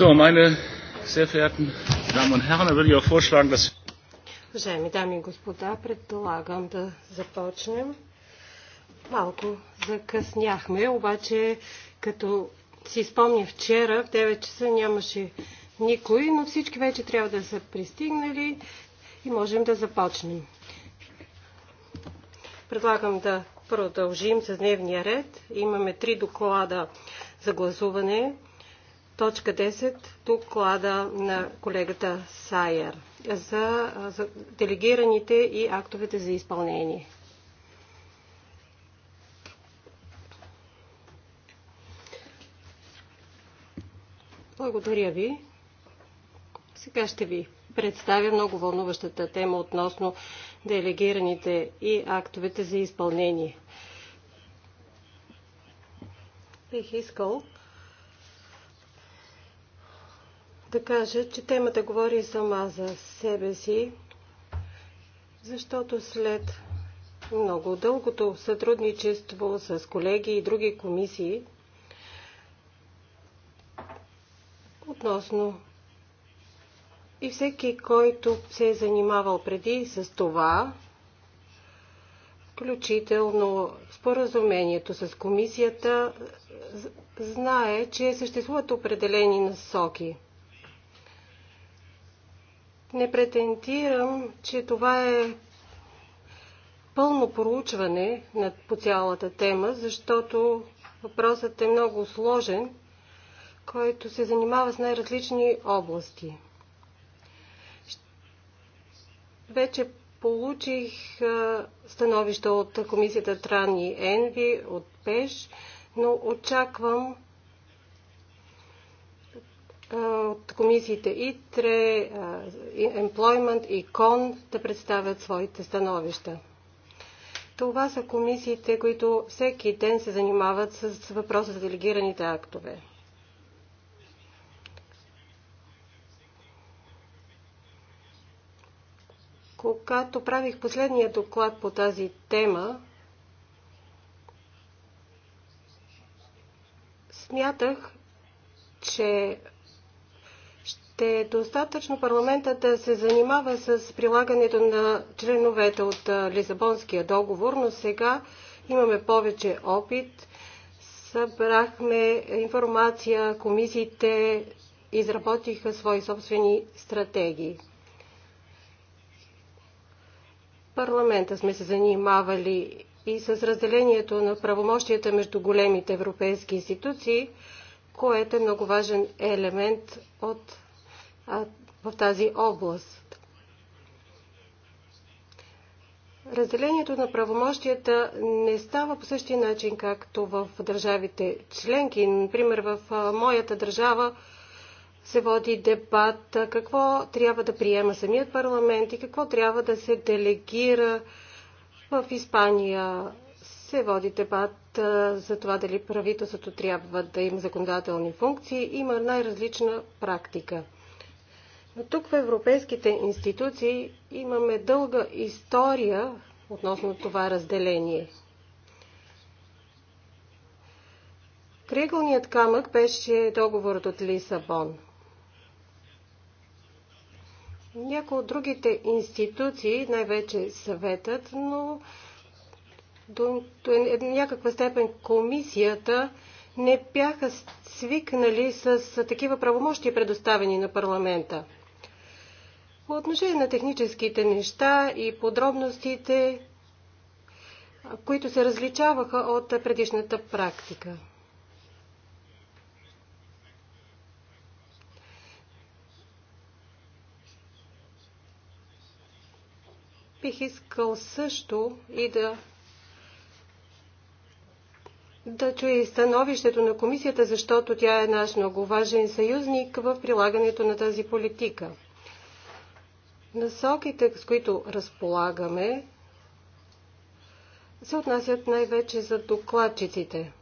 Уважаеми дами и господа, предполагам да започнем. Малко закъсняхме, обаче като си спомня вчера, в 9 часа нямаше никой, но всички вече трябва да са пристигнали и можем да започнем. Предлагам да продължим с дневния ред. Имаме три доклада за гласуване. Точка 10, Тук доклада на колегата Сайер за, за делегираните и актовете за изпълнение. Благодаря ви. Сега ще ви представя много вълнуващата тема относно делегираните и актовете за изпълнение. Бих искал да кажа, че темата говори сама за себе си, защото след много дългото сътрудничество с колеги и други комисии относно и всеки, който се е занимавал преди с това, включително споразумението с комисията, знае, че съществуват определени насоки. Не претендирам, че това е пълно проучване по цялата тема, защото въпросът е много сложен, който се занимава с най-различни области. Вече получих становища от комисията Трани и Енви, от ПЕШ, но очаквам от комисиите ИТРЕ, Employment и КОН да представят своите становища. Това са комисиите, които всеки ден се занимават с въпроса за делегираните актове. Когато правих последния доклад по тази тема, смятах, че ще достатъчно парламента да се занимава с прилагането на членовете от Лизабонския договор, но сега имаме повече опит. Събрахме информация, комисиите изработиха свои собствени стратегии. Парламента сме се занимавали и с разделението на правомощията между големите европейски институции, което е много важен елемент от в тази област. Разделението на правомощията не става по същия начин, както в държавите членки. Например, в моята държава се води дебат какво трябва да приема самият парламент и какво трябва да се делегира. В Испания се води дебат за това дали правителството трябва да има законодателни функции. Има най-различна практика – тук в европейските институции имаме дълга история относно това разделение. Кригълният камък беше договорът от Лисабон. Някои от другите институции, най-вече съветът, но до, до някаква степен комисията не бяха свикнали с такива правомощи, предоставени на парламента. По отношение на техническите неща и подробностите, които се различаваха от предишната практика. бих искал също и да да чуя и становището на комисията, защото тя е наш много важен съюзник в прилагането на тази политика. Насоките, с които разполагаме, се отнасят най-вече за докладчиците.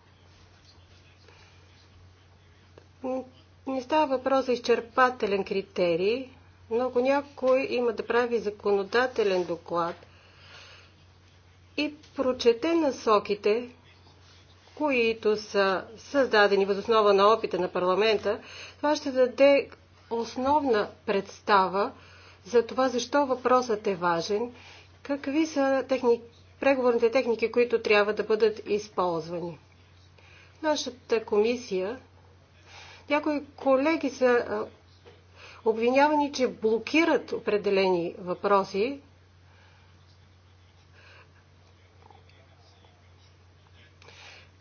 Не става въпрос за изчерпателен критерий, но ако някой има да прави законодателен доклад и прочете насоките, които са създадени основа на опита на парламента, това ще даде основна представа за това защо въпросът е важен, какви са техни... преговорните техники, които трябва да бъдат използвани. Нашата комисия, някои колеги са обвинявани, че блокират определени въпроси.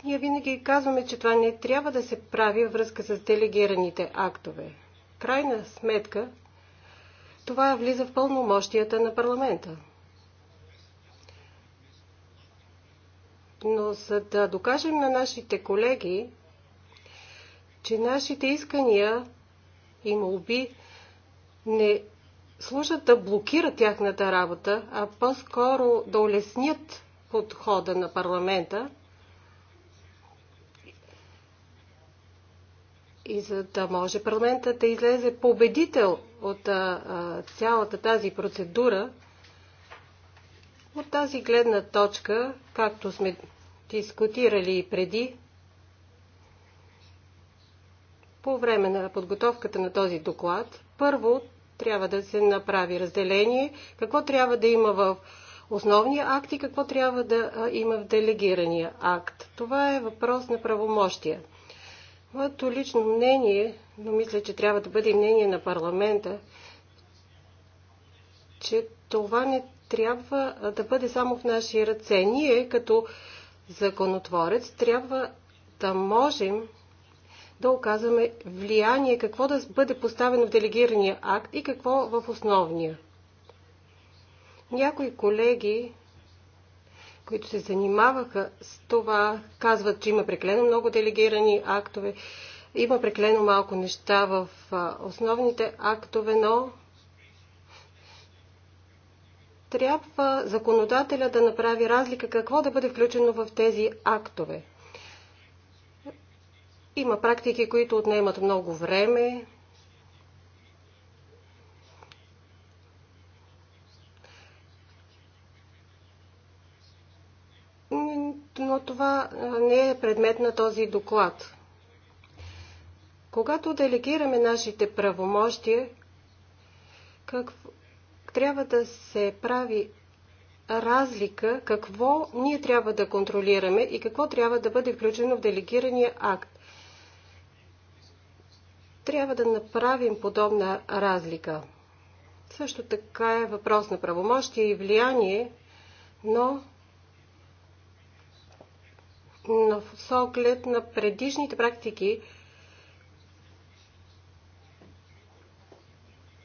Ние винаги казваме, че това не трябва да се прави във връзка с делегираните актове. Крайна сметка, това влиза в пълномощията на парламента. Но за да докажем на нашите колеги, че нашите искания и молби не служат да блокират тяхната работа, а по-скоро да улеснят подхода на парламента, и за да може парламентът да излезе победител от а, цялата тази процедура, от тази гледна точка, както сме дискутирали и преди, по време на подготовката на този доклад, първо трябва да се направи разделение, какво трябва да има в основния акт и какво трябва да има в делегирания акт. Това е въпрос на правомощия. Моето лично мнение, но мисля, че трябва да бъде мнение на парламента, че това не трябва да бъде само в наши ръце. Ние, като законотворец, трябва да можем да оказваме влияние какво да бъде поставено в делегирания акт и какво в основния. Някои колеги които се занимаваха с това, казват, че има преклено много делегирани актове, има преклено малко неща в основните актове, но трябва законодателя да направи разлика какво да бъде включено в тези актове. Има практики, които отнемат много време, това не е предмет на този доклад. Когато делегираме нашите правомощия, как трябва да се прави разлика какво ние трябва да контролираме и какво трябва да бъде включено в делегирания акт. Трябва да направим подобна разлика. Също така е въпрос на правомощие и влияние, но но с оглед на предишните практики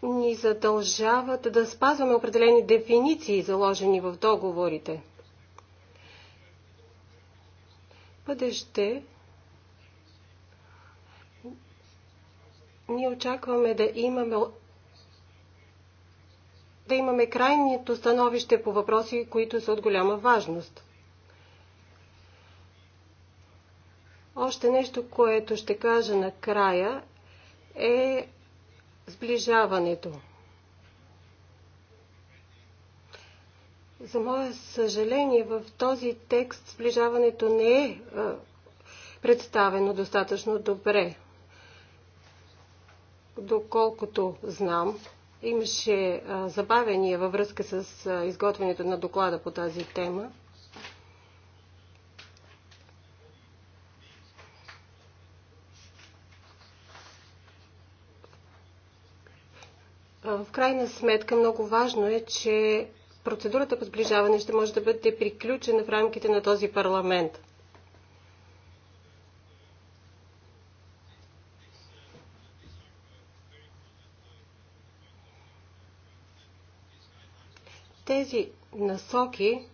ни задължават да спазваме определени дефиниции, заложени в договорите. Бъдеще ние очакваме да имаме да имаме крайното становище по въпроси, които са от голяма важност. Още нещо, което ще кажа накрая е сближаването. За мое съжаление, в този текст сближаването не е, е представено достатъчно добре. Доколкото знам, имаше е, забавения във връзка с е, изготвянето на доклада по тази тема. В крайна сметка много важно е, че процедурата по сближаване ще може да бъде приключена в рамките на този парламент. Тези насоки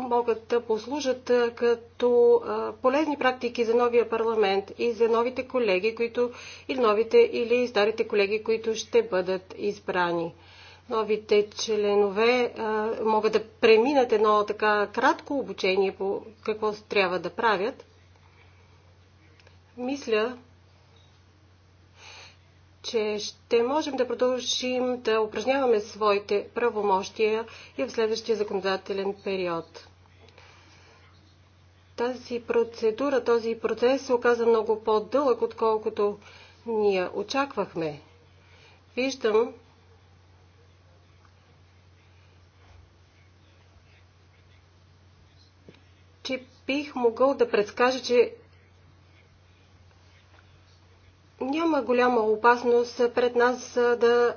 могат да послужат като полезни практики за новия парламент и за новите колеги, които или новите или старите колеги, които ще бъдат избрани. Новите членове а, могат да преминат едно така кратко обучение по какво трябва да правят. Мисля, че ще можем да продължим да упражняваме своите правомощия и в следващия законодателен период тази процедура, този процес се оказа много по-дълъг, отколкото ние очаквахме. Виждам, че бих могъл да предскажа, че няма голяма опасност пред нас да,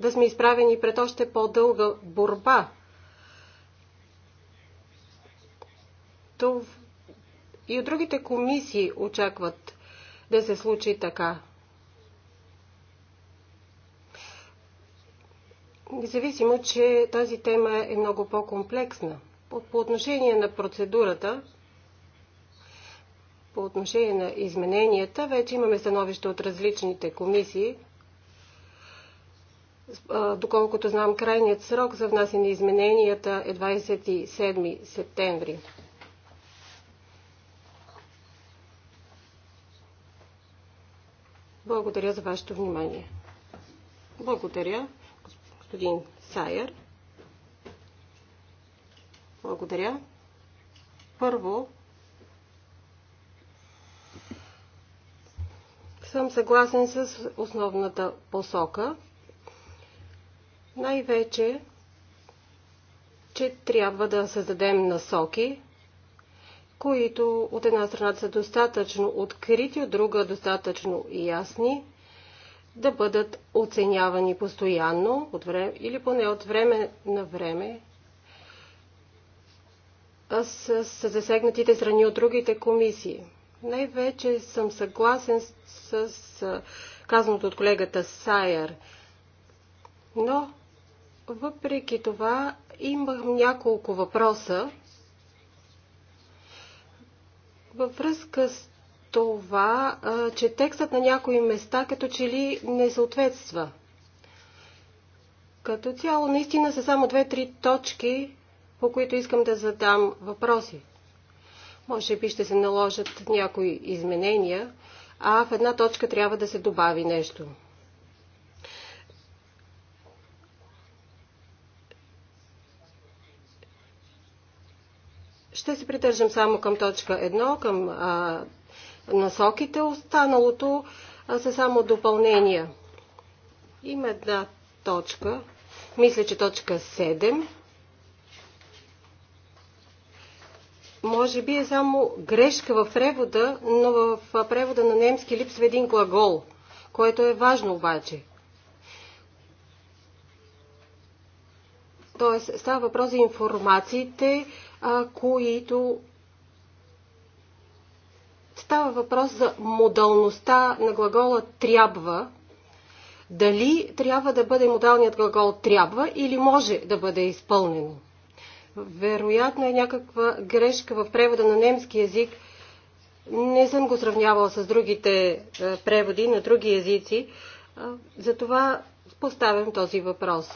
да сме изправени пред още по-дълга борба. То и от другите комисии очакват да се случи така. Независимо, че тази тема е много по-комплексна. По, по отношение на процедурата, по отношение на измененията, вече имаме становище от различните комисии. Доколкото знам, крайният срок за внасяне измененията е 27 септември. Благодаря за вашето внимание. Благодаря, господин Сайер. Благодаря. Първо, съм съгласен с основната посока. Най-вече, че трябва да създадем насоки, които от една страна са достатъчно открити, от друга достатъчно ясни, да бъдат оценявани постоянно от време, или поне от време на време с, с засегнатите страни от другите комисии. Най-вече съм съгласен с, с казаното от колегата Сайер, но въпреки това имам няколко въпроса, във връзка с това, че текстът на някои места като че ли не съответства. Като цяло, наистина са само две-три точки, по които искам да задам въпроси. Може би ще се наложат някои изменения, а в една точка трябва да се добави нещо. Ще се придържам само към точка 1, към а, насоките. Останалото а, са само допълнения. Има една точка, мисля, че точка 7. Може би е само грешка в превода, но в превода на немски липсва един глагол, което е важно обаче. Тоест, става въпрос за информациите, които става въпрос за модалността на глагола трябва. Дали трябва да бъде модалният глагол трябва или може да бъде изпълнено? Вероятно е някаква грешка в превода на немски язик. Не съм го сравнявал с другите е, преводи на други езици. Затова поставям този въпрос.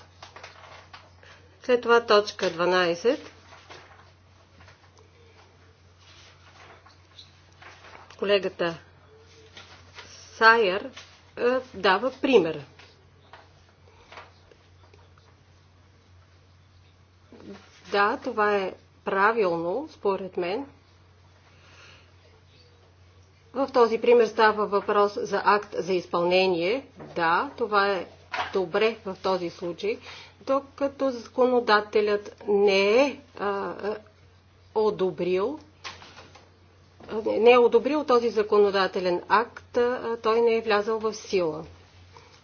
След това точка 12. колегата Сайер е, дава пример. Да, това е правилно, според мен. В този пример става въпрос за акт за изпълнение. Да, това е добре в този случай, докато законодателят не е а, е, одобрил не е одобрил този законодателен акт, той не е влязал в сила.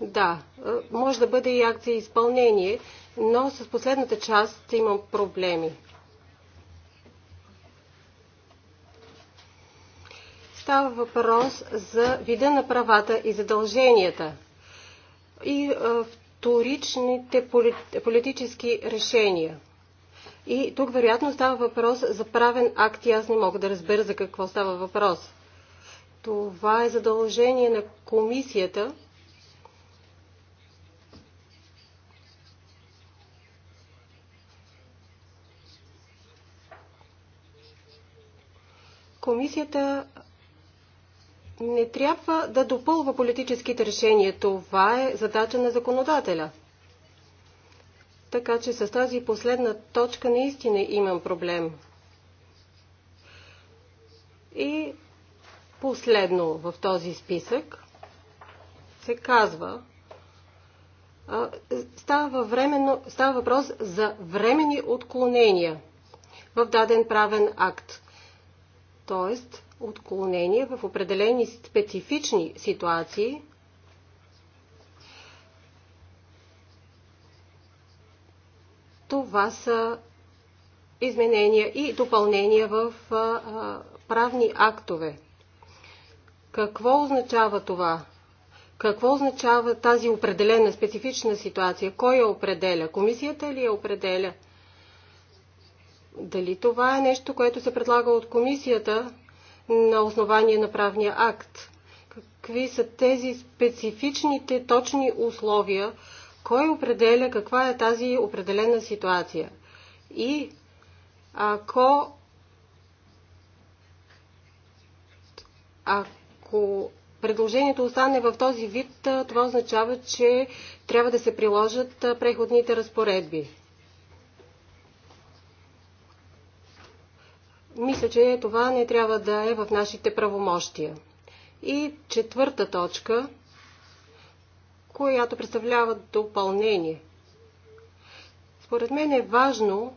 Да, може да бъде и акция изпълнение, но с последната част имам проблеми. Става въпрос за вида на правата и задълженията и вторичните политически решения. И тук вероятно става въпрос за правен акт и аз не мога да разбера за какво става въпрос. Това е задължение на комисията. Комисията не трябва да допълва политическите решения. Това е задача на законодателя. Така че с тази последна точка наистина имам проблем. И последно в този списък се казва, става, временно, става въпрос за времени отклонения в даден правен акт. Тоест, отклонения в определени специфични ситуации, Това са изменения и допълнения в правни актове. Какво означава това? Какво означава тази определена, специфична ситуация? Кой я определя? Комисията ли я определя? Дали това е нещо, което се предлага от комисията на основание на правния акт? Какви са тези специфичните точни условия, кой определя каква е тази определена ситуация? И ако ако предложението остане в този вид, това означава, че трябва да се приложат преходните разпоредби. Мисля, че това не трябва да е в нашите правомощия. И четвърта точка която представлява допълнение. Според мен е важно,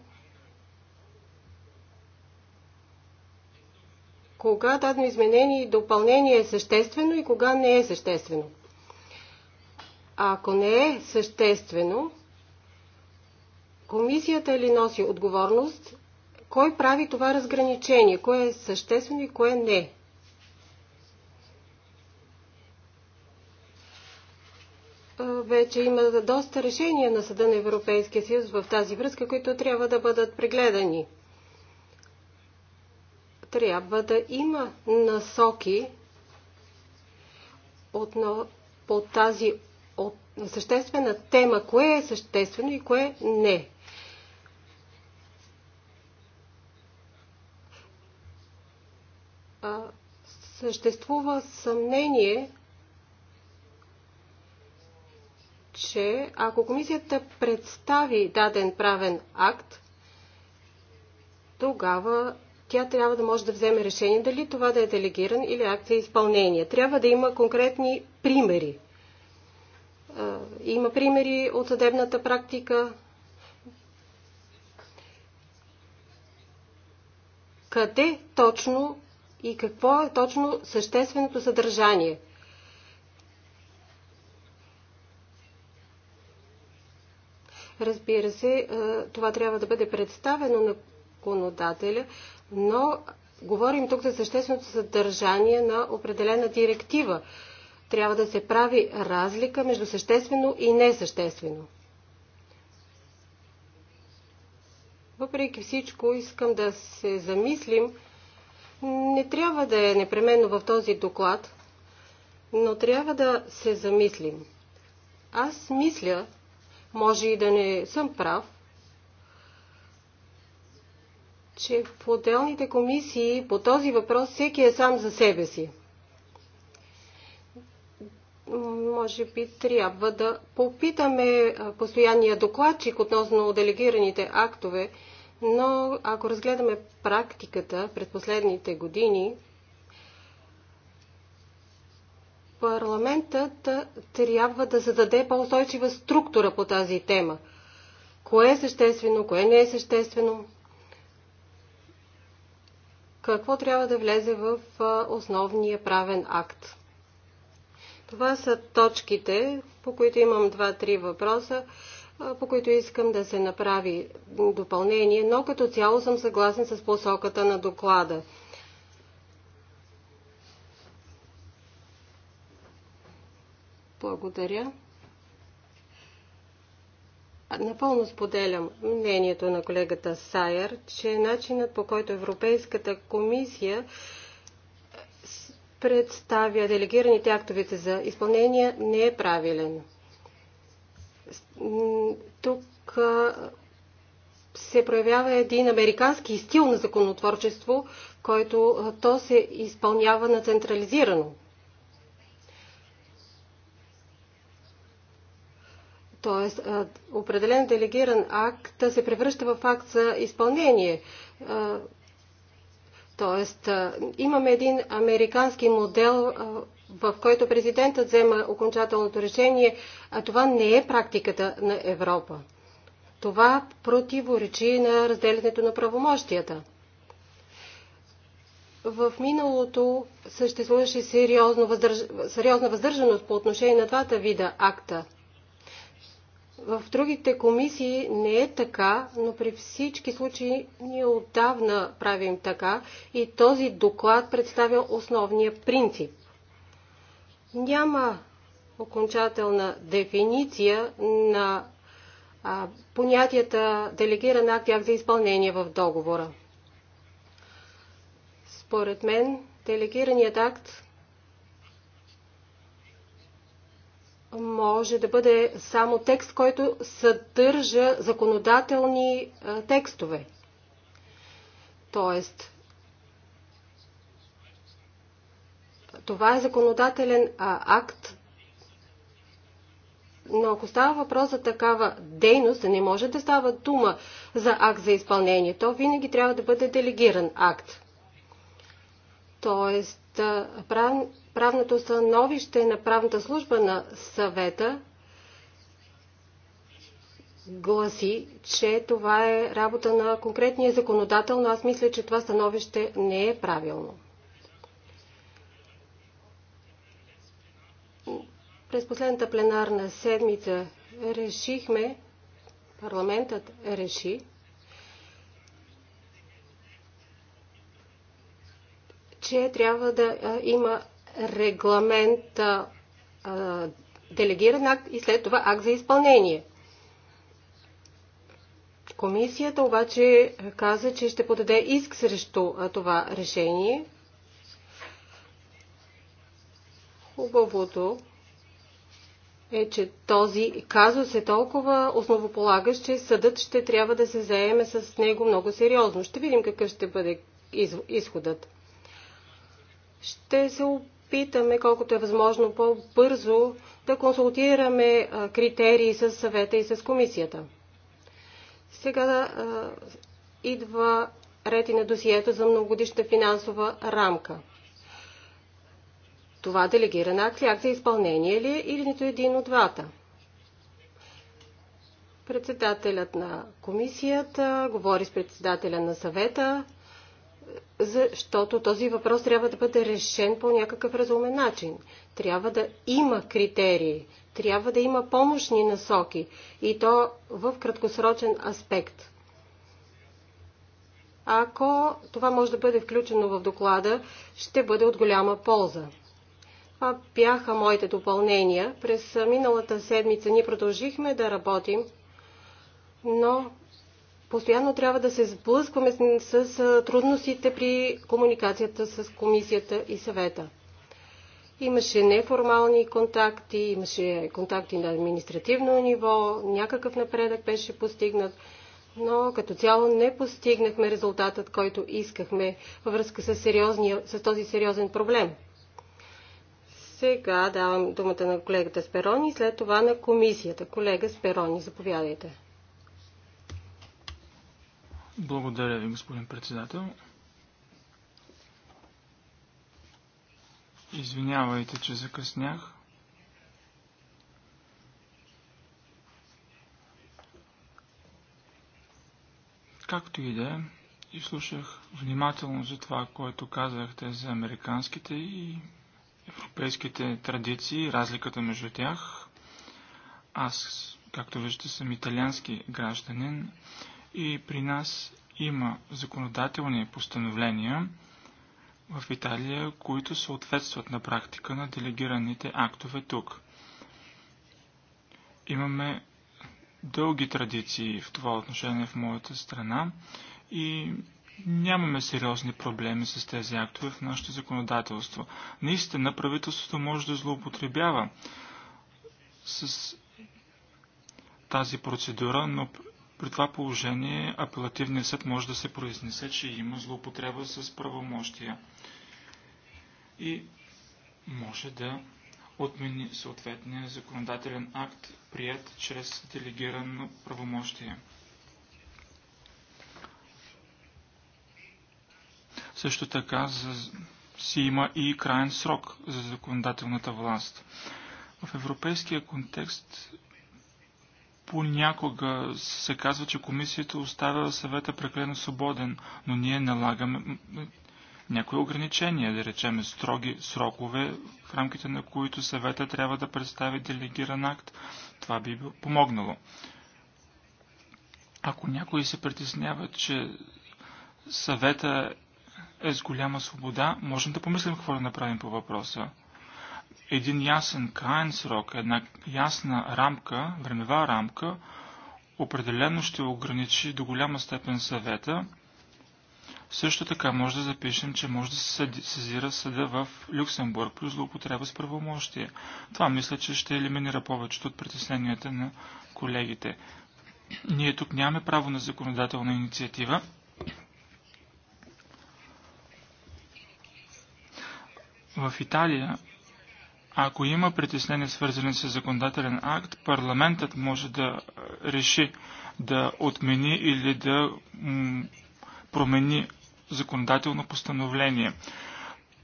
кога дадено изменение и допълнение е съществено и кога не е съществено. А ако не е съществено, комисията ли носи отговорност, кой прави това разграничение, кое е съществено и кое не е. вече има доста решения на Съда на Европейския съюз в тази връзка, които трябва да бъдат прегледани. Трябва да има насоки отно, по тази от, съществена тема, кое е съществено и кое не. А, съществува съмнение, че ако комисията представи даден правен акт, тогава тя трябва да може да вземе решение дали това да е делегиран или акт за изпълнение. Трябва да има конкретни примери. Има примери от съдебната практика, къде точно и какво е точно същественото съдържание – Разбира се, е, това трябва да бъде представено на законодателя, но говорим тук за същественото съдържание на определена директива. Трябва да се прави разлика между съществено и несъществено. Въпреки всичко, искам да се замислим. Не трябва да е непременно в този доклад, но трябва да се замислим. Аз мисля, може и да не съм прав, че в отделните комисии по този въпрос всеки е сам за себе си. Може би трябва да попитаме постоянния докладчик относно делегираните актове, но ако разгледаме практиката пред последните години, парламентът трябва да зададе по-устойчива структура по тази тема. Кое е съществено, кое не е съществено, какво трябва да влезе в основния правен акт. Това са точките, по които имам два-три въпроса, по които искам да се направи допълнение, но като цяло съм съгласен с посоката на доклада. Благодаря. Напълно споделям мнението на колегата Сайер, че начинът по който Европейската комисия представя делегираните актовете за изпълнение не е правилен. Тук се проявява един американски стил на законотворчество, който то се изпълнява на централизирано. Тоест, определен делегиран акт се превръща в акт за изпълнение. Тоест, имаме един американски модел, в който президентът взема окончателното решение, а това не е практиката на Европа. Това противоречи на разделянето на правомощията. В миналото съществуваше сериозна въздържаност по отношение на двата вида акта – в другите комисии не е така, но при всички случаи ние отдавна правим така и този доклад представя основния принцип. Няма окончателна дефиниция на а, понятията делегиран акт и акт за изпълнение в договора. Според мен, делегираният акт може да бъде само текст, който съдържа законодателни текстове. Тоест, това е законодателен акт, но ако става въпрос за такава дейност, не може да става дума за акт за изпълнение, то винаги трябва да бъде делегиран акт. Тоест, правното становище на правната служба на съвета гласи, че това е работа на конкретния законодател, но аз мисля, че това становище не е правилно. През последната пленарна седмица решихме, парламентът реши, че трябва да има регламент, а, делегиран акт и след това акт за изпълнение. Комисията обаче каза, че ще подаде иск срещу това решение. Хубавото е, че този казус е толкова основополагащ, че съдът ще трябва да се заеме с него много сериозно. Ще видим какъв ще бъде изходът. Ще се опитаме опитаме колкото е възможно по-бързо да консултираме критерии с съвета и с комисията. Сега а, идва ред и на досието за многогодишната финансова рамка. Това делегирана акт ли, акт за изпълнение ли е или нито един от двата? Председателят на комисията говори с председателя на съвета защото този въпрос трябва да бъде решен по някакъв разумен начин. Трябва да има критерии, трябва да има помощни насоки и то в краткосрочен аспект. Ако това може да бъде включено в доклада, ще бъде от голяма полза. Това бяха моите допълнения. През миналата седмица ние продължихме да работим, но постоянно трябва да се сблъскваме с, с трудностите при комуникацията с комисията и съвета. Имаше неформални контакти, имаше контакти на административно ниво, някакъв напредък беше постигнат, но като цяло не постигнахме резултатът, който искахме във връзка с, сериозния, с този сериозен проблем. Сега давам думата на колегата Сперони, след това на комисията. Колега Сперони, заповядайте. Благодаря ви, господин председател. Извинявайте, че закъснях. Както и да е, изслушах внимателно за това, което казахте за американските и европейските традиции, разликата между тях. Аз, както виждате, съм италиански гражданин и при нас има законодателни постановления в Италия, които съответстват на практика на делегираните актове тук. Имаме дълги традиции в това отношение в моята страна и нямаме сериозни проблеми с тези актове в нашето законодателство. Наистина правителството може да злоупотребява с тази процедура, но при това положение апелативният съд може да се произнесе, че има злоупотреба с правомощия и може да отмени съответния законодателен акт, прият чрез делегирано правомощие. Също така за, си има и крайен срок за законодателната власт. В европейския контекст Понякога се казва, че комисията оставя съвета прекалено свободен, но ние налагаме някои ограничения, да речем строги срокове, в рамките на които съвета трябва да представи делегиран акт. Това би помогнало. Ако някой се притеснява, че съвета е с голяма свобода, можем да помислим какво да направим по въпроса един ясен крайен срок, една ясна рамка, времева рамка, определено ще ограничи до голяма степен съвета. Също така може да запишем, че може да се сезира съда в Люксембург плюс злоупотреба с правомощие. Това мисля, че ще елиминира повечето от притесненията на колегите. Ние тук нямаме право на законодателна инициатива. В Италия ако има притеснения свързани с законодателен акт, парламентът може да реши да отмени или да промени законодателно постановление.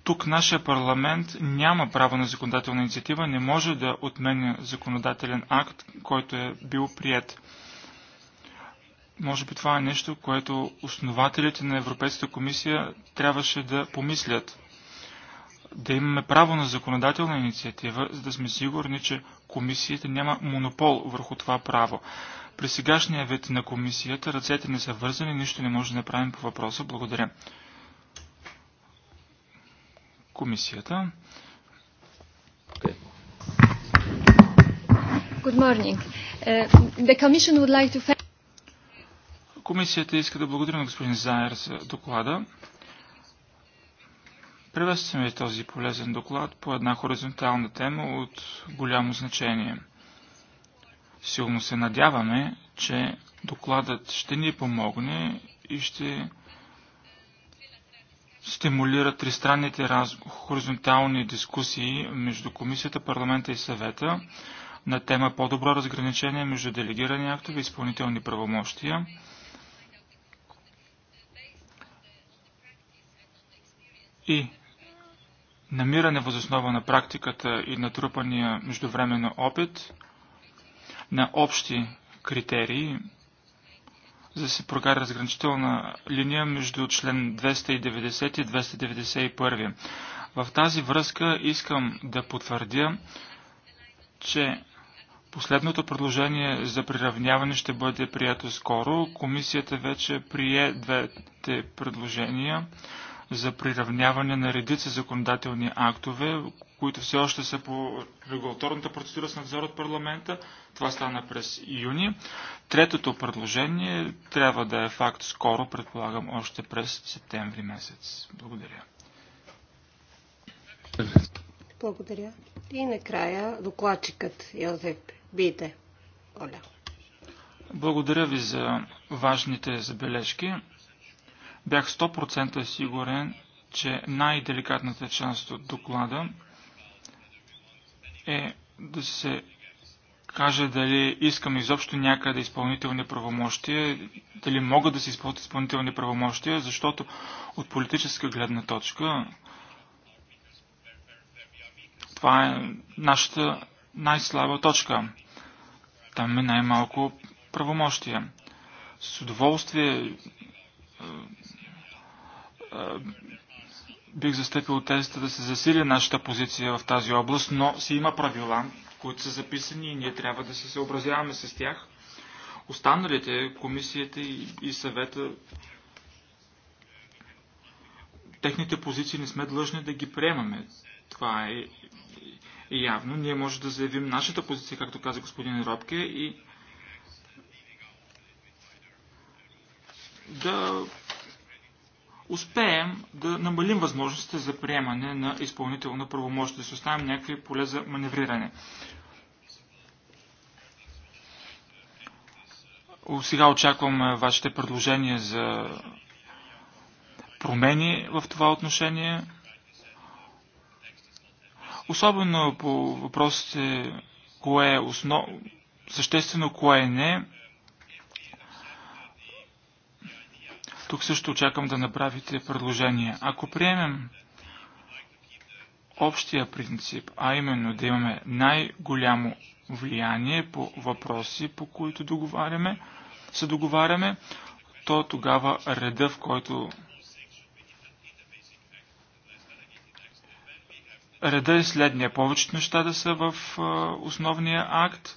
Тук нашия парламент няма право на законодателна инициатива, не може да отменя законодателен акт, който е бил прият. Може би това е нещо, което основателите на Европейската комисия трябваше да помислят да имаме право на законодателна инициатива, за да сме сигурни, че комисията няма монопол върху това право. При сегашния вид на комисията ръцете не са вързани, нищо не може да направим по въпроса. Благодаря. Комисията. Good morning. Uh, the commission would like to... Комисията иска да благодаря на господин Зайер за доклада. Приветстваме този полезен доклад по една хоризонтална тема от голямо значение. Силно се надяваме, че докладът ще ни помогне и ще стимулира тристранните раз... хоризонтални дискусии между Комисията, парламента и съвета на тема по-добро разграничение между делегирани актове и изпълнителни правомощия и намиране възоснова на практиката и натрупания междувременно опит на общи критерии, за да се прокара разграничителна линия между член 290 и 291. В тази връзка искам да потвърдя, че последното предложение за приравняване ще бъде прието скоро. Комисията вече прие двете предложения за приравняване на редица законодателни актове, които все още са по регулаторната процедура с надзор от парламента. Това стана през юни. Третото предложение трябва да е факт скоро, предполагам, още през септември месец. Благодаря. Благодаря. И накрая докладчикът Йозеф Биде. Оля. Благодаря ви за важните забележки. Бях 100% сигурен, че най-деликатната част от доклада е да се каже дали искам изобщо някъде изпълнителни правомощия, дали могат да се използват изпълнителни правомощия, защото от политическа гледна точка това е нашата най-слаба точка. Там е най-малко правомощия. С удоволствие е, бих застъпил тезата да се засили нашата позиция в тази област, но си има правила, които са записани и ние трябва да се съобразяваме с тях. Останалите, комисията и, и съвета, техните позиции не сме длъжни да ги приемаме. Това е, е явно. Ние може да заявим нашата позиция, както каза господин Робке, и да успеем да намалим възможностите за приемане на изпълнителна правомощ, да си оставим някакви поле за маневриране. Сега очаквам е, вашите предложения за промени в това отношение. Особено по въпросите кое е основ... съществено, кое не. Тук също очаквам да направите предложение. Ако приемем общия принцип, а именно да имаме най-голямо влияние по въпроси, по които договаряме, се договаряме, то тогава реда, в който реда е следния. Повечето неща да са в основния акт,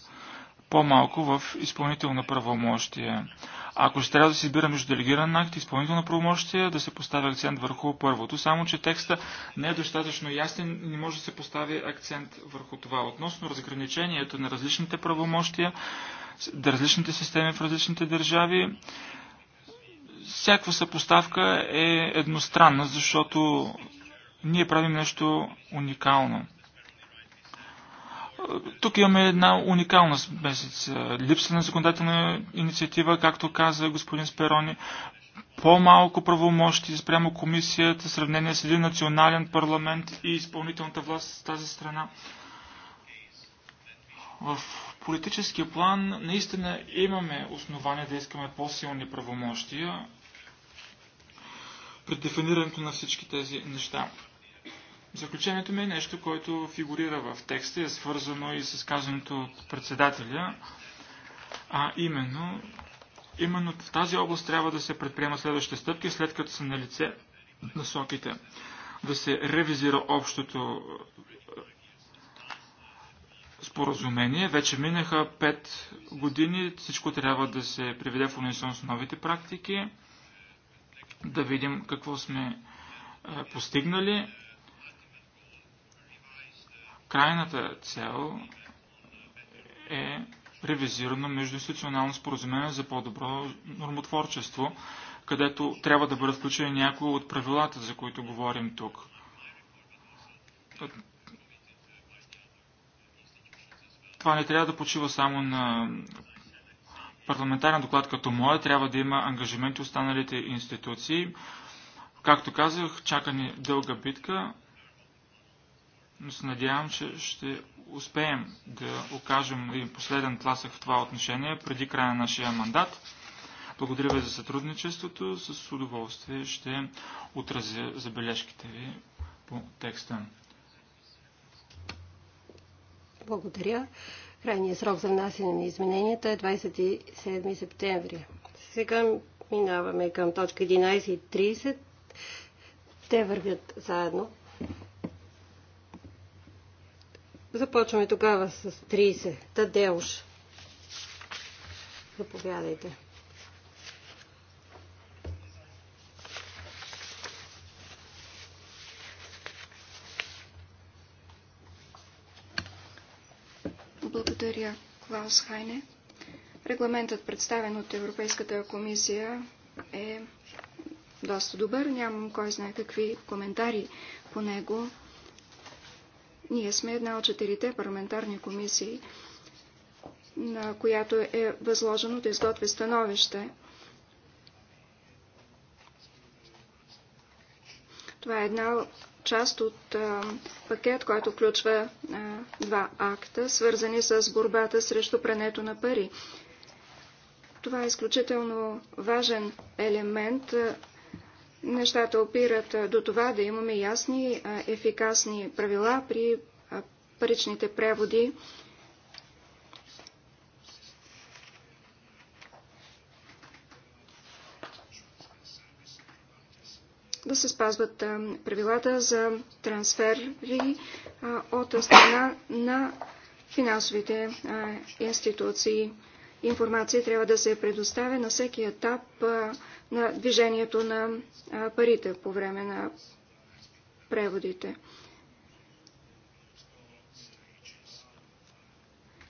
по-малко в изпълнително правомощие. Ако ще трябва да се избира между делегиран акт и изпълнително правомощие, да се постави акцент върху първото. Само, че текста не е достатъчно ясен и не може да се постави акцент върху това. Относно разграничението на различните правомощия, различните системи в различните държави, всякаква съпоставка е едностранна, защото ние правим нещо уникално. Тук имаме една уникална месеца. Липса на законодателна инициатива, както каза господин Сперони, по-малко правомощи спрямо комисията в сравнение с един национален парламент и изпълнителната власт с тази страна. В политическия план наистина имаме основания да искаме по-силни правомощия при дефинирането на всички тези неща. Заключението ми е нещо, което фигурира в текста и е свързано и с казаното от председателя, а именно, именно в тази област трябва да се предприема следващите стъпки, след като са на лице насоките. Да се ревизира общото е, споразумение. Вече минаха 5 години, всичко трябва да се приведе в унисон с новите практики, да видим какво сме е, постигнали Крайната цел е ревизирано междуинституционално споразумение за по-добро нормотворчество, където трябва да бъдат включени някои от правилата, за които говорим тук. Това не трябва да почива само на парламентарен доклад като моя, трябва да има ангажименти останалите институции. Както казах, чакани дълга битка но се надявам, че ще успеем да окажем и нали, последен тласък в това отношение преди края на нашия мандат. Благодаря ви за сътрудничеството. С удоволствие ще отразя забележките ви по текста. Благодаря. Крайният срок за внасяне на измененията е 27 септември. Сега минаваме към точка 11.30. Те вървят заедно. Започваме тогава с 30. Тадеуш. Заповядайте. Благодаря, Клаус Хайне. Регламентът, представен от Европейската комисия, е доста добър. Нямам кой знае какви коментари по него. Ние сме една от четирите парламентарни комисии, на която е възложено да изготви становище. Това е една част от а, пакет, който включва а, два акта, свързани с борбата срещу прането на пари. Това е изключително важен елемент Нещата опират до това да имаме ясни, ефикасни правила при паричните преводи. Да се спазват правилата за трансфери от страна на финансовите институции. Информация трябва да се предоставя на всеки етап на движението на парите по време на преводите.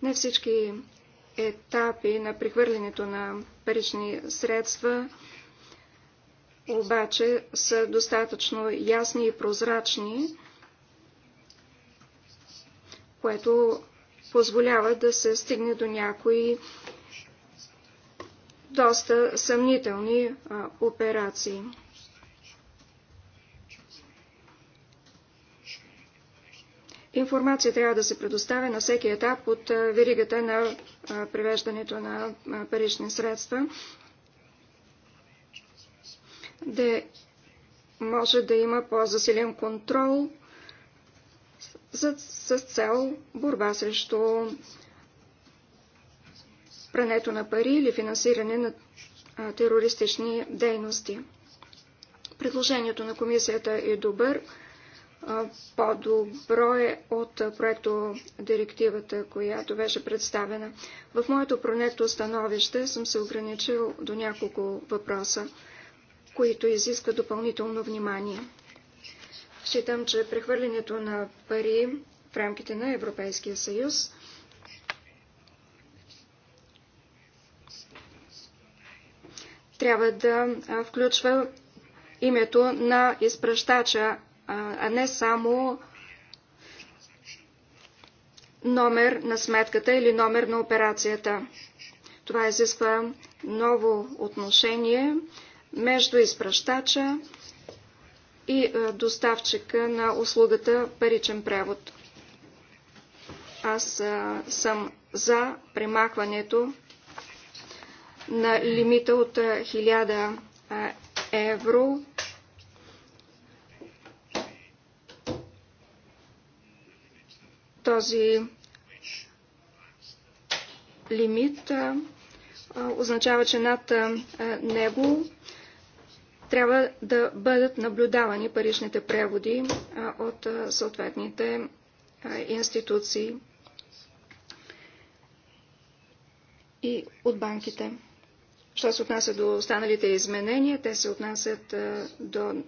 Не всички етапи на прехвърлянето на парични средства обаче са достатъчно ясни и прозрачни, което позволява да се стигне до някои доста съмнителни а, операции. Информация трябва да се предоставя на всеки етап от веригата на превеждането на парични средства, да може да има по-засилен контрол с, с цел борба срещу прането на пари или финансиране на терористични дейности. Предложението на комисията е добър, по-добро е от проекто директивата, която беше представена. В моето проекто становище съм се ограничил до няколко въпроса, които изискват допълнително внимание. Считам, че прехвърлянето на пари в рамките на Европейския съюз трябва да включва името на изпращача, а не само номер на сметката или номер на операцията. Това изисква ново отношение между изпращача и доставчика на услугата паричен превод. Аз съм за примахването на лимита от 1000 евро. Този лимит означава, че над него трябва да бъдат наблюдавани паричните преводи от съответните институции и от банките. Що се отнася до останалите изменения, те се отнасят до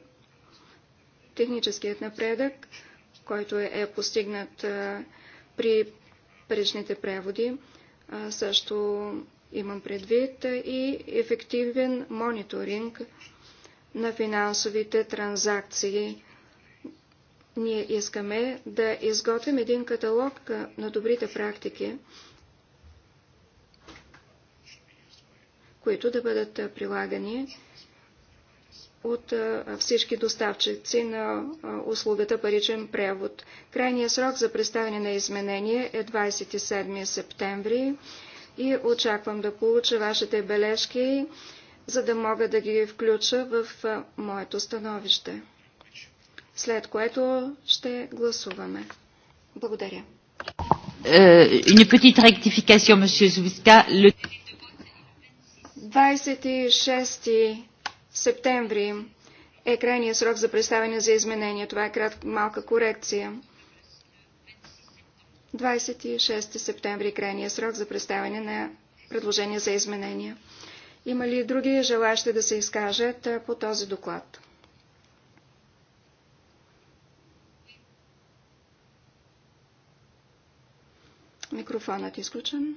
техническият напредък, който е, е постигнат при предишните преводи. Също имам предвид и ефективен мониторинг на финансовите транзакции. Ние искаме да изготвим един каталог на добрите практики, които да бъдат прилагани от всички доставчици на услугата паричен превод. Крайният срок за представяне на изменение е 27 септември и очаквам да получа вашите бележки, за да мога да ги включа в моето становище, след което ще гласуваме. Благодаря. Е, une petite rectification, monsieur Zubiska. Le 26 септември е крайният срок за представяне за изменение. Това е кратка малка корекция. 26 септември е крайният срок за представяне на предложение за изменения. Има ли други желащи да се изкажат по този доклад? Микрофонът е изключен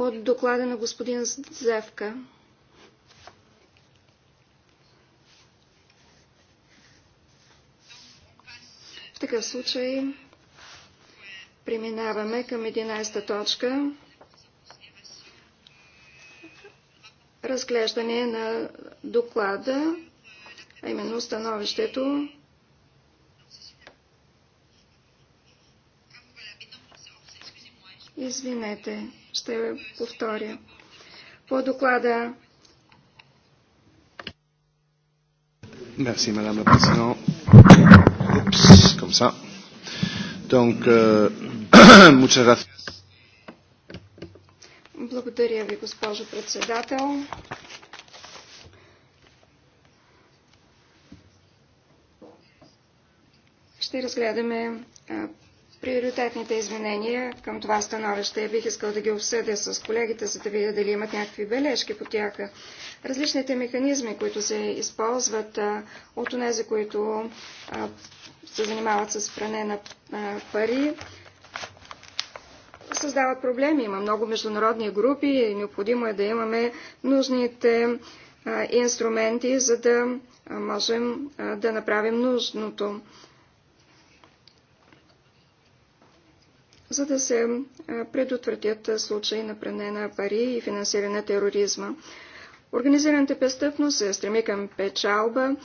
по доклада на господин Зевка. В такъв случай преминаваме към 11 точка. Разглеждане на доклада, а именно становището Извинете ще повторя. По доклада Merci Madame la Présidente. Oups, comme ça. Donc, euh, muchas gracias. Благодаря ви, госпожо председател. Ще разгледаме приоритетните изменения към това становище. Бих искал да ги обсъдя с колегите, за да видя дали имат някакви бележки по тях. Различните механизми, които се използват от тези, които се занимават с пране на пари, създават проблеми. Има много международни групи и е необходимо е да имаме нужните инструменти, за да можем да направим нужното. за да се предотвратят случаи на пране на пари и финансиране на тероризма. Организираната престъпност се стреми към печалба,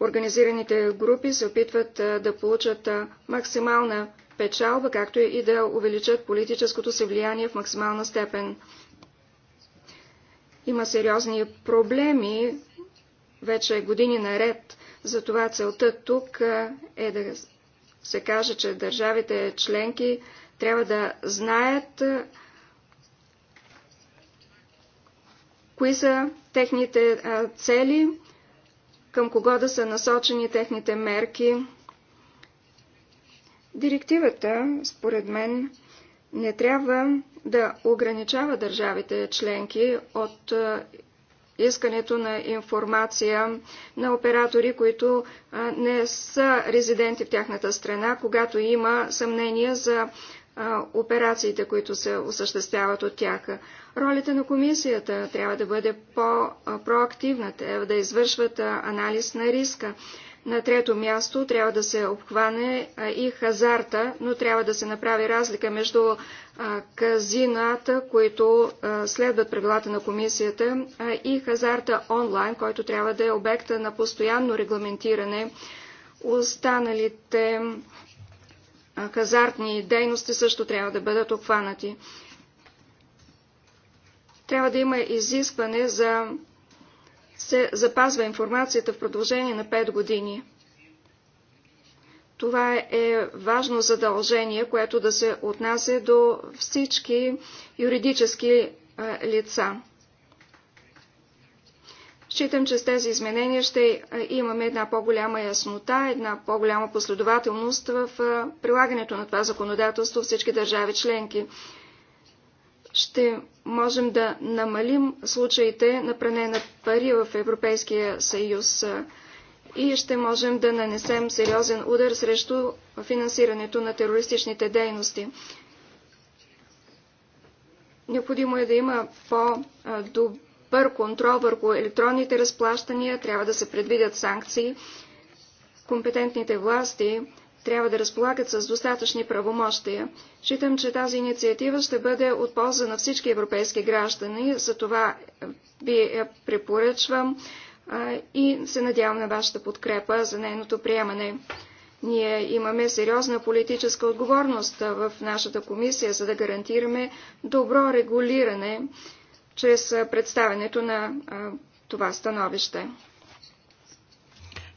организираните групи се опитват да получат максимална печалба, както и да увеличат политическото си влияние в максимална степен. Има сериозни проблеми вече години наред, затова целта тук е да се каже, че държавите членки трябва да знаят кои са техните цели, към кого да са насочени техните мерки. Директивата, според мен, не трябва да ограничава държавите членки от искането на информация на оператори, които не са резиденти в тяхната страна, когато има съмнение за операциите, които се осъществяват от тях. Ролята на комисията трябва да бъде по-проактивна, трябва да извършват анализ на риска. На трето място трябва да се обхване и хазарта, но трябва да се направи разлика между казината, които следват правилата на комисията, и хазарта онлайн, който трябва да е обекта на постоянно регламентиране. Останалите хазартни дейности също трябва да бъдат обхванати. Трябва да има изискване за се запазва информацията в продължение на 5 години. Това е важно задължение, което да се отнася до всички юридически лица. Считам, че с тези изменения ще е, имаме една по-голяма яснота, една по-голяма последователност в е, прилагането на това законодателство всички държави членки. Ще можем да намалим случаите на пране на пари в Европейския съюз е, и ще можем да нанесем сериозен удар срещу финансирането на терористичните дейности. Необходимо е да има по-добър по контрол върху електронните разплащания, трябва да се предвидят санкции. Компетентните власти трябва да разполагат с достатъчни правомощия. Считам, че тази инициатива ще бъде от полза на всички европейски граждани, за това е, ви я препоръчвам е, и се надявам на вашата подкрепа за нейното приемане. Ние имаме сериозна политическа отговорност е, в нашата комисия, за да гарантираме добро регулиране чрез представенето на а, това становище.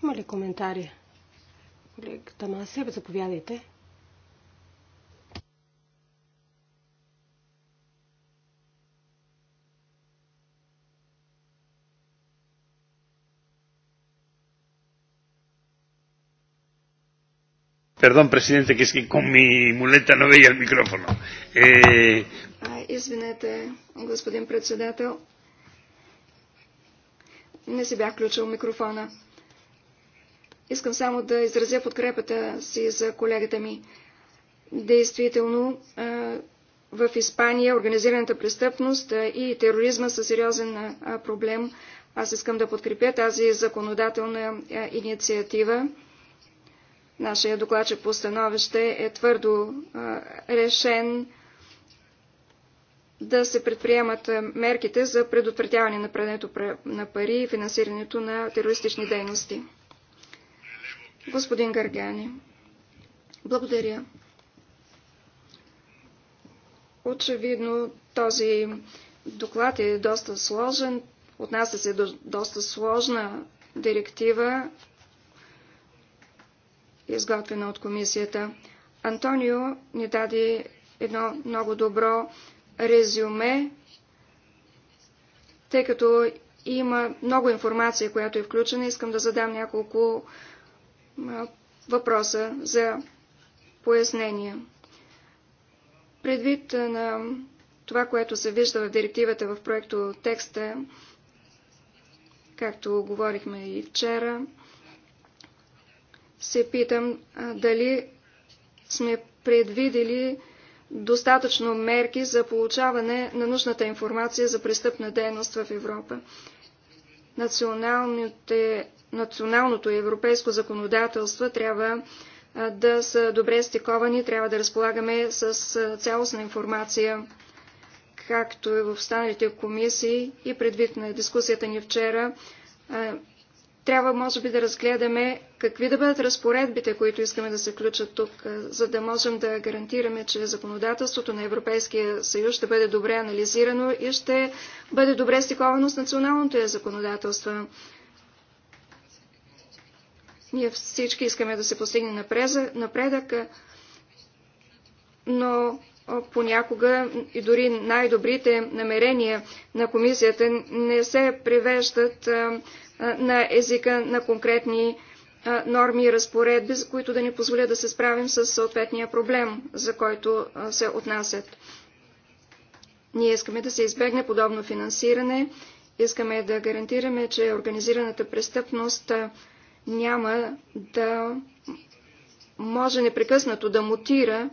Има ли коментари? Колега заповядайте. Perdón, presidente, que es que con mi muleta no veía el micrófono. Eh... Ay, извинете, господин председател. Не си бях включил микрофона. Искам само да изразя подкрепата си за колегата ми. Действително, в Испания организираната престъпност и тероризма са сериозен проблем. Аз искам да подкрепя тази законодателна инициатива. Нашия докладчик по становище е твърдо решен да се предприемат мерките за предотвратяване на прането на пари и финансирането на терористични дейности. Господин Гаргани, благодаря. Очевидно този доклад е доста сложен, отнася се до доста сложна директива, изготвена от комисията. Антонио ни даде едно много добро резюме, тъй като има много информация, която е включена. Искам да задам няколко въпроса за пояснения. Предвид на това, което се вижда в директивата в проекто текста, както говорихме и вчера, се питам дали сме предвидели достатъчно мерки за получаване на нужната информация за престъпна дейност в Европа. Националното европейско законодателство трябва да са добре стиковани, трябва да разполагаме с цялостна информация, както и е в останалите комисии и предвид на дискусията ни вчера, трябва, може би, да разгледаме какви да бъдат разпоредбите, които искаме да се включат тук, за да можем да гарантираме, че законодателството на Европейския съюз ще бъде добре анализирано и ще бъде добре стиковано с националното законодателство. Ние всички искаме да се постигне напредък, но понякога и дори най-добрите намерения на комисията не се превеждат на езика на конкретни норми и разпоредби, за които да ни позволят да се справим с съответния проблем, за който се отнасят. Ние искаме да се избегне подобно финансиране, искаме да гарантираме, че организираната престъпност няма да може непрекъснато да мутира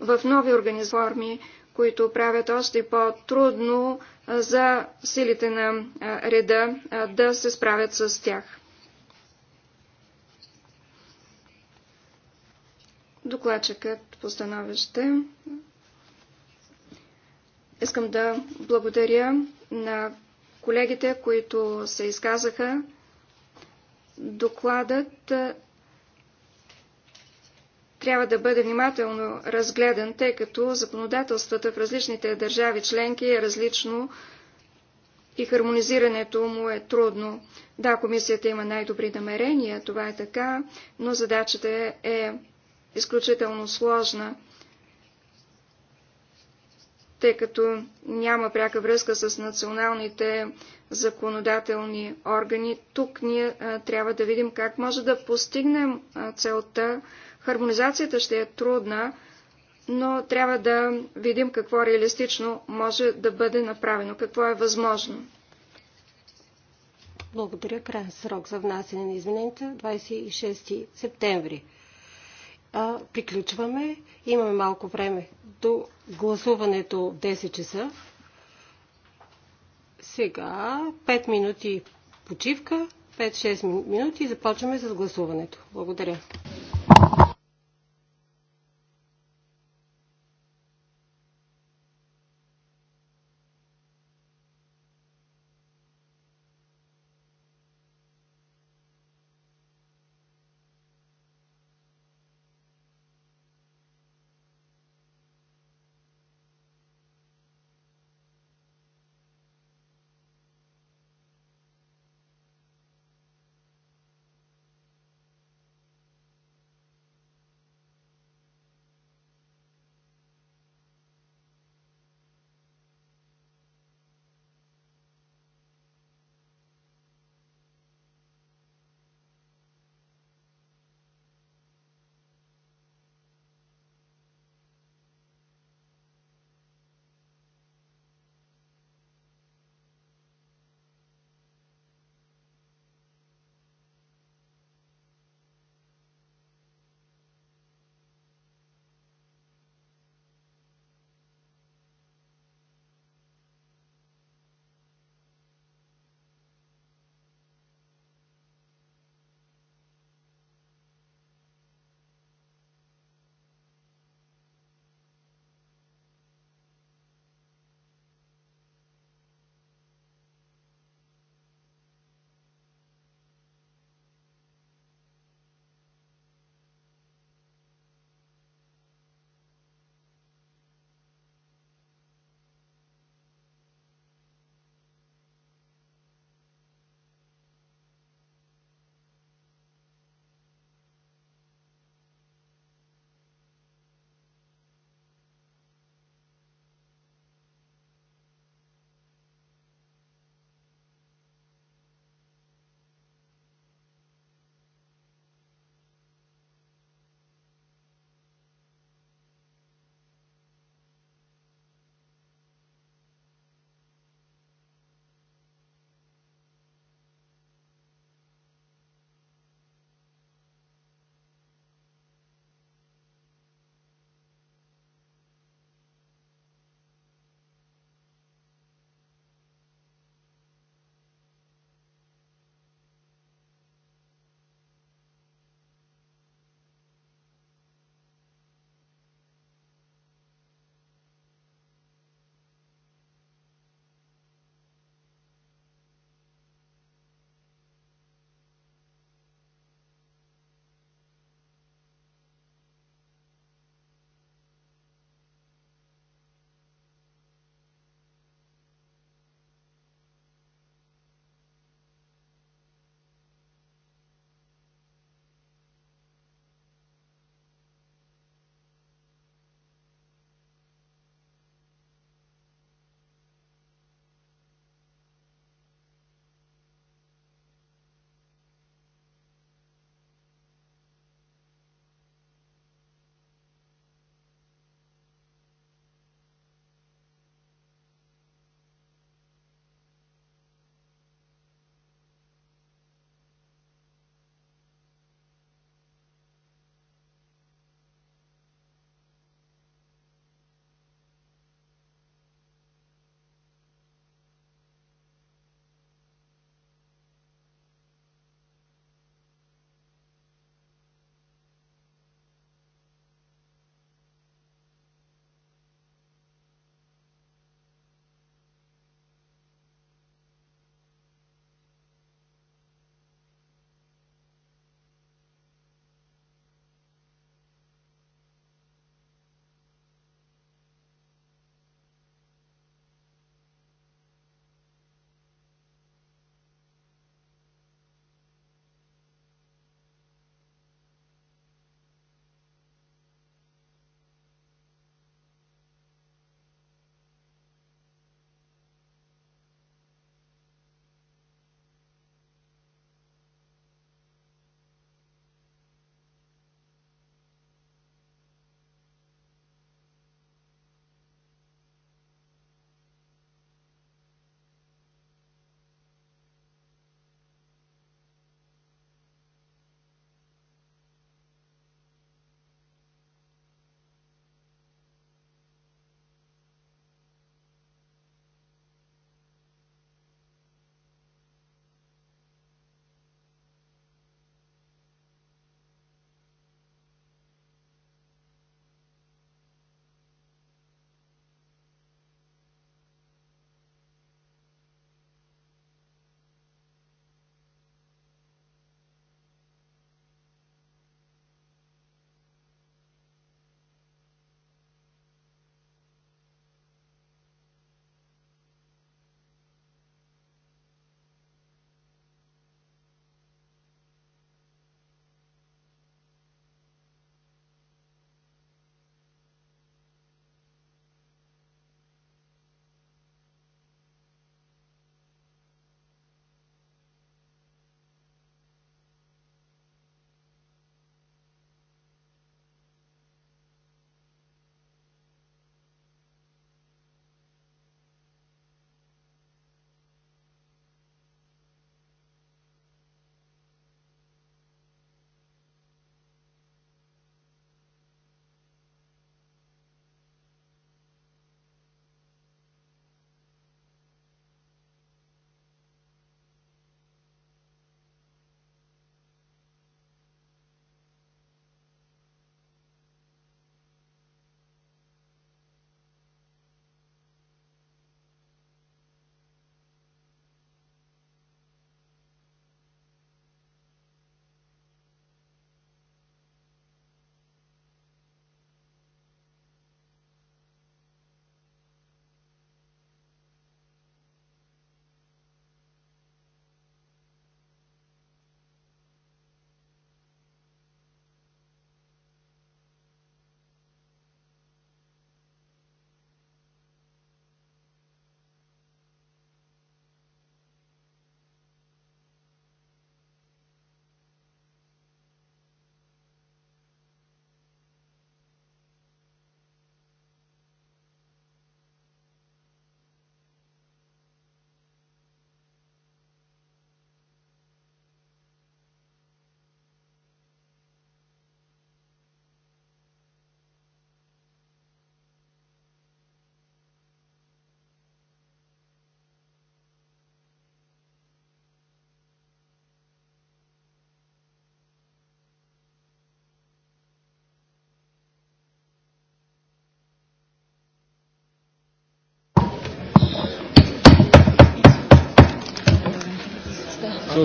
в нови организации, които правят още по-трудно за силите на реда да се справят с тях. Докладчикът по становище. Искам да благодаря на колегите, които се изказаха. Докладът трябва да бъде внимателно разгледан, тъй като законодателствата в различните държави членки е различно и хармонизирането му е трудно. Да, комисията има най-добри намерения, това е така, но задачата е изключително сложна, тъй като няма пряка връзка с националните законодателни органи. Тук ние а, трябва да видим как може да постигнем а, целта Хармонизацията ще е трудна, но трябва да видим какво реалистично може да бъде направено, какво е възможно. Благодаря. Крайен срок за внасяне на измененията 26 септември. А, приключваме. Имаме малко време до гласуването в 10 часа. Сега 5 минути почивка, 5-6 минути и започваме с гласуването. Благодаря.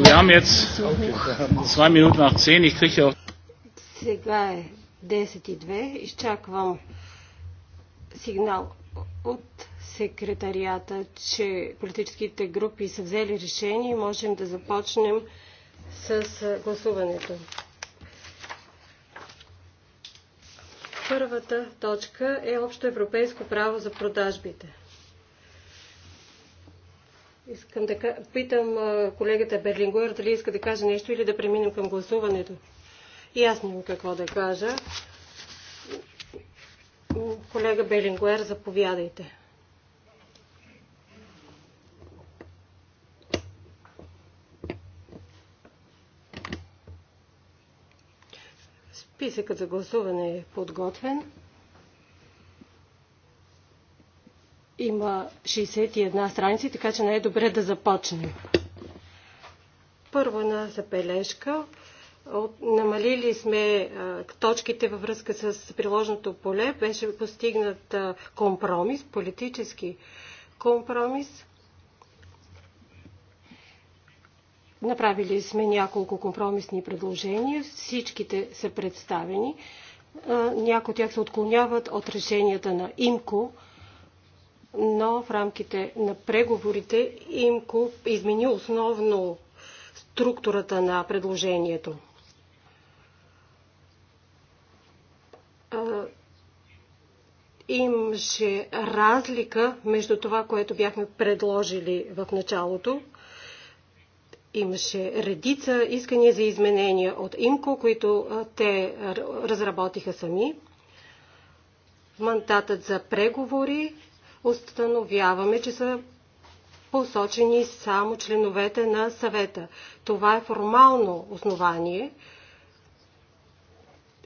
wir haben jetzt zwei Minuten nach zehn. Ich kriege auch. Сега е 10.02. Изчаквам сигнал от секретарията, че политическите групи са взели решение и можем да започнем с гласуването. Първата точка е общо европейско право за продажбите. Искам да питам колегата Берлингуер дали иска да каже нещо или да преминем към гласуването. И аз нямам какво да кажа. Колега Белингуер, заповядайте. Списъкът за гласуване е подготвен. Има 61 страници, така че най е добре да започнем. Първо една забележка. Намалили сме точките във връзка с приложното поле. Беше постигнат компромис, политически компромис. Направили сме няколко компромисни предложения. Всичките са представени. Някои от тях се отклоняват от решенията на ИМКО, но в рамките на преговорите ИМКО измени основно структурата на предложението. Имаше разлика между това, което бяхме предложили в началото. Имаше редица искания за изменения от ИМКО, които те разработиха сами. Мандатът за преговори установяваме, че са посочени само членовете на съвета. Това е формално основание,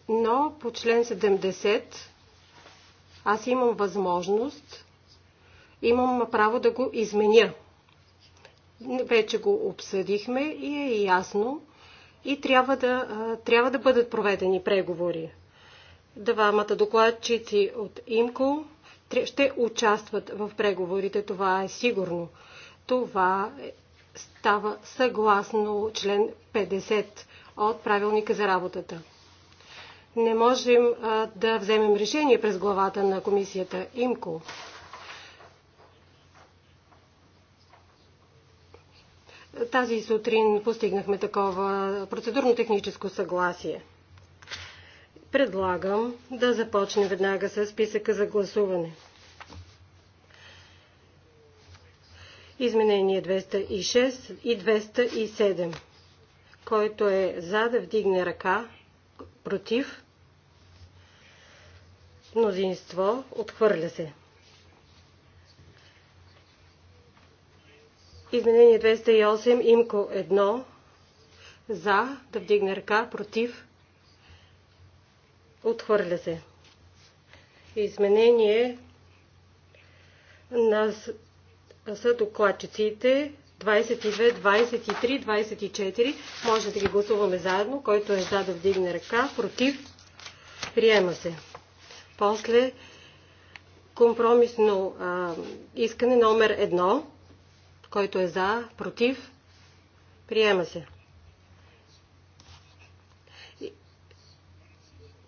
но по член 70 аз имам възможност, имам право да го изменя. Вече го обсъдихме и е ясно, и трябва да, трябва да бъдат проведени преговори. Двамата докладчици от ИМКО ще участват в преговорите. Това е сигурно. Това е, става съгласно член 50 от правилника за работата. Не можем а, да вземем решение през главата на комисията ИМКО. Тази сутрин постигнахме такова процедурно-техническо съгласие. Предлагам да започнем веднага с списъка за гласуване. Изменение 206 и 207. Който е за да вдигне ръка, против, мнозинство, отхвърля се. Изменение 208, имко 1, за да вдигне ръка, против, Отхвърля се. Изменение на съдокладчиците 22, 23, 24. Може да ги гласуваме заедно. Който е за да вдигне ръка. Против. Приема се. После компромисно а, искане номер 1, който е за, против, приема се.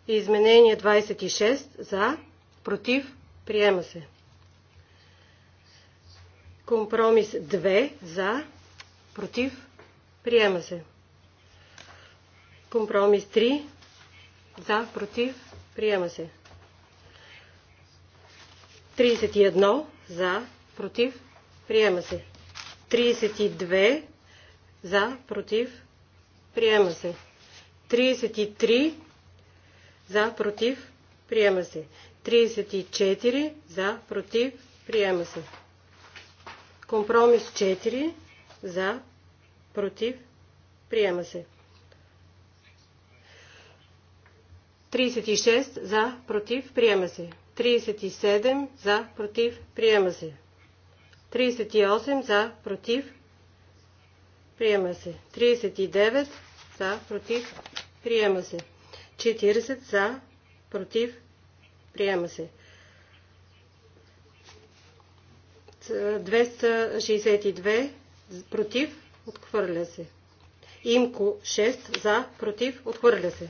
Изменение 26 за, против, приема се. Компромис 2 за, против, приема се. Компромис 3 за, против, приема се. 31 за, против, приема се. 32 за, против, приема се. 33 за, против, приема се. 34 за, против, приема се. Компромис 4 за, против, приема се. 36 за, против, приема се. 37 за, против, приема се. 38 за, против, приема се. 39 за, против, приема се. 40 за, против, приема се. 262 против, отхвърля се. Имко 6 за, против, отхвърля се.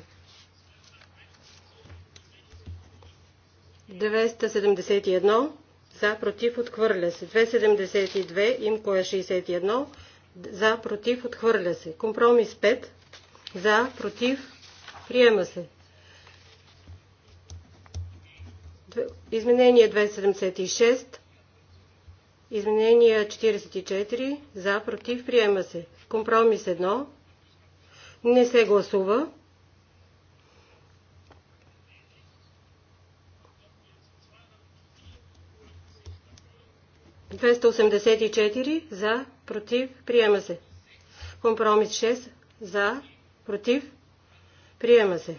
271 за, против, отхвърля се. 272, имко е 61, за, против, отхвърля се. Компромис 5, за, против, Приема се. Изменение 276. Изменение 44. За, против, приема се. Компромис 1. Не се гласува. за, против, приема се. Компромис 6 за, против, Приема се.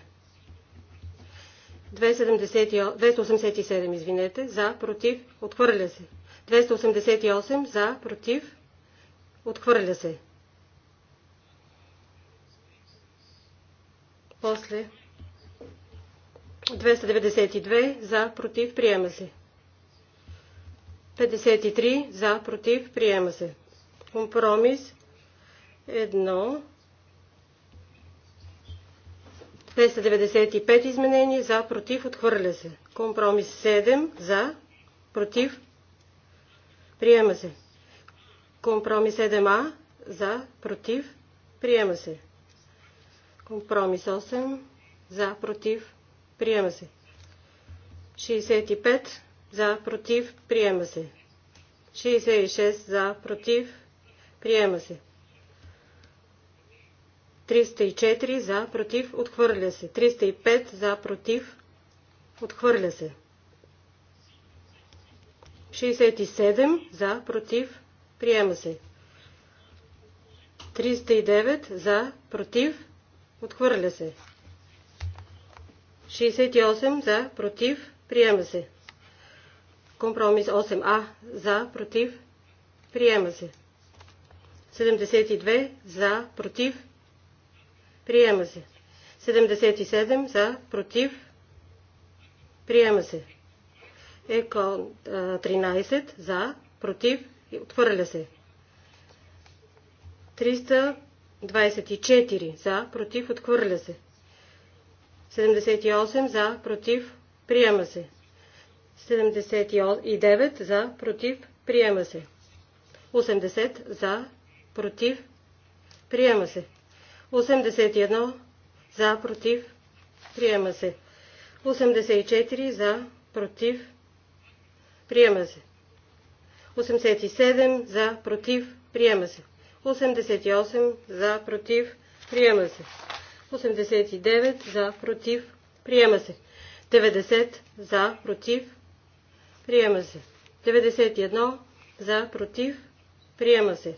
287, извинете, за, против, отхвърля се. 288 за, против, отхвърля се. После 292 за, против, приема се. 53 за, против, приема се. Компромис едно. 295 изменения за, против, отхвърля се. Компромис 7 за, против, приема се. Компромис 7а за, против, приема се. Компромис 8 за, против, приема се. 65 за, против, приема се. 66 за, против, приема се. 304 за, против, отхвърля се. 305 за, против, отхвърля се. 67 за, против, приема се. 309 за, против, отхвърля се. 68 за, против, приема се. Компромис 8а за, против, приема се. 72 за, против, Приема се. 77 за, против. Приема се. Еко 13 за, против. Отхвърля се. 324 за, против. Отхвърля се. 78 за, против. Приема се. 79 за, против. Приема се. 80 за, против. Приема се. 81 за, против, приема се. 84 за, против, приема се. 87 за, против, приема се. 88 за, против, приема се. 89 за, против, приема се. 90 за, против, приема се. 91 за, против, приема се.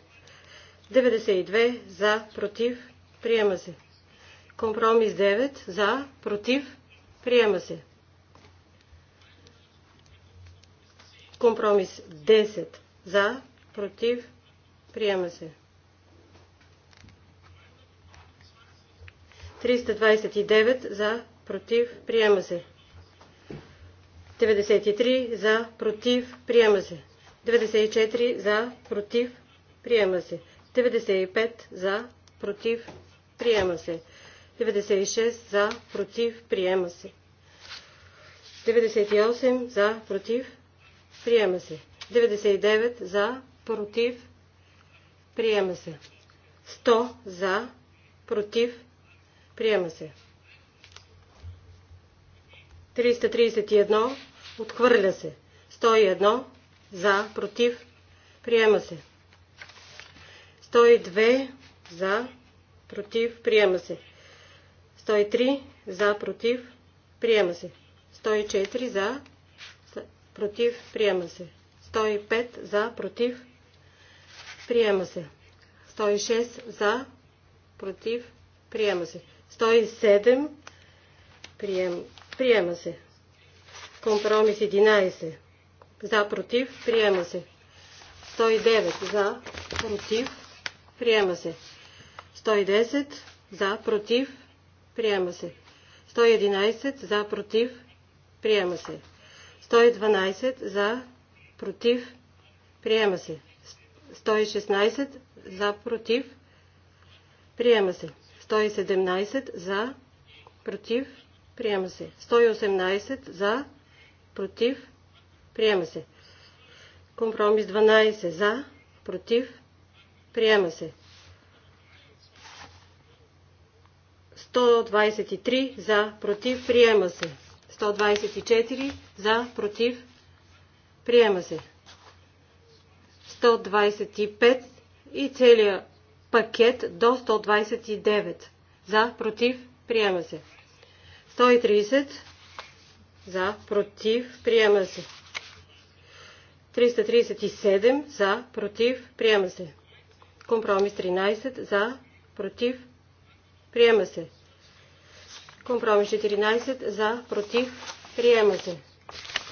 92 за, против, Приема се. Компромис 9. За. Против. Приема се. Компромис 10. За. Против. Приема се. 329 за, против, приема се. 93 за, против, приема се. 94 за, против, приема се. 95 за, против, Приема се. 96 за, против, приема се. 98 за, против, приема се. 99 за, против, приема се. 100 за, против, приема се. 331 отхвърля се. 101 за, против, приема се. 102 за, против, приема се. 103 за, против, приема се. 104 за, против, приема се. 105 за, против, приема се. 106 за, против, приема се. 107 приема се. Компромис 11 за, против, приема се. 109 за, против, приема се. 110 за, против, приема се. 111 за, против, приема се. 112 за, против, приема се. 116 за, против, приема се. 117 за, против, приема се. 118 за, против, приема се. Компромис 12 за, против, приема се. 123 за, против, приема се. 124 за, против, приема се. 125 и целият пакет до 129 за, против, приема се. 130 за, против, приема се. 337 за, против, приема се. Компромис 13 за, против, приема се. Компромис 14 за, против, приема се.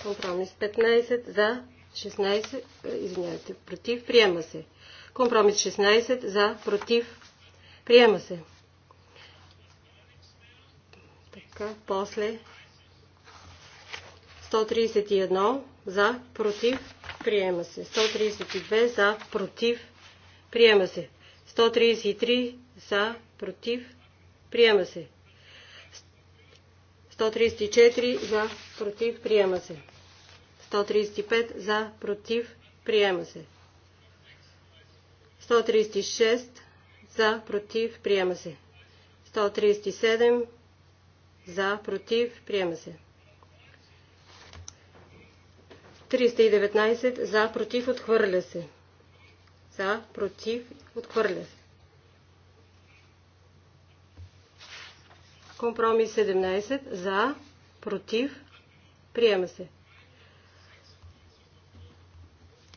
Компромис 15 за, 16, е, извинявайте, против, приема се. Компромис 16 за, против, приема се. Така, после 131 за, против, приема се. 132 за, против, приема се. 133 за, против, приема се. 134 за, против, приема се. 135 за, против, приема се. 136 за, против, приема се. 137 за, против, приема се. 319 за, против, отхвърля се. За, против, отхвърля се. Компромис 17 за, против, приема се.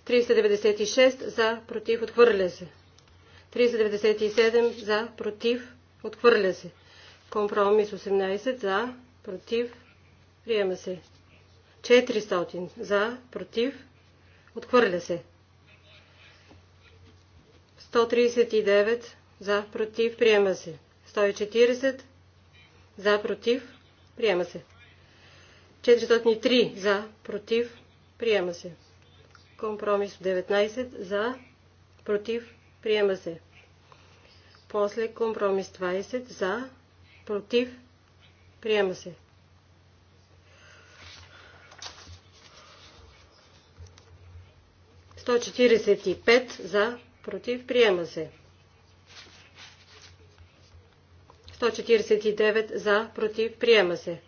396 за, против, отхвърля се. 397 за, против, отхвърля се. Компромис 18 за, против, приема се. 400 за, против, отхвърля се. 139 за, против, приема се. 140 за, против, приема се. 403 за, против, приема се. Компромис 19 за, против, приема се. После компромис 20 за, против, приема се. Сто за, против, приема се. 149 за, против, приема се.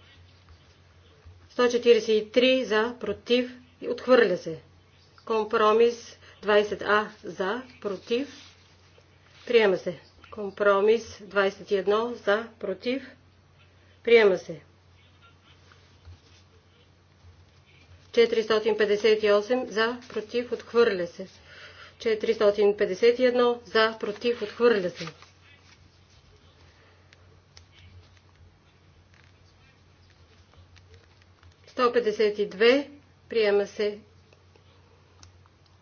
143 за, против, отхвърля се. Компромис 20А за, против, приема се. Компромис 21 за, против, приема се. 458 за, против, отхвърля се. 451 за, против, отхвърля се. 152. Приема се.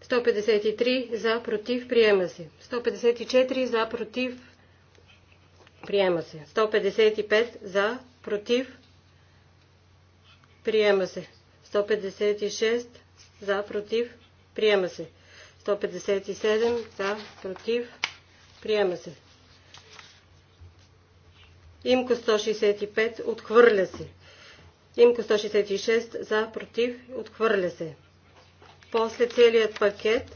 153 за, против, приема се. 154 за, против, приема се. 155 за, против, приема се. 156 за, против, приема се. 157 за, против, приема се. Имко 165 отхвърля се. Имко 166 за, против, отхвърля се. После целият пакет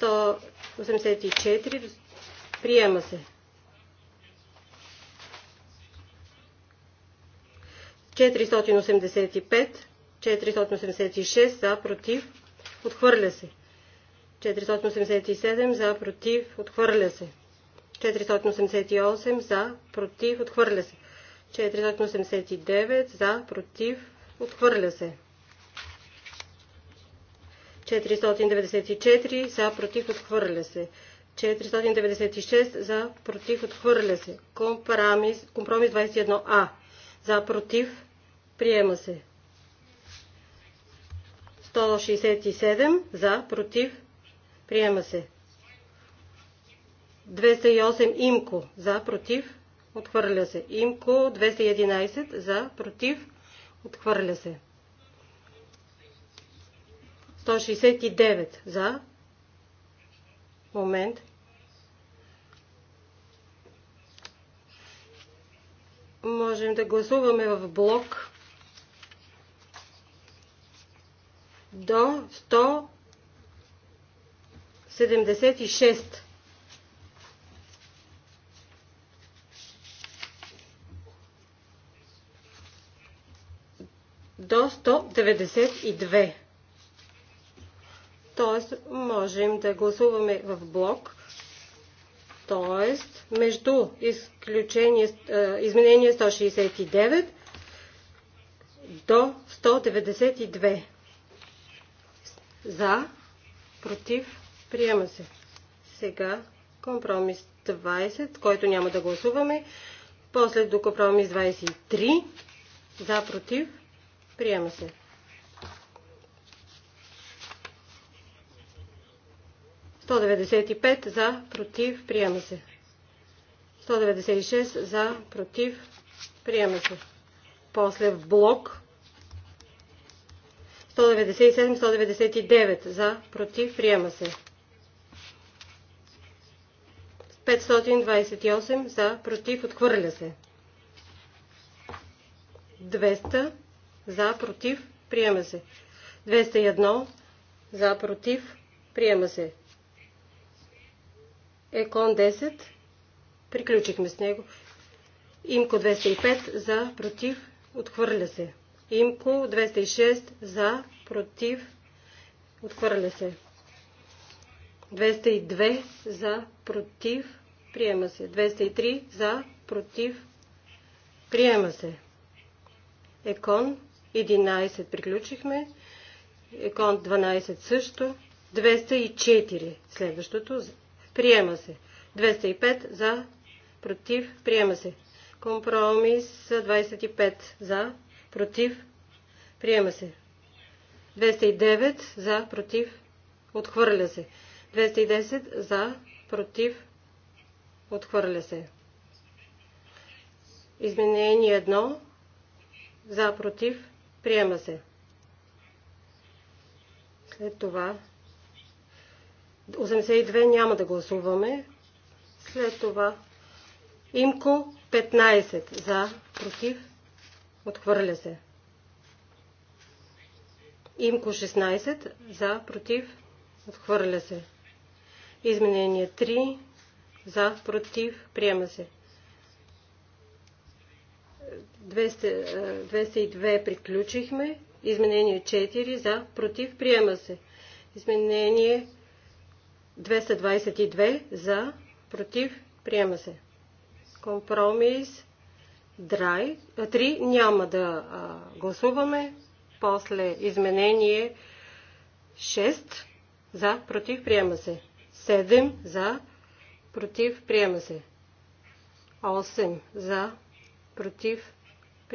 184 приема се. 485, 486 за, против, отхвърля се. 487 за, против, отхвърля се. 488 за, против, отхвърля се. 489 за, против, отхвърля се. 494 за, против, отхвърля се. 496 за, против, отхвърля се. Компромис, компромис 21а. За, против, приема се. 167 за, против, приема се. 208 имко за, против, Отхвърля се. Имко 211 за, против. Отхвърля се. 169 за. Момент. Можем да гласуваме в блок до 176. до 192. Тоест, можем да гласуваме в блок, тоест между изключение, изменение 169 до 192. За, против, приема се. Сега компромис 20, който няма да гласуваме. После до компромис 23. За, против, Приема се. Сто за, против, приема се. 196 за, против, приема се. После в блок 197-199 за, против, приема се. 528 за, против, отхвърля се. 200 за, против, приема се. 201. За, против, приема се. Екон 10. Приключихме с него. Имко 205. За, против, отхвърля се. Имко 206. За, против, отхвърля се. 202. За, против, приема се. 203. За, против, приема се. Екон 11 приключихме. Кон 12 също. 204 следващото. Приема се. 205 за. Против. Приема се. Компромис 25 за. Против. Приема се. 209 за. Против. Отхвърля се. 210 за. Против. Отхвърля се. Изменение 1. За. Против. Приема се. След това 82 няма да гласуваме. След това Имко 15 за, против, отхвърля се. Имко 16 за, против, отхвърля се. Изменение 3 за, против, приема се. 202 приключихме. Изменение 4 за, против, приема се. Изменение 222 за, против, приема се. Компромис 3 няма да гласуваме. После изменение 6 за, против, приема се. 7 за, против, приема се. 8 за, против,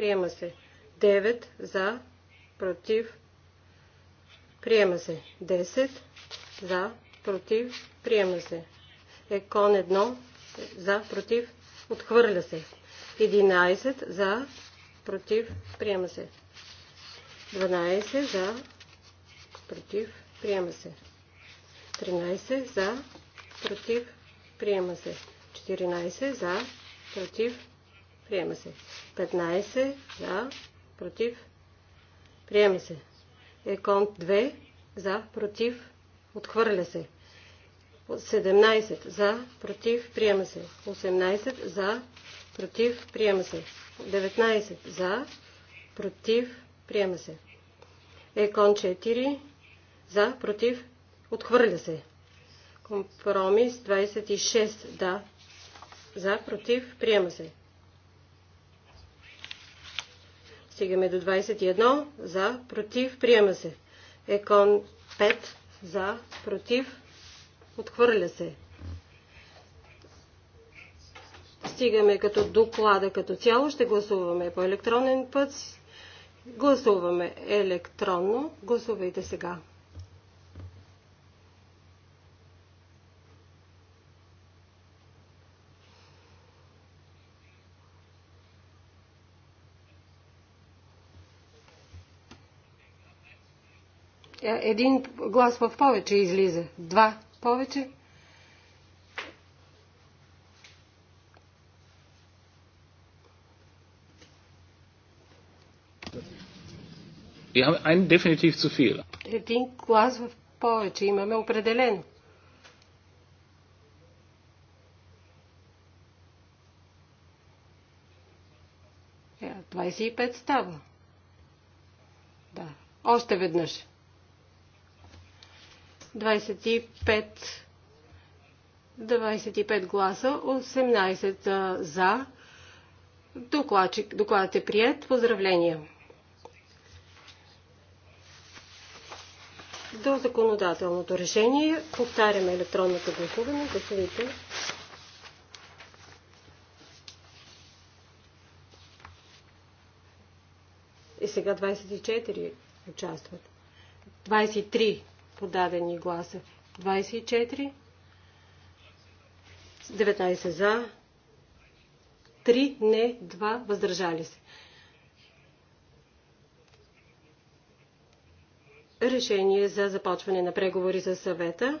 Приема се. 9 за, против. Приема се. 10 за, против. Приема се. Екон 1 за, против. Отхвърля се. 11 за, против. Приема се. 12 за, против. Приема се. 13 за, против. Приема се. 14 за, против. Приема се. 15 за, против. Приема се. Екон 2 за, против. Отхвърля се. 17 за, против. Приема се. 18 за, против. Приема се. 19 за, против. Приема се. Екон 4 за, против. Отхвърля се. Компромис 26 да, за, против. Приема се. Стигаме до 21. За, против, приема се. Екон 5. За, против, отхвърля се. Стигаме като доклада като цяло. Ще гласуваме по електронен път. Гласуваме електронно. Гласувайте сега. Е, един глас в повече излиза. Два повече. Wir haben einen definitiv zu viel. Един глас в повече имаме определено. Yeah, е, 25 става. Да. Още веднъж. 25, 25 гласа, 18 за. докладът е прият. Поздравления! До законодателното решение повтаряме електронното гласуване. Гласувайте. И сега 24 участват. 23 подадени гласа. 24, 19 за, 3 не, 2 въздържали се. Решение за започване на преговори за съвета.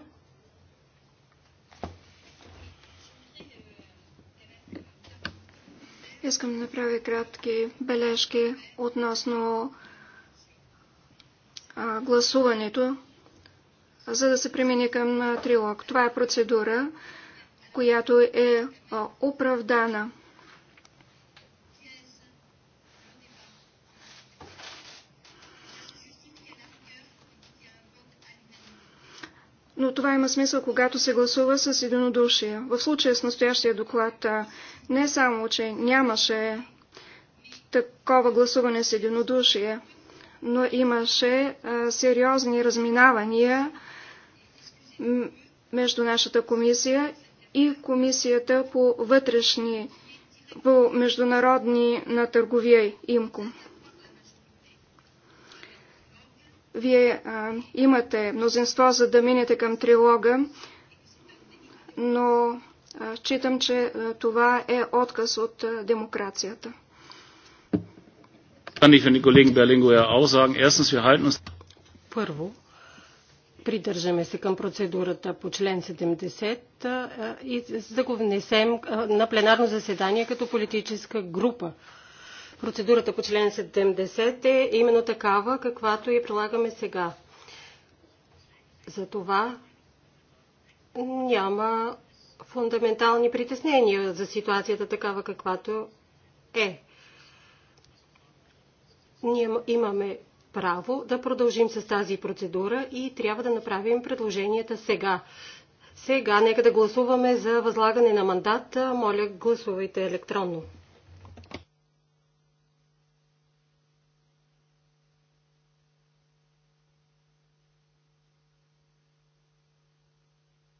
Искам да направя кратки бележки относно гласуването за да се премине към трилог. Това е процедура, която е оправдана. но това има смисъл, когато се гласува с единодушие. В случая с настоящия доклад не само, че нямаше такова гласуване с единодушие, но имаше а, сериозни разминавания между нашата комисия и комисията по вътрешни, по международни на търговия ИМКО. Вие а, имате мнозинство за да минете към трилога, но а, считам, че а, това е отказ от а, демокрацията. Първо, придържаме се към процедурата по член 70 и да го внесем на пленарно заседание като политическа група. Процедурата по член 70 е именно такава, каквато и прилагаме сега. Затова няма фундаментални притеснения за ситуацията такава, каквато е. Ние имаме право да продължим с тази процедура и трябва да направим предложенията сега. Сега нека да гласуваме за възлагане на мандат. Моля, гласувайте електронно.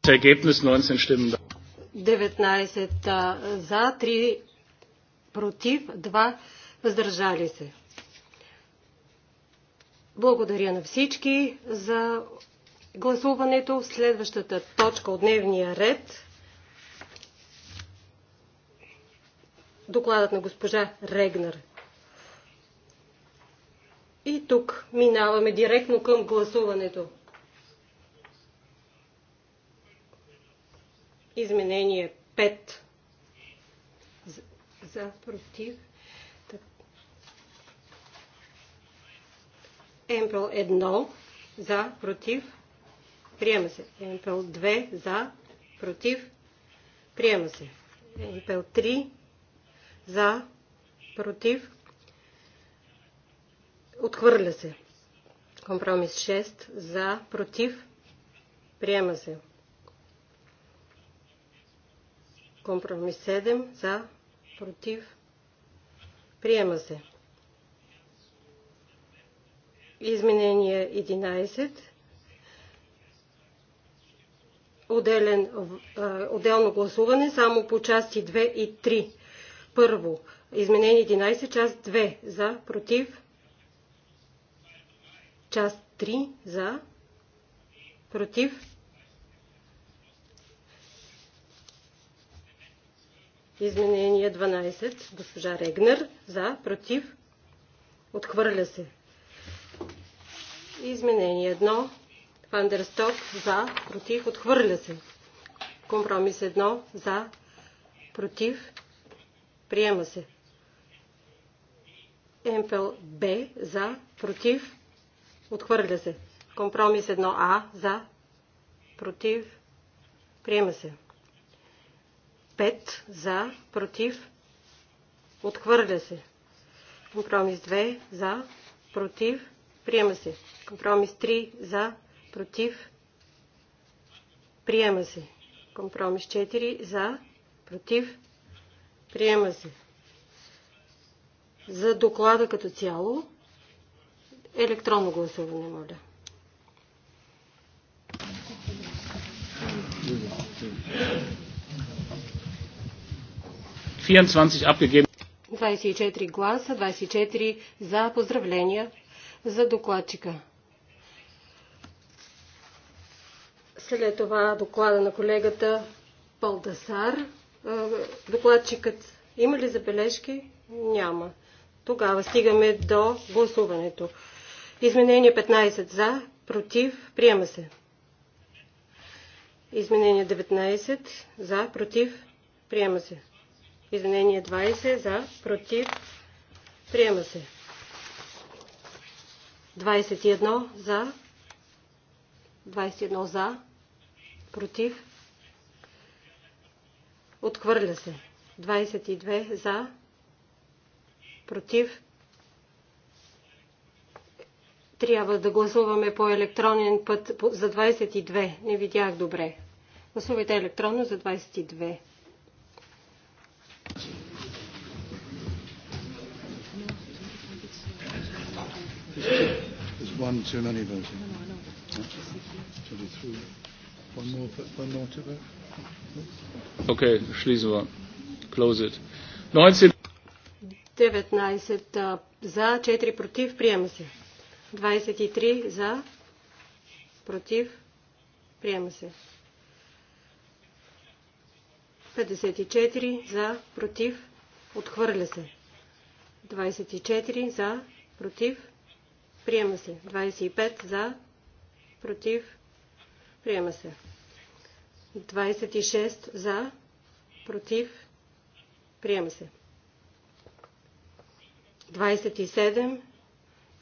Ergebnis 19 Stimmen. 19 за, 3 против, 2 въздържали се. Благодаря на всички за гласуването. Следващата точка от дневния ред. Докладът на госпожа Регнер. И тук минаваме директно към гласуването. Изменение 5. За, за против. МПЛ 1 за, против, приема се. МПЛ 2 за, против, приема се. МПЛ 3 за, против, отхвърля се. Компромис 6 за, против, приема се. Компромис 7 за, против, приема се. Изменение 11. Отделен, отделно гласуване само по части 2 и 3. Първо, изменение 11, част 2 за, против, част 3 за, против, изменение 12, госпожа Регнер, за, против, отхвърля се. Изменение 1. Фандерсток за, против, отхвърля се. Компромис 1 за, против, приема се. Емпел Б за, против, отхвърля се. Компромис 1А за, против, приема се. 5 за, против, отхвърля се. Компромис 2 за, против, Приема се. Компромис 3 за, против. Приема се. Компромис 4 за, против. Приема се. За доклада като цяло електронно гласуване, моля. Thank 24 гласа, 24 за поздравления за докладчика. След това доклада на колегата Палдасар. Докладчикът има ли забележки? Няма. Тогава стигаме до гласуването. Изменение 15 за, против, приема се. Изменение 19 за, против, приема се. Изменение 20 за, против, приема се. 21 за. 21 за. Против. Отхвърля се. 22 за. Против. Трябва да гласуваме по електронен път за 22. Не видях добре. Гласувайте електронно за 22. one too many voting. Twenty-three. One more, one more to vote. Okay, schließen wir. Close it. 19. 19 за, 4 против, приема се. 23 за, против, приема се. 54 за, против, отхвърля се. 24 за, против, Приема се. 25 за. Против. Приема се. 26 за. Против. Приема се. 27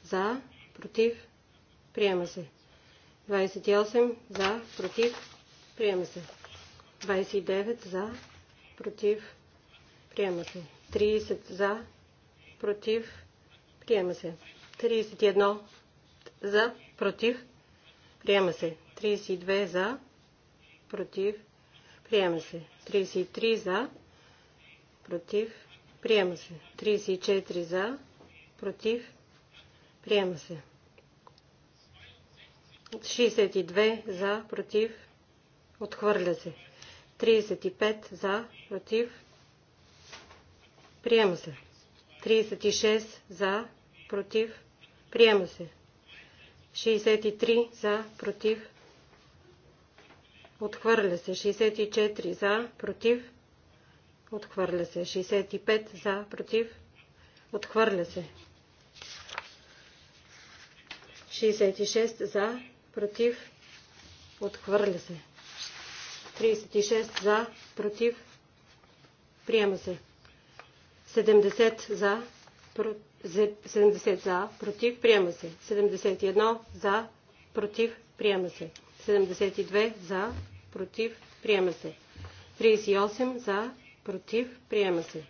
за. Против. Приема се. 28 за. Против. Приема се. 29 за. Против. Приема се. 30 за. Против. Приема се. 31 за, против, приема се. 32 за, против, приема се. 33 за, против, приема се. 34 за, против, приема се. 62 за, против, отхвърля се. 35 за, против, приема се. 36 за, против, Приема се. 63 за, против. Отхвърля се. 64 за, против. Отхвърля се. 65 за, против. Отхвърля се. 66 за, против. Отхвърля се. 36 за, против. Приема се. 70 за, против. 70 за, против, приема се. 71 за, против, приема се. 72 за, против, приема се. 38 за, против, приема се.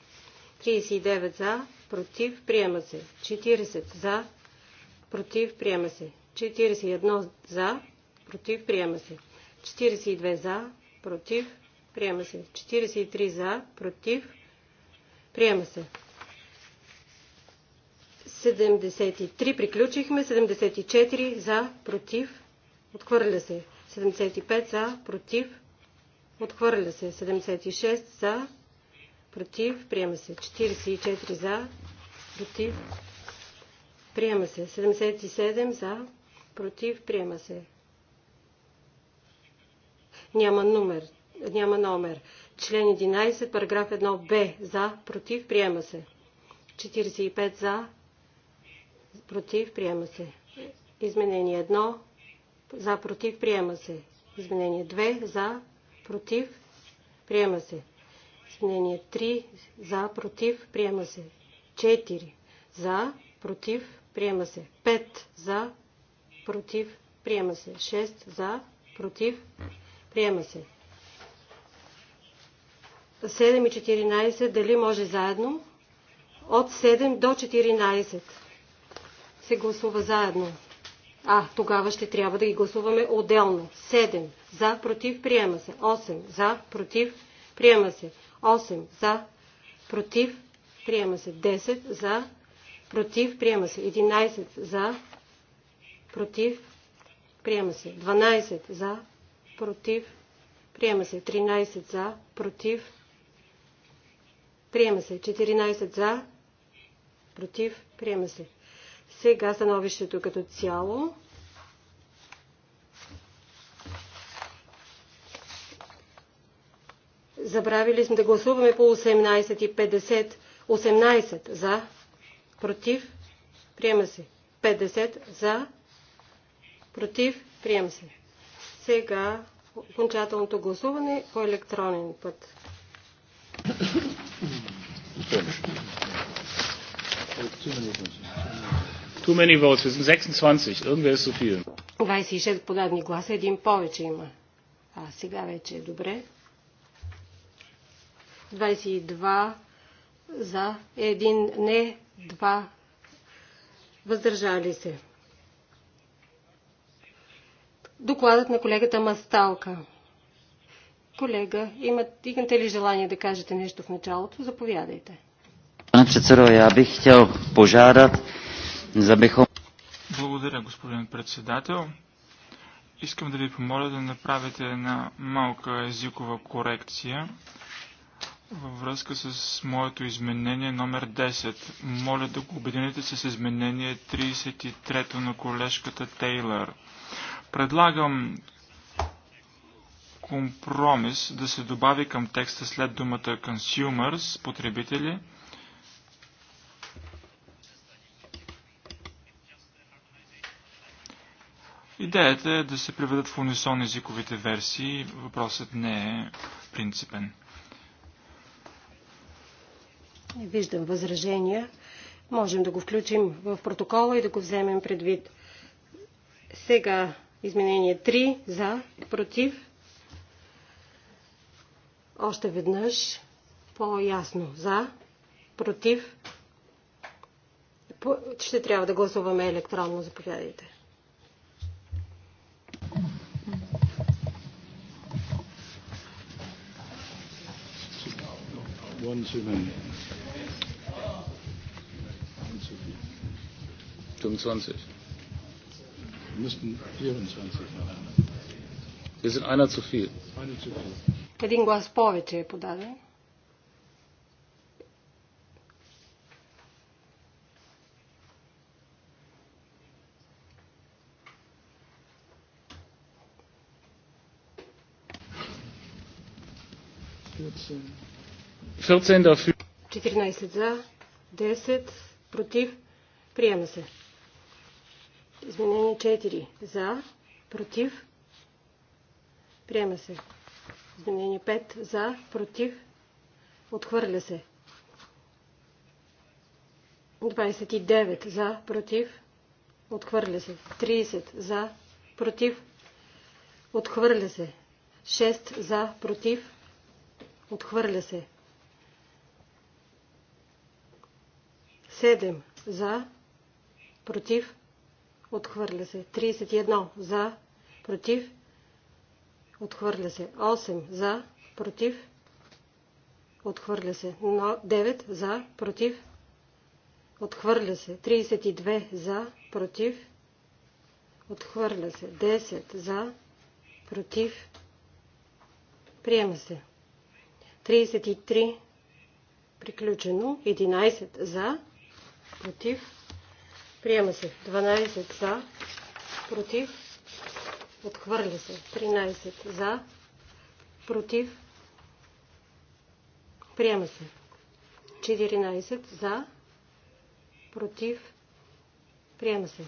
39 за, против, приема се. 40 за, против, приема се. 41 за, против, приема се. 42 за, против, приема се. 43 за, против, приема се. 73 приключихме, 74 за, против, отхвърля се. 75 за, против, отхвърля се. 76 за, против, приема се. 44 за, против, приема се. 77 за, против, приема се. Няма номер. Няма номер. Член 11, параграф 1, Б. За, против, приема се. 45 за, против, приема се. Изменение 1, за, против, приема се. Изменение 2, за, против, приема се. Изменение 3, за, против, приема се. 4, за, против, приема се. 5, за, против, приема се. 6, за, против, приема се. 7 и 14, дали може заедно? От 7 до 14 се гласува заедно. А, тогава ще трябва да ги гласуваме отделно. 7. За, против, приема се. 8. За, против, приема се. 8. За, против, приема се. 10. За, против, приема се. 11. За, против, приема се. 12. За, против, приема се. 13. За, против, приема се. 14. За, против, приема се. Сега становището като цяло. Забравили сме да гласуваме по 18 и 50. 18 за, против, приема се. 50 за, против, приема се. Сега окончателното гласуване по електронен път. Електронен път. Too many votes. Wir sind 26. Irgendwer ist zu viel. 26 подадени гласа. Един повече има. А сега вече е добре. 22 за, един не, два въздържали се. Докладът на колегата Масталка. Колега, имате ли желание да кажете нещо в началото? Заповядайте. Пане předsedo, я бих хотел požádat благодаря, господин председател. Искам да ви помоля да направите една малка езикова корекция във връзка с моето изменение номер 10. Моля да го обедините с изменение 33 на колежката Тейлър. Предлагам компромис да се добави към текста след думата consumers, потребители – Идеята е да се приведат в унисон езиковите версии. Въпросът не е принципен. Не виждам възражения. Можем да го включим в протокола и да го вземем предвид. Сега изменение 3 за, против. Още веднъж по-ясно за, против. Ще трябва да гласуваме електронно. Заповядайте. One too many. 25. Wir müssten 24 haben. Wir sind einer zu viel. Eine zu viel. Един глас повече е подаден. Good, sir. 14 за, 10 против. Приема се. Изменение 4 за, против. Приема се. Изменение 5 за, против. Отхвърля се. 29 за, против. Отхвърля се. 30 за, против. Отхвърля се. 6 за, против. Отхвърля се. 7 за, против, отхвърля се. 31 за, против, отхвърля се. 8 за, против, отхвърля се. 9 за, против, отхвърля се. 32 за, против, отхвърля се. 10 за, против, приема се. 33 приключено, 11 за, против, приема се. 12 за, против, отхвърля се. 13 за, против, приема се. 14 за, против, приема се.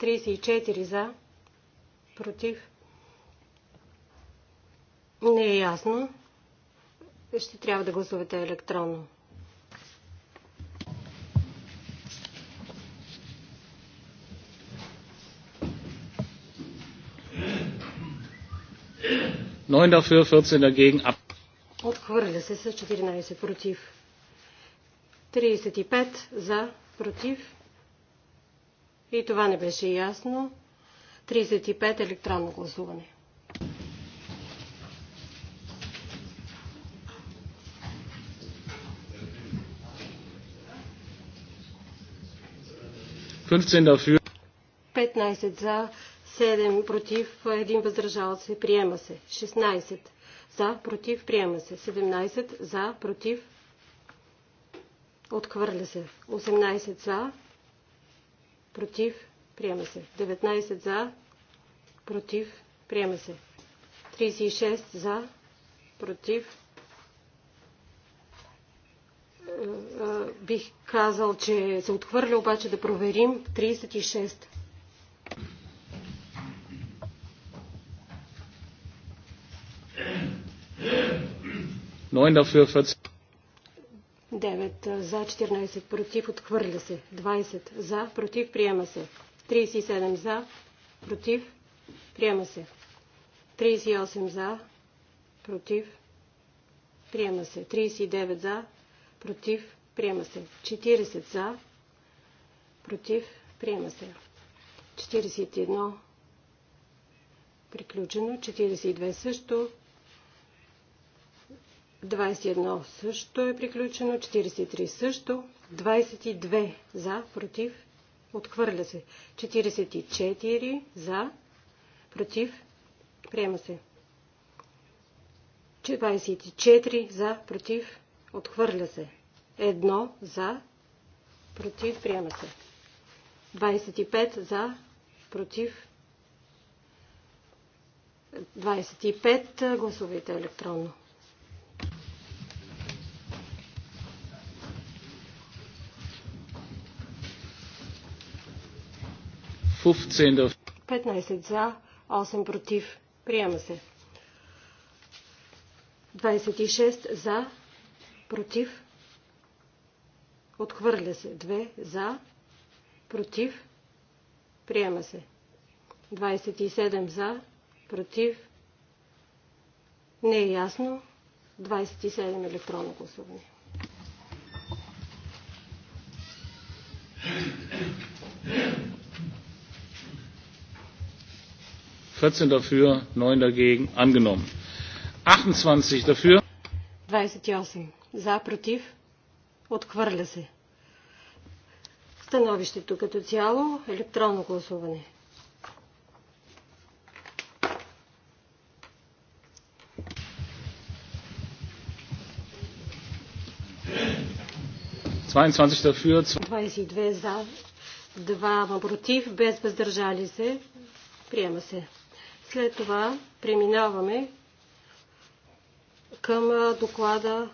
34 за, против, не е ясно. Ще трябва да гласувате електронно. 9 dafür, 14 dagegen ab. Отхвърля се с 14 против. 35 за против. И това не беше ясно. 35 електронно гласуване. Dafür. 15 за, 7 против, 1 въздържал се, приема се. 16 за, против, приема се. 17 за, против, отхвърля се. 18 за, против, приема се. 19 за, против, приема се. 36 за, против. Е, е, бих казал, че се отхвърля, обаче да проверим. 36 9 dafür, 14. 9 за, 14 против, отхвърля се. 20 за, против, приема се. 37 за, против, приема се. 38 за, против, приема се. 39 за, против, приема се. 40 за, против, приема се. 41 приключено, 42 също, 21 също е приключено, 43 също, 22 за, против, отхвърля се, 44 за, против, приема се. 24 за, против, отхвърля се. 1 за, против, приема се. 25 за, против, 25 гласувайте електронно. 15 за, 8 против. Приема се. 26 за, против. Отхвърля се. 2 за, против. Приема се. 27 за, против. Не е ясно. 27 електронно гласуване. vierzehn dafür neun dagegen angenommen; achtundzwanzig dafür за против отхвърля се. Становището като цяло електронно гласуване. Dafür, 22 за, 2 против, без въздържали се. Приема се. След това преминаваме към доклада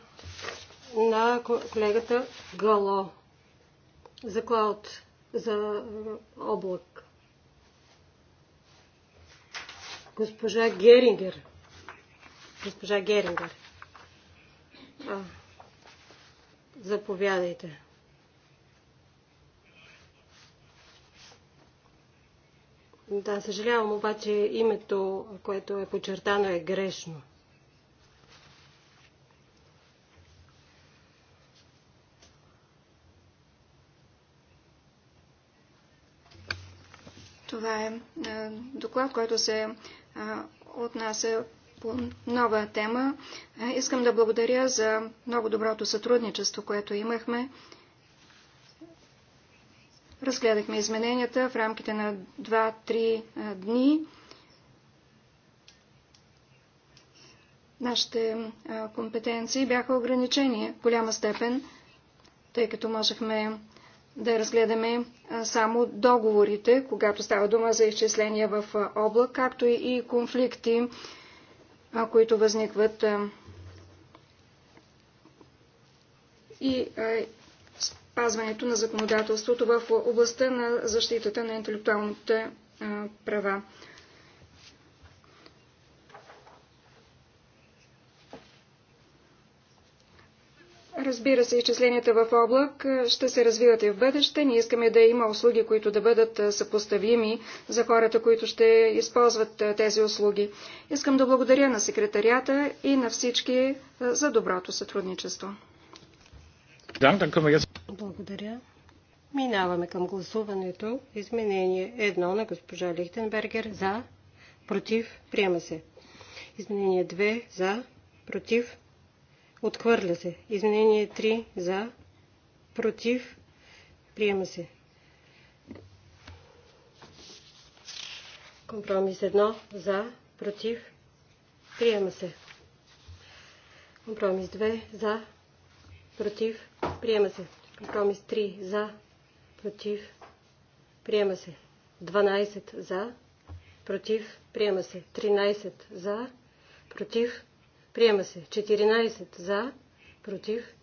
на колегата Гало за клауд, за облак. Госпожа Герингер. Госпожа Герингер. заповядайте. Да, съжалявам, обаче името, което е подчертано, е грешно. Това е, е доклад, който се е, отнася по нова тема. Е, искам да благодаря за много доброто сътрудничество, което имахме. Разгледахме измененията в рамките на 2-3 дни. Нашите компетенции бяха ограничени в голяма степен, тъй като можехме да разгледаме само договорите, когато става дума за изчисления в облак, както и конфликти, които възникват. И спазването на законодателството в областта на защитата на интелектуалните права. Разбира се, изчисленията в облак ще се развиват и в бъдеще. Ние искаме да има услуги, които да бъдат съпоставими за хората, които ще използват тези услуги. Искам да благодаря на секретарията и на всички за доброто сътрудничество. Благодаря. Минаваме към гласуването. Изменение 1 на госпожа Лихтенбергер. За. Против. Приема се. Изменение 2. За. Против. Отхвърля се. Изменение 3. За. Против. Приема се. Компромис 1. За. Против. Приема се. Компромис 2. За. Против. Приема се. Компромис 3 за, против, приема се. 12 за, против, приема се. 13 за, против, приема се. 14 за, против,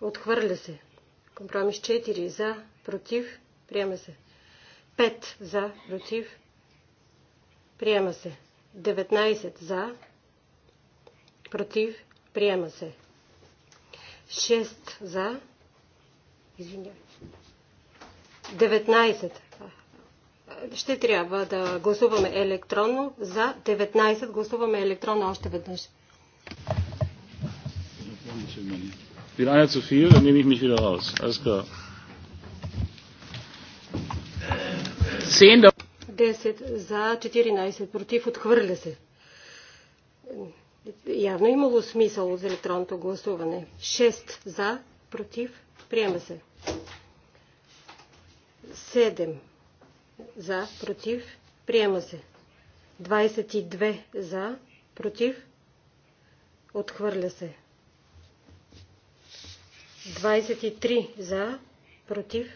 отхвърля се. Компромис 4 за, против, приема се. 5 за, против, приема се. 19 за, против, приема се. 6 за. Извинявайте. 19. Ще трябва да гласуваме електронно. За 19 гласуваме електронно още веднъж. Bin einer zu viel, dann nehme ich mich wieder raus. Alles klar. Zehn. 10 за, 14 против, отхвърля се. Явно имало смисъл за електронното гласуване. 6 за, против, приема се. 7 за, против, приема се. 22 за, против, отхвърля се. 23 за, против,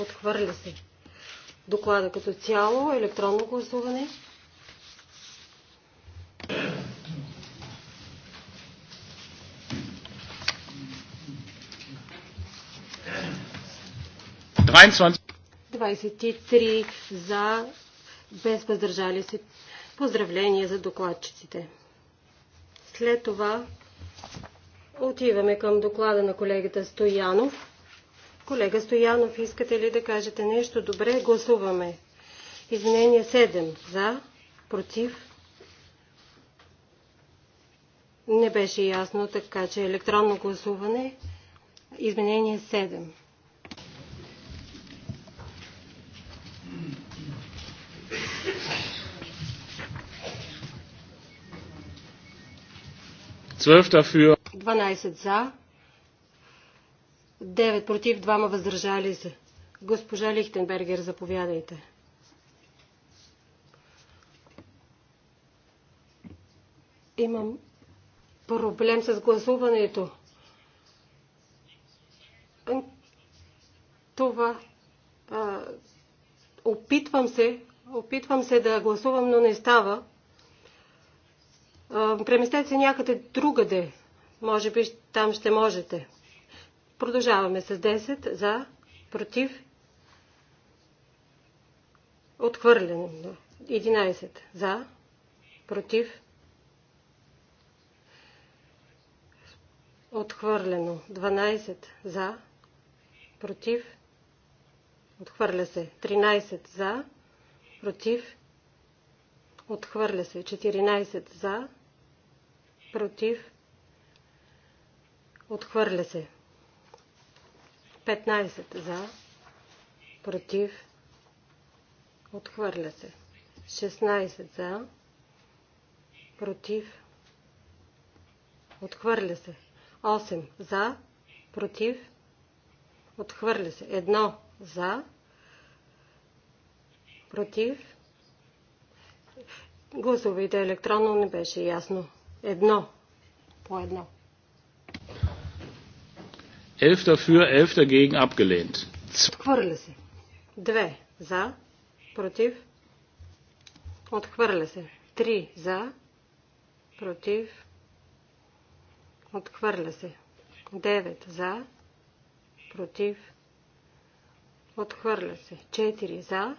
отхвърля се. Доклада като цяло, електронно гласуване. 23 за, без въздържали се. Поздравление за докладчиците. След това отиваме към доклада на колегата Стоянов. Колега Стоянов, искате ли да кажете нещо? Добре, гласуваме. Изменение 7. За, против. Не беше ясно, така че електронно гласуване. Изменение 7. 12 dafür. 12 за. 9 против, 2 въздържали се. Госпожа Лихтенбергер, заповядайте. Имам проблем с гласуването. Това. А, опитвам се, опитвам се да гласувам, но не става. Преместете се някъде другаде. Може би там ще можете. Продължаваме с 10 за, против, отхвърлен. 11 за, против, отхвърлено. 12 за, против, отхвърля се. 13 за, против, отхвърля се. 14 за, против, отхвърля се. 15 за, против, отхвърля се. 16 за, против, отхвърля се. 8 за, против, отхвърля се. 1 за, против. Гласовете електронно не беше ясно. Едно. По едно. 11 dafür, 11 dagegen abgelehnt. Отхвърля се. Две. За. Против. Отхвърля се. Три. За. Против. Отхвърля се. Девет. за. Против. Отхвърля се. 4 за.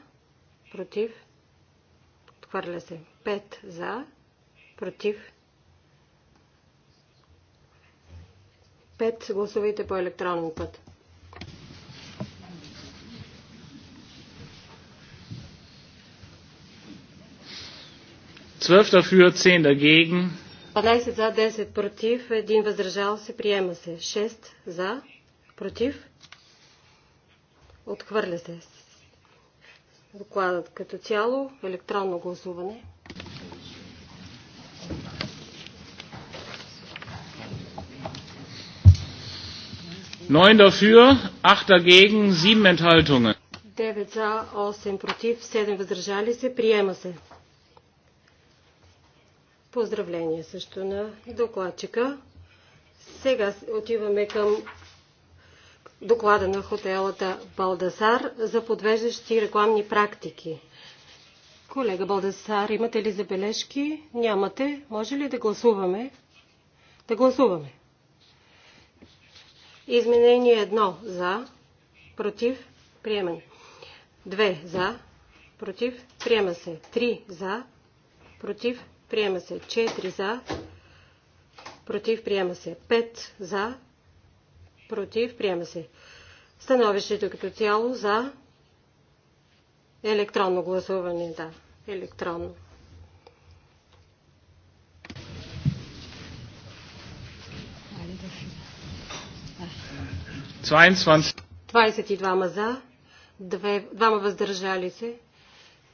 Против. Отхвърля се. 5 за. Против. пет гласувайте по електронен път. Dafür, 10 dagegen. 12 за, 10 против, 1 въздържал се, приема се. 6 за, против, отхвърля се. Докладът като цяло, електронно гласуване. 9 dafür, 8 dagegen, 7 Enthaltungen. 9 за, 8 против, 7 въздържали се. Приема се. Поздравление също на докладчика. Сега отиваме към доклада на хотелата Балдасар за подвеждащи рекламни практики. Колега Балдасар, имате ли забележки? Нямате. Може ли да гласуваме? Да гласуваме. Изменение 1 за, против, приемен. 2 за, против, приема се. 3 за, против, приема се. 4 за, против, приема се. 5 за, против, приема се. Становището като цяло за електронно гласуване, да, електронно. 22 за, 2 въздържали се.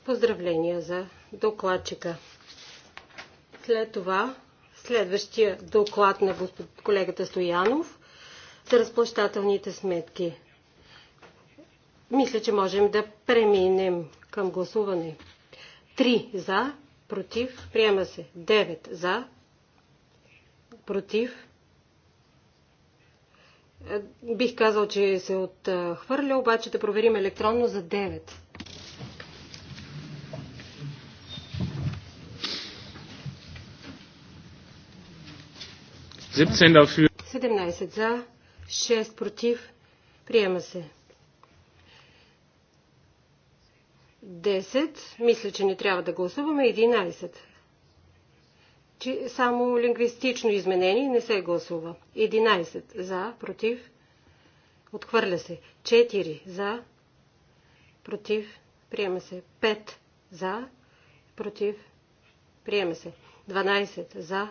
Поздравления за докладчика. След това следващия доклад на господ, колегата Стоянов за разплащателните сметки. Мисля, че можем да преминем към гласуване. 3 за, против, приема се. 9 за, против, е, бих казал, че се отхвърля, обаче да проверим електронно за 9. 17 за, 6 против. Приема се. 10. Мисля, че не трябва да гласуваме. 11 че само лингвистично изменение не се гласува. 11 за, против, отхвърля се. 4 за, против, приема се. 5 за, против, приема се. 12 за,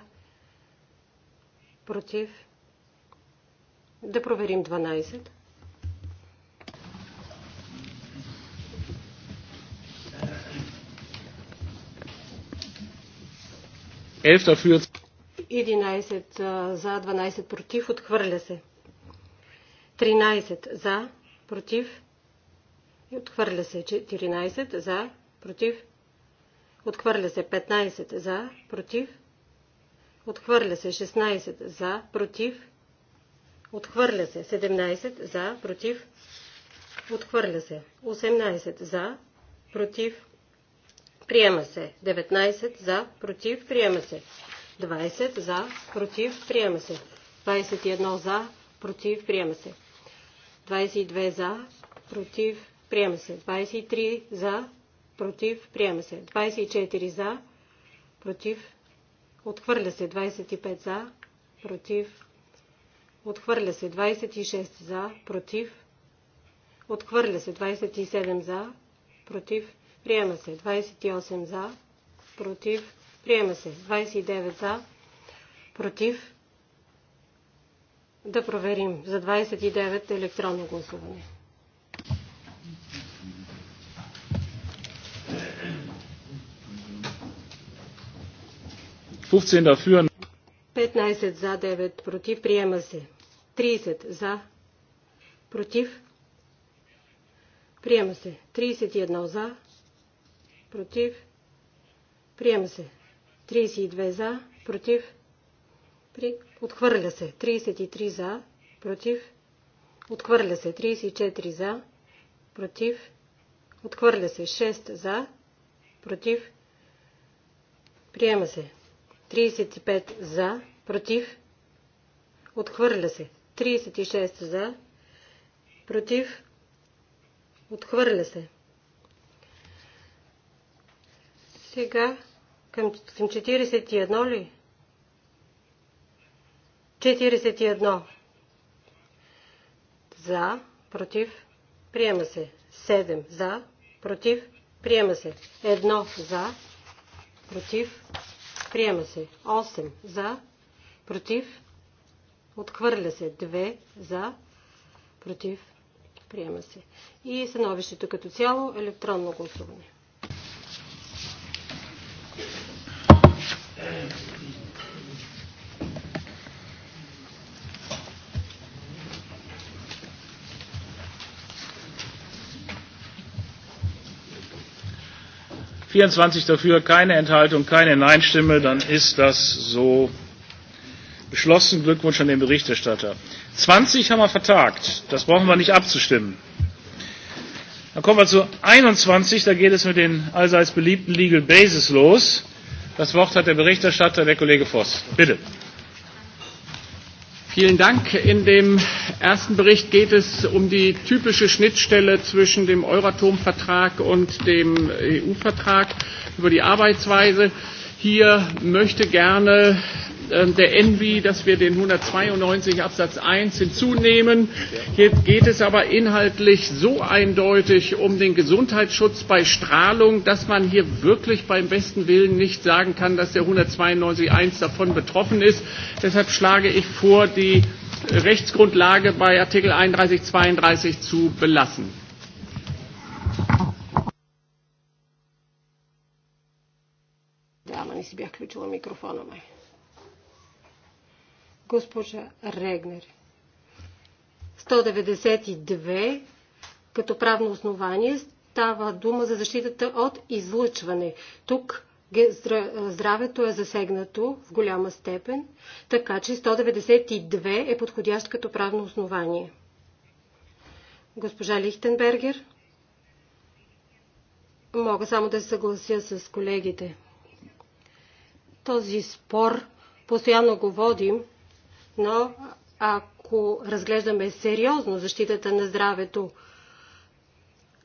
против. Да проверим 12. 11 11 за, 12 против, отхвърля се. 13 за, против, отхвърля се. 14 за, против, отхвърля се. 15 за, против, отхвърля се. 16 за, против, отхвърля се. 17 за, против, отхвърля се. 18 за, против, Приема се. 19 за, против, приема се. 20 за, против, приема се. 21 за, против, приема се. 22 за, против, приема се. 23 за, против, приема се. 24 за, против, отхвърля се. 25 за, против, отхвърля се. 26 за, против, отхвърля се. 27 за, против, Приема се. 28 за. Против. Приема се. 29 за. Против. Да проверим. За 29 електронно гласуване. Dafür. 15 за 9 против. Приема се. 30 за. Против. Приема се. 31 за против, приема се. 32 за, против, при... отхвърля се. 33 за, против, отхвърля се. 34 за, против, отхвърля се. 6 за, против, приема се. 35 за, против, отхвърля се. 36 за, против, отхвърля се. Сега към, 41 ли? 41. За, против, приема се. 7 за, против, приема се. 1 за, против, приема се. 8 за, против, отхвърля се. 2 за, против, приема се. И становището като цяло електронно гласуване. vierundzwanzig dafür, keine Enthaltung, keine Nein-Stimme, dann ist das so beschlossen. Glückwunsch an den Berichterstatter. Zwanzig haben wir vertagt. Das brauchen wir nicht abzustimmen. Dann kommen wir zu einundzwanzig, Da geht es mit den allseits beliebten Legal Bases los. Das Wort hat der Berichterstatter, der Kollege Voss. Bitte. Vielen Dank. In dem ersten Bericht geht es um die typische Schnittstelle zwischen dem Euratom-Vertrag und dem EU-Vertrag über die Arbeitsweise. Hier möchte gerne der Envi, dass wir den 192 Absatz 1 hinzunehmen. Hier geht es aber inhaltlich so eindeutig um den Gesundheitsschutz bei Strahlung, dass man hier wirklich beim besten Willen nicht sagen kann, dass der 192 1 davon betroffen ist. Deshalb schlage ich vor, die Rechtsgrundlage bei Artikel 31 32 zu belassen. не си бях включила микрофона май госпожа Регнер. 192 като правно основание става дума за защитата от излъчване. Тук здравето е засегнато в голяма степен, така че 192 е подходящ като правно основание. Госпожа Лихтенбергер, мога само да се съглася с колегите. Този спор постоянно го водим но ако разглеждаме сериозно защитата на здравето,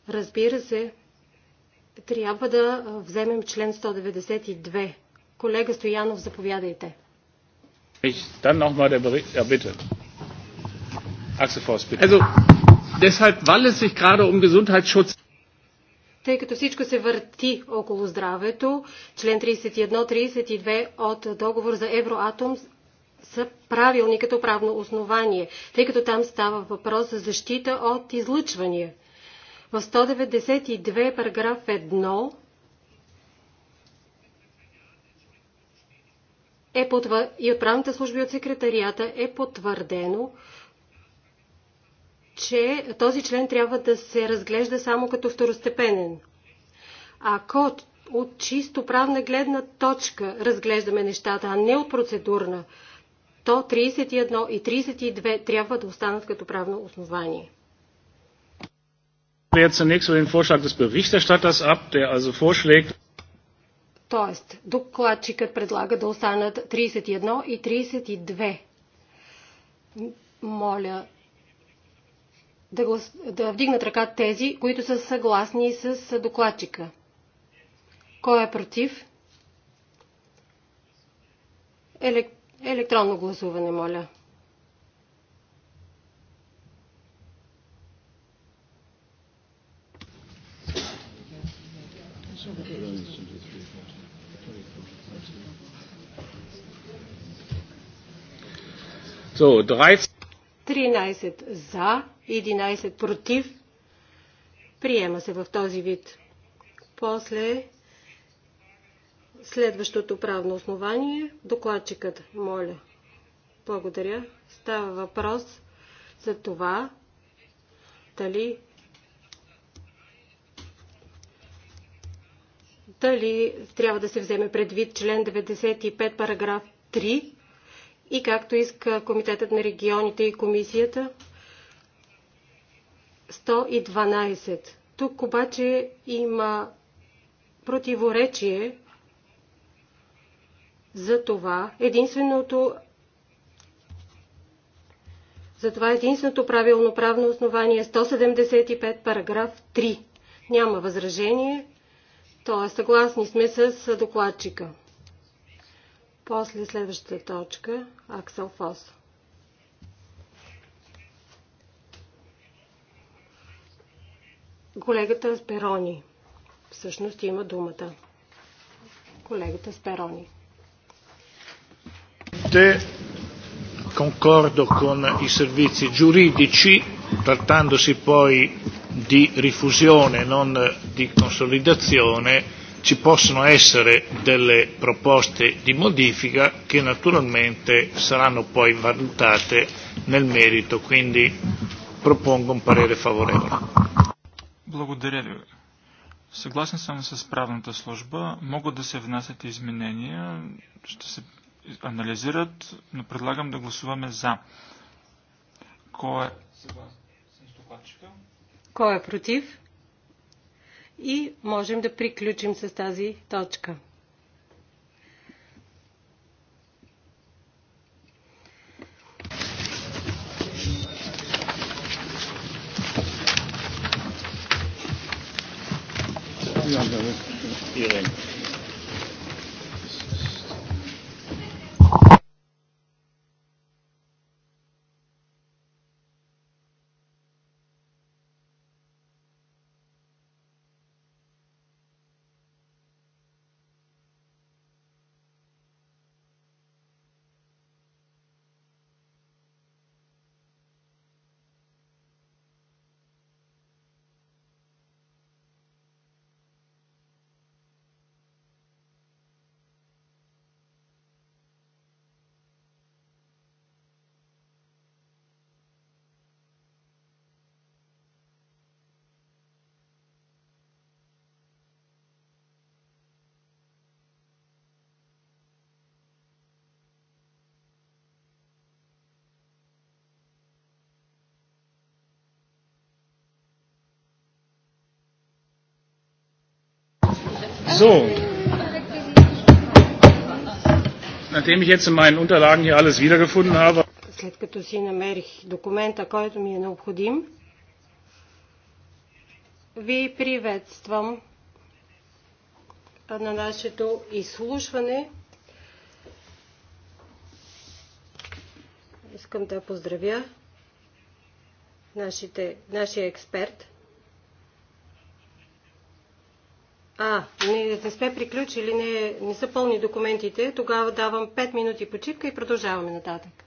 разбира се, трябва да вземем член 192. Колега Стоянов, заповядайте. Dann der Bericht, ja bitte. Axel bitte. Also, deshalb, weil es sich gerade um Gesundheitsschutz тъй като всичко се върти около здравето. Член 31-32 от договор за Евроатом са правилни като правно основание, тъй като там става въпрос за защита от излъчвания. В 192 параграф 1 е потвър... и от правната служба от секретарията е потвърдено, че този член трябва да се разглежда само като второстепенен. Ако от чисто правна гледна точка разглеждаме нещата, а не от процедурна, то 31 и 32 трябва да останат като правно основание. Тоест, докладчикът предлага да останат 31 и 32. Моля да, глас... да вдигнат ръка тези, които са съгласни с докладчика. Кой е против? Електронно Електронно гласуване, моля. So, 13... 13 за, 11 против. Приема се в този вид. После Следващото правно основание докладчикът, моля. Благодаря. Става въпрос за това дали дали трябва да се вземе предвид член 95, параграф 3 и както иска Комитетът на регионите и комисията 112. Тук обаче има противоречие това единственото затова единственото правилно правно основание е 175 параграф 3. Няма възражение, т.е. съгласни сме с докладчика. После следващата точка Аксел Фос. Колегата Сперони всъщност има думата. Колегата Сперони. Presidente, concordo con i servizi giuridici, trattandosi poi di rifusione, non di consolidazione, ci possono essere delle proposte di modifica che naturalmente saranno poi valutate nel merito, quindi propongo un parere favorevole. Съгласен съм с правната служба. Могат да се внасят изменения. Ще се анализират, но предлагам да гласуваме за. Кой е... Кой е против? И можем да приключим с тази точка. Yeah, Ирен. So. Nachdem ich jetzt in meinen Unterlagen hier alles wiedergefunden habe. След като си намерих документа, който ми е необходим, ви приветствам на нашето изслушване. Искам да поздравя нашите, нашия експерт – А, не, не сме приключили, не, не са пълни документите. Тогава давам 5 минути почивка и продължаваме нататък.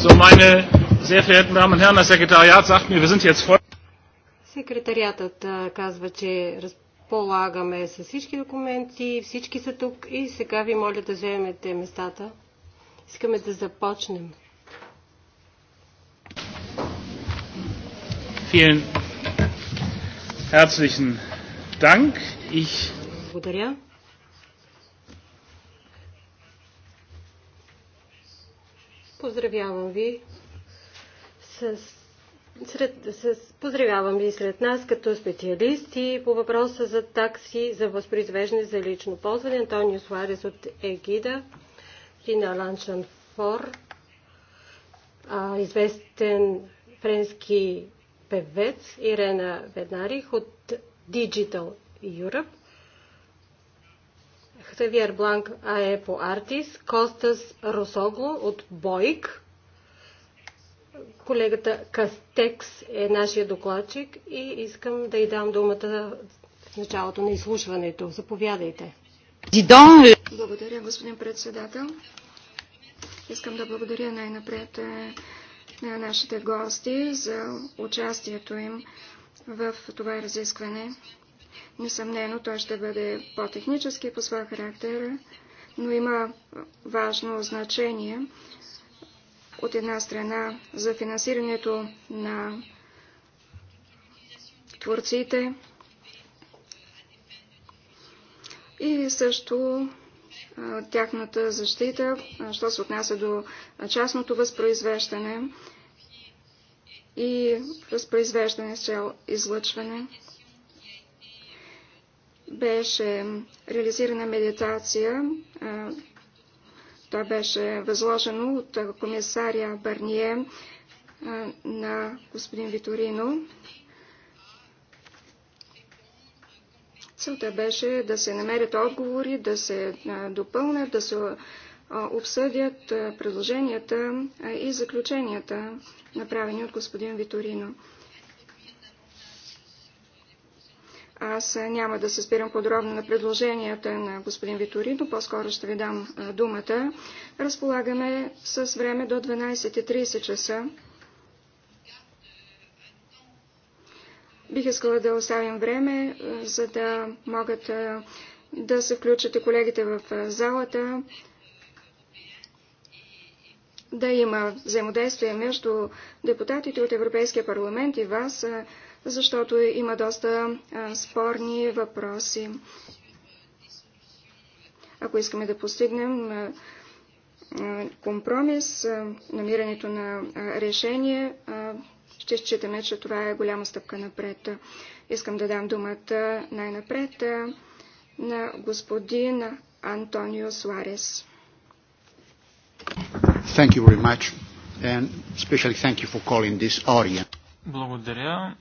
So, meine sehr verehrten Damen und Herren, das Sekretariat sagt mir, wir sind jetzt voll. Секретариатът казва, че разполагаме с всички документи, всички са тук и сега ви моля да вземете местата. Искаме да започнем. Vielen herzlichen Dank. Ich Благодаря. Поздравявам ви с, сред, с, поздравявам ви сред нас като специалисти по въпроса за такси за възпроизвеждане за лично ползване. Антонио Суарес от Егида, Рина Ланшан Фор, а, известен френски певец Ирена Веднарих от Digital Europe Хавиер Бланк АЕ по Артис, Костас Росогло от БОИК, колегата Кастекс е нашия докладчик и искам да й дам думата в началото на изслушването. Заповядайте. Благодаря, господин председател. Искам да благодаря най-напред е, на нашите гости за участието им в това разискване. Несъмнено той ще бъде по-технически по своя характер, но има важно значение от една страна за финансирането на творците и също тяхната защита, що се отнася до частното възпроизвеждане и възпроизвеждане с цел излъчване беше реализирана медитация. Това беше възложено от комисаря Барние на господин Виторино. Целта беше да се намерят отговори, да се допълнят, да се обсъдят предложенията и заключенията, направени от господин Виторино. Аз е, няма да се спирам подробно на предложенията на господин Виторино, по-скоро ще ви дам е, думата. Разполагаме с време до 12.30 часа. Бих искала да оставим време, е, за да могат да се включат и колегите в залата, да има взаимодействие между депутатите от Европейския парламент и вас, защото има доста спорни въпроси. Ако искаме да постигнем компромис, намирането на решение, ще считаме, че това е голяма стъпка напред. Искам да дам думата най-напред на господин Антонио Суарес. Thank you very much and especially thank you for calling this audience. Благодаря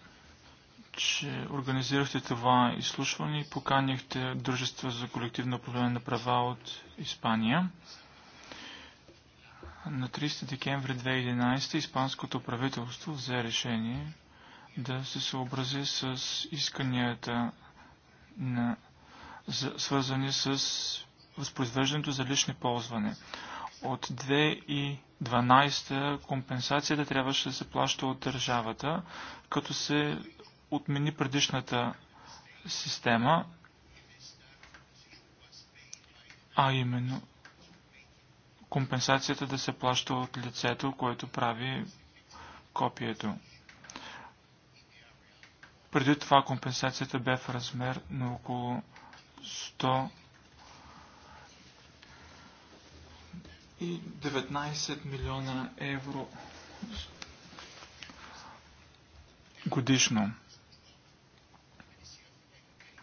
че организирахте това изслушване и поканихте Дружества за колективно управление на права от Испания. На 30 декември 2011 испанското правителство взе решение да се съобрази с исканията на, свързани с възпроизвеждането за лични ползване. От 2012 компенсацията трябваше да се плаща от държавата, като се отмени предишната система, а именно компенсацията да се плаща от лицето, което прави копието. Преди това компенсацията бе в размер на около 119 милиона евро годишно.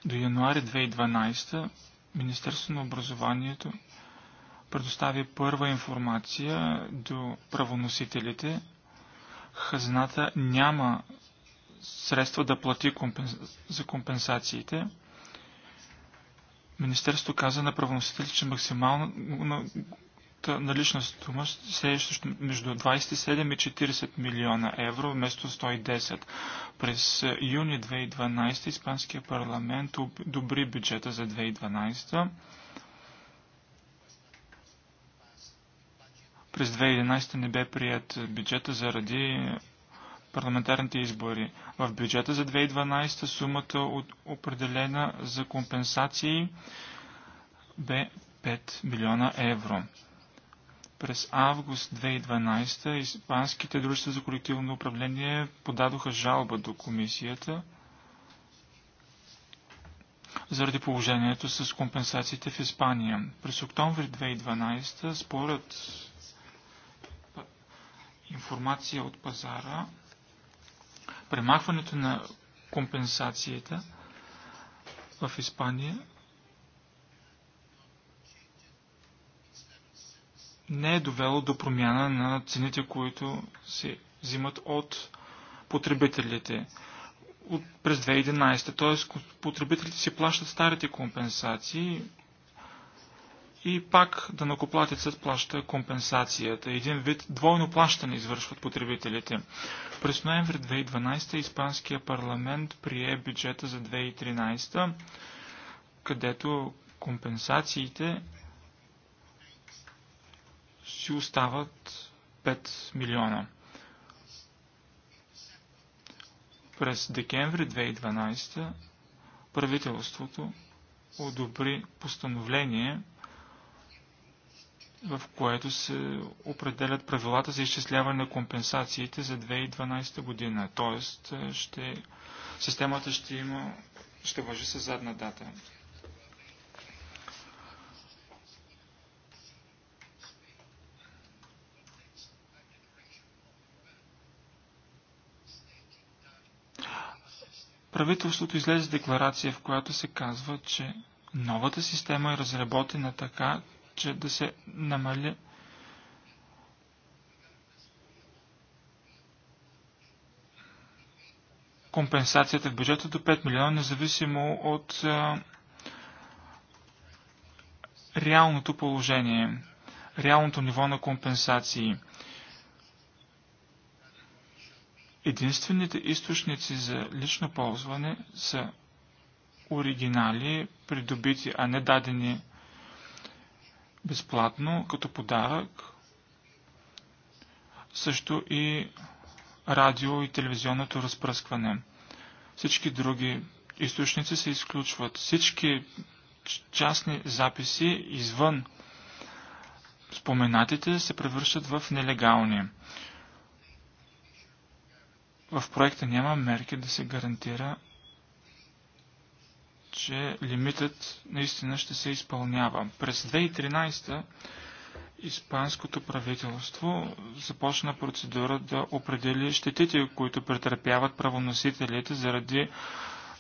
До януари 2012 Министерството на образованието предостави първа информация до правоносителите. Хазната няма средства да плати за компенсациите. Министерството каза на правоносителите, че максимално общата налична сума се е между 27 и 40 милиона евро вместо 110. През юни 2012 Испанския парламент одобри бюджета за 2012. През 2011 не бе прият бюджета заради парламентарните избори. В бюджета за 2012 сумата от определена за компенсации бе 5 милиона евро. През август 2012 испанските дружества за колективно управление подадоха жалба до комисията заради положението с компенсациите в Испания. През октомври 2012 според информация от пазара, премахването на компенсацията в Испания не е довело до промяна на цените, които се взимат от потребителите от, през 2011. Т.е. потребителите си плащат старите компенсации и пак да накоплатецът плаща компенсацията. Един вид двойно плащане извършват потребителите. През ноември 2012 Испанския парламент прие бюджета за 2013, където компенсациите си остават 5 милиона. През декември 2012 правителството одобри постановление, в което се определят правилата за изчисляване на компенсациите за 2012 година. Тоест, ще, системата ще има, ще въжи с задна дата. правителството излезе декларация, в която се казва, че новата система е разработена така, че да се намали компенсацията в бюджета до 5 милиона, независимо от реалното положение, реалното ниво на компенсации. Единствените източници за лично ползване са оригинали, придобити, а не дадени безплатно, като подарък. Също и радио и телевизионното разпръскване. Всички други източници се изключват. Всички частни записи извън споменатите се превръщат в нелегални в проекта няма мерки да се гарантира, че лимитът наистина ще се изпълнява. През 2013 Испанското правителство започна процедура да определи щетите, които претърпяват правоносителите заради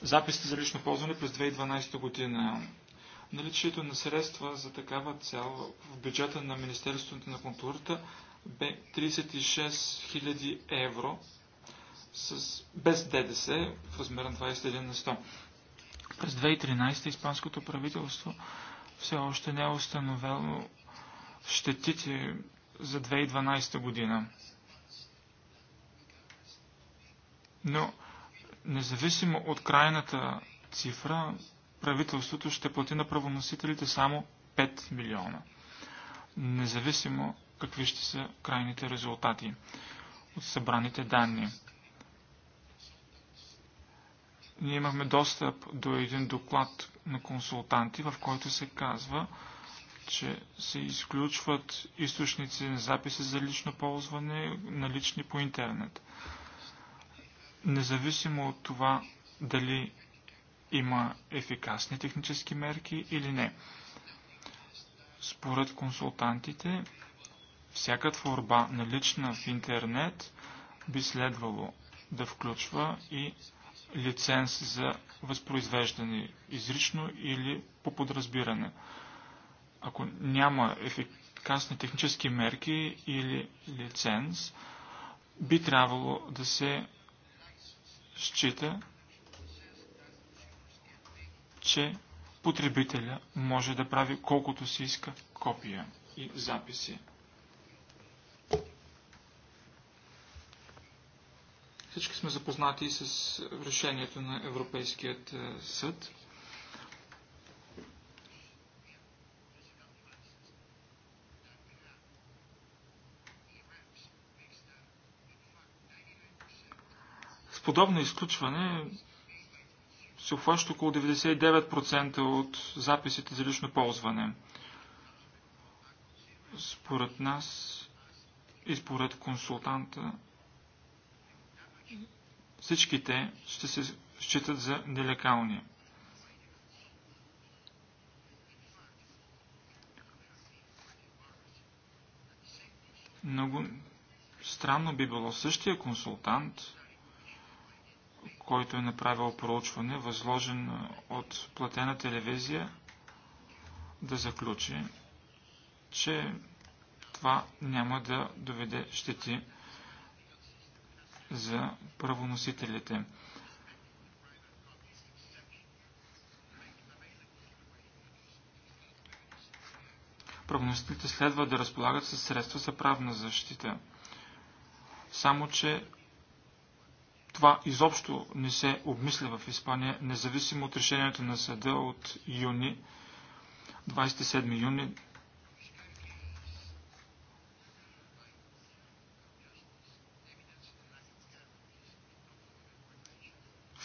записите за лично ползване през 2012 година. Наличието на средства за такава цел в бюджета на Министерството на културата бе 36 000 евро с, без ДДС в размер на 21 на 100. През 2013 испанското правителство все още не е установено щетите за 2012 година. Но, независимо от крайната цифра, правителството ще плати на правоносителите само 5 милиона. Независимо какви ще са крайните резултати от събраните данни. Ние имахме достъп до един доклад на консултанти, в който се казва, че се изключват източници на записи за лично ползване, налични по интернет. Независимо от това дали има ефикасни технически мерки или не. Според консултантите, всяка творба налична в интернет би следвало да включва и лиценз за възпроизвеждане, изрично или по подразбиране. Ако няма ефикасни технически мерки или лиценз, би трябвало да се счита, че потребителя може да прави колкото си иска копия и записи. Всички сме запознати с решението на Европейският е, съд. С подобно изключване се обхваща около 99% от записите за лично ползване. Според нас и според консултанта Всичките ще се считат за нелекални. Много странно би било същия консултант, който е направил проучване, възложен от платена телевизия, да заключи, че това няма да доведе щети за правоносителите. Правоносителите следва да разполагат със средства за правна защита. Само, че това изобщо не се обмисля в Испания, независимо от решението на съда от юни, 27 юни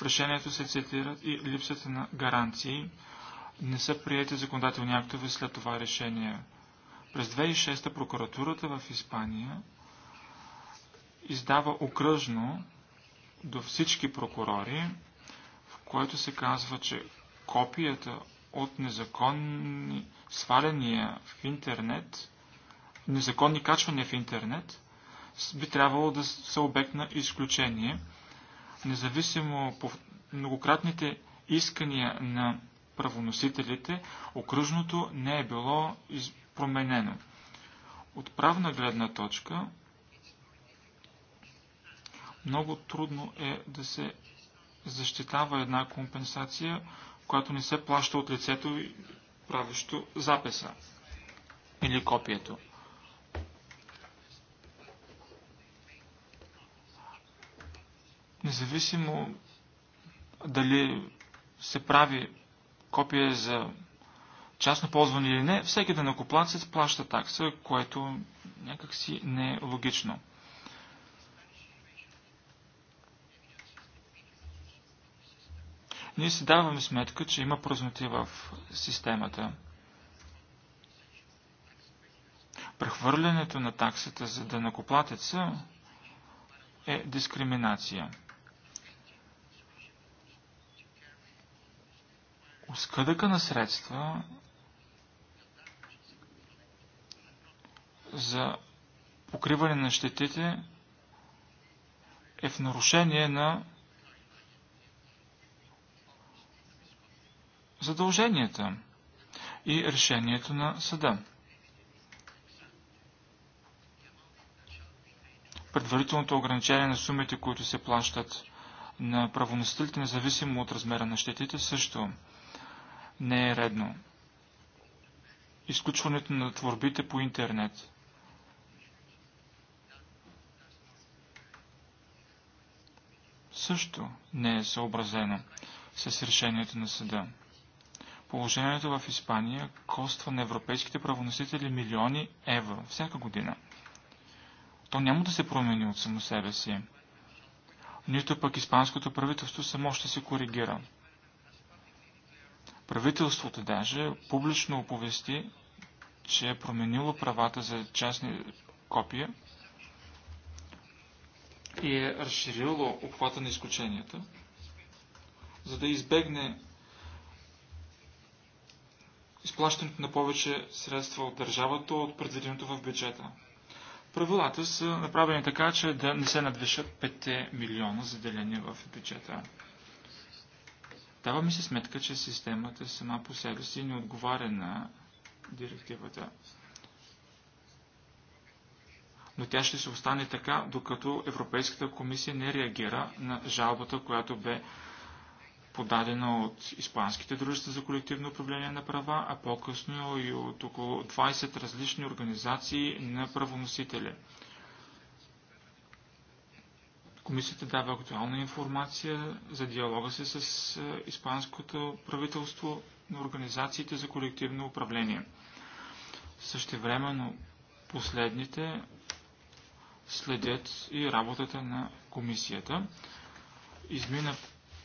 решението се цитират и липсата на гаранции. Не са приети законодателни актове след това решение. През 2006 та прокуратурата в Испания издава окръжно до всички прокурори, в което се казва, че копията от незаконни сваляния в интернет, незаконни качвания в интернет, би трябвало да са обект на изключение – Независимо по многократните искания на правоносителите, окружното не е било променено. От правна гледна точка, много трудно е да се защитава една компенсация, която не се плаща от лицето, правещо записа или копието. Независимо дали се прави копие за частно ползване или не, всеки данакоплатец плаща такса, което някакси не е логично. Ние си даваме сметка, че има празноти в системата. Прехвърлянето на таксата за данакоплатеца е дискриминация. оскъдъка на средства за покриване на щетите е в нарушение на задълженията и решението на съда. Предварителното ограничение на сумите, които се плащат на правоносителите, независимо от размера на щетите, също не е редно. Изключването на творбите по интернет. Също не е съобразено с решението на съда. Положението в Испания коства на европейските правоносители милиони евро всяка година. То няма да се промени от само себе си. Нито пък испанското правителство само ще се коригира. Правителството даже публично оповести, че е променило правата за частни копия и е разширило обхвата на изключенията, за да избегне изплащането на повече средства от държавата от предвиденото в бюджета. Правилата са направени така, че да не се надвишат 5 милиона заделени в бюджета. Даваме се сметка, че системата сама по себе си не отговаря на директивата. Но тя ще се остане така, докато Европейската комисия не реагира на жалбата, която бе подадена от испанските дружества за колективно управление на права, а по-късно и от около 20 различни организации на правоносители – Комисията дава актуална информация за диалога си с е, испанското правителство на организациите за колективно управление. Същевременно последните следят и работата на комисията. Измина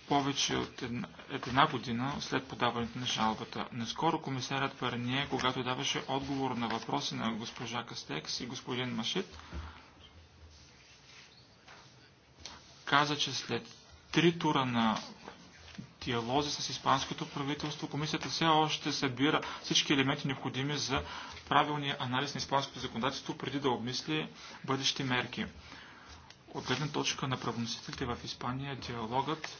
повече от една, една година след подаването на жалбата. Наскоро комисарят Парния, когато даваше отговор на въпроси на госпожа Кастекс и господин Машит, каза, че след три тура на диалози с испанското правителство, комисията все още събира всички елементи необходими за правилния анализ на испанското законодателство, преди да обмисли бъдещи мерки. От гледна точка на правоносителите в Испания, диалогът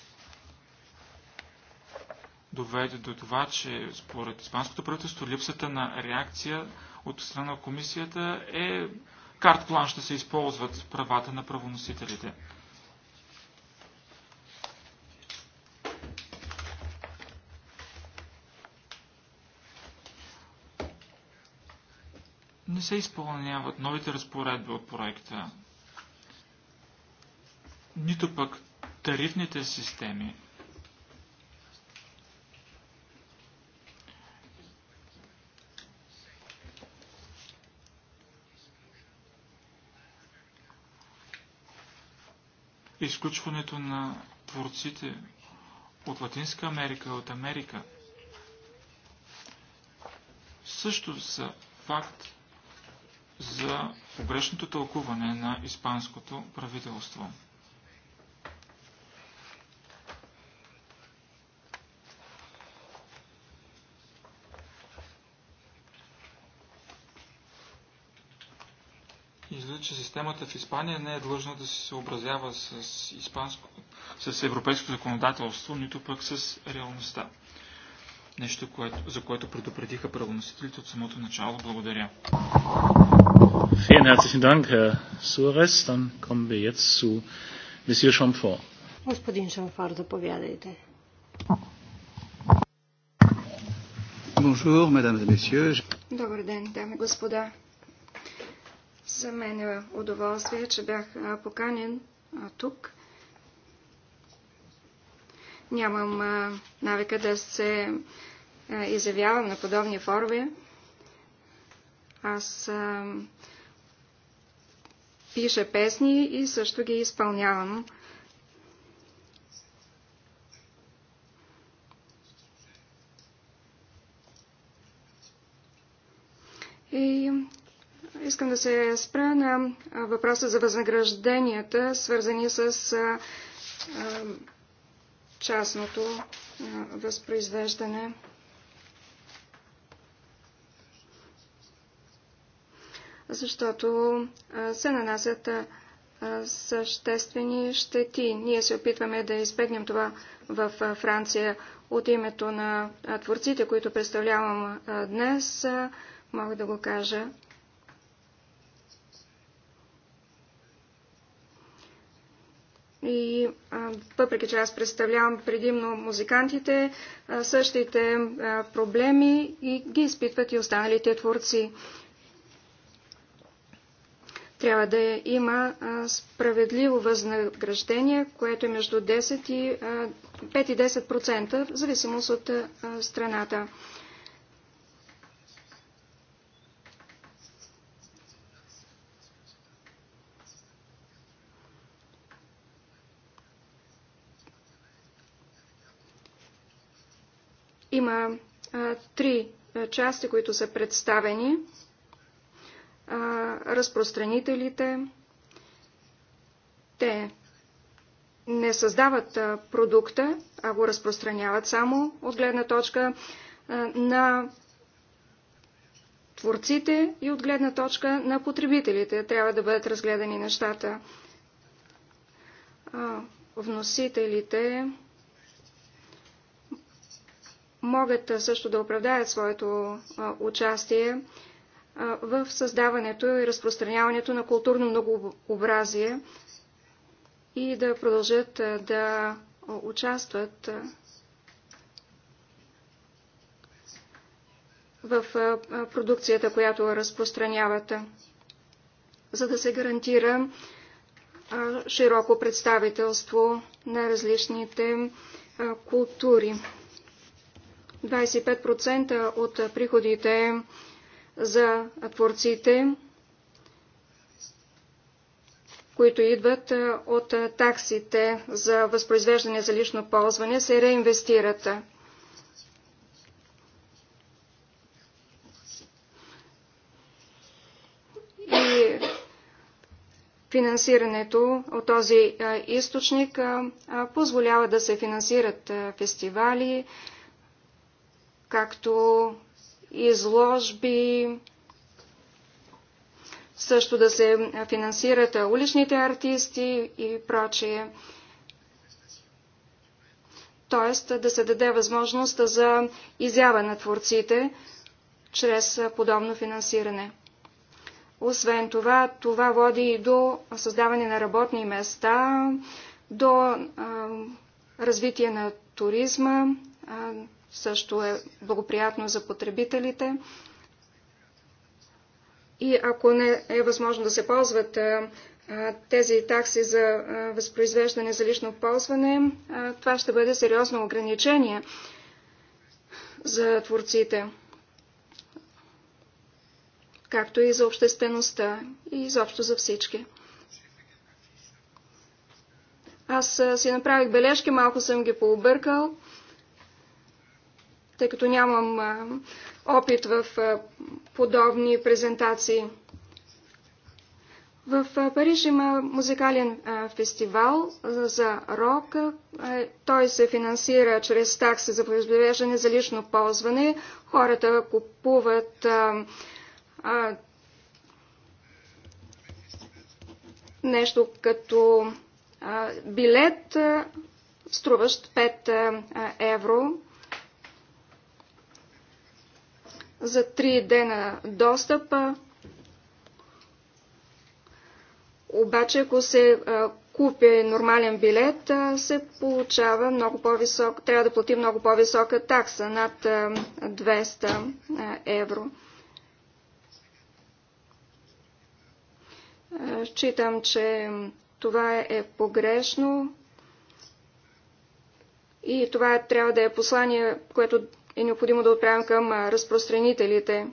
доведе до това, че според испанското правителство липсата на реакция от страна на комисията е карт план ще се използват правата на правоносителите. не се изпълняват новите разпоредби от проекта, нито пък тарифните системи. Изключването на творците от Латинска Америка, от Америка, също са факт за погрешното тълкуване на испанското правителство. Излиза, че системата в Испания не е длъжна да се съобразява с, испанско, с европейско законодателство, нито пък с реалността. Нещо, което, за което предупредиха правоносителите от самото начало. Благодаря. Vielen herzlichen Dank, Herr Suarez. Dann kommen wir jetzt zu Monsieur Chamfort. Господин Шамфор, заповядайте. Bonjour, mesdames et messieurs. Добър ден, дами и господа. За мен е удоволствие, че бях поканен тук. Нямам навика да се изявявам на подобни форуми. Аз пиша песни и също ги изпълнявам. И искам да се спра на въпроса за възнагражденията, свързани с частното възпроизвеждане. защото се нанасят съществени щети. Ние се опитваме да избегнем това в Франция от името на творците, които представлявам днес. Мога да го кажа. И въпреки, че аз представлявам предимно музикантите, същите проблеми и ги изпитват и останалите творци. Трябва да има справедливо възнаграждение, което е между 10 и, 5 и 10%, в зависимост от страната. Има три части, които са представени разпространителите. Те не създават продукта, а го разпространяват само от гледна точка на творците и от гледна точка на потребителите. Трябва да бъдат разгледани нещата. Вносителите могат също да оправдаят своето участие в създаването и разпространяването на културно многообразие и да продължат да участват в продукцията, която разпространяват, за да се гарантира широко представителство на различните култури. 25% от приходите за творците, които идват от таксите за възпроизвеждане за лично ползване, се реинвестират. И финансирането от този източник позволява да се финансират фестивали, както изложби, също да се финансират уличните артисти и прочие. Тоест да се даде възможност за изява на творците чрез подобно финансиране. Освен това, това води и до създаване на работни места, до а, развитие на туризма, а, също е благоприятно за потребителите. И ако не е възможно да се ползват тези такси за възпроизвеждане за лично ползване, това ще бъде сериозно ограничение за творците, както и за обществеността и изобщо за всички. Аз си направих бележки, малко съм ги пообъркал тъй като нямам опит в подобни презентации. В Париж има музикален фестивал за рок. Той се финансира чрез такси за произвеждане за лично ползване. Хората купуват нещо като билет, струващ 5 евро. за три дена достъп. Обаче, ако се купи нормален билет, се получава много по-висок, трябва да плати много по-висока такса, над 200 евро. Считам, че това е погрешно и това трябва да е послание, което е необходимо да отправим към разпространителите.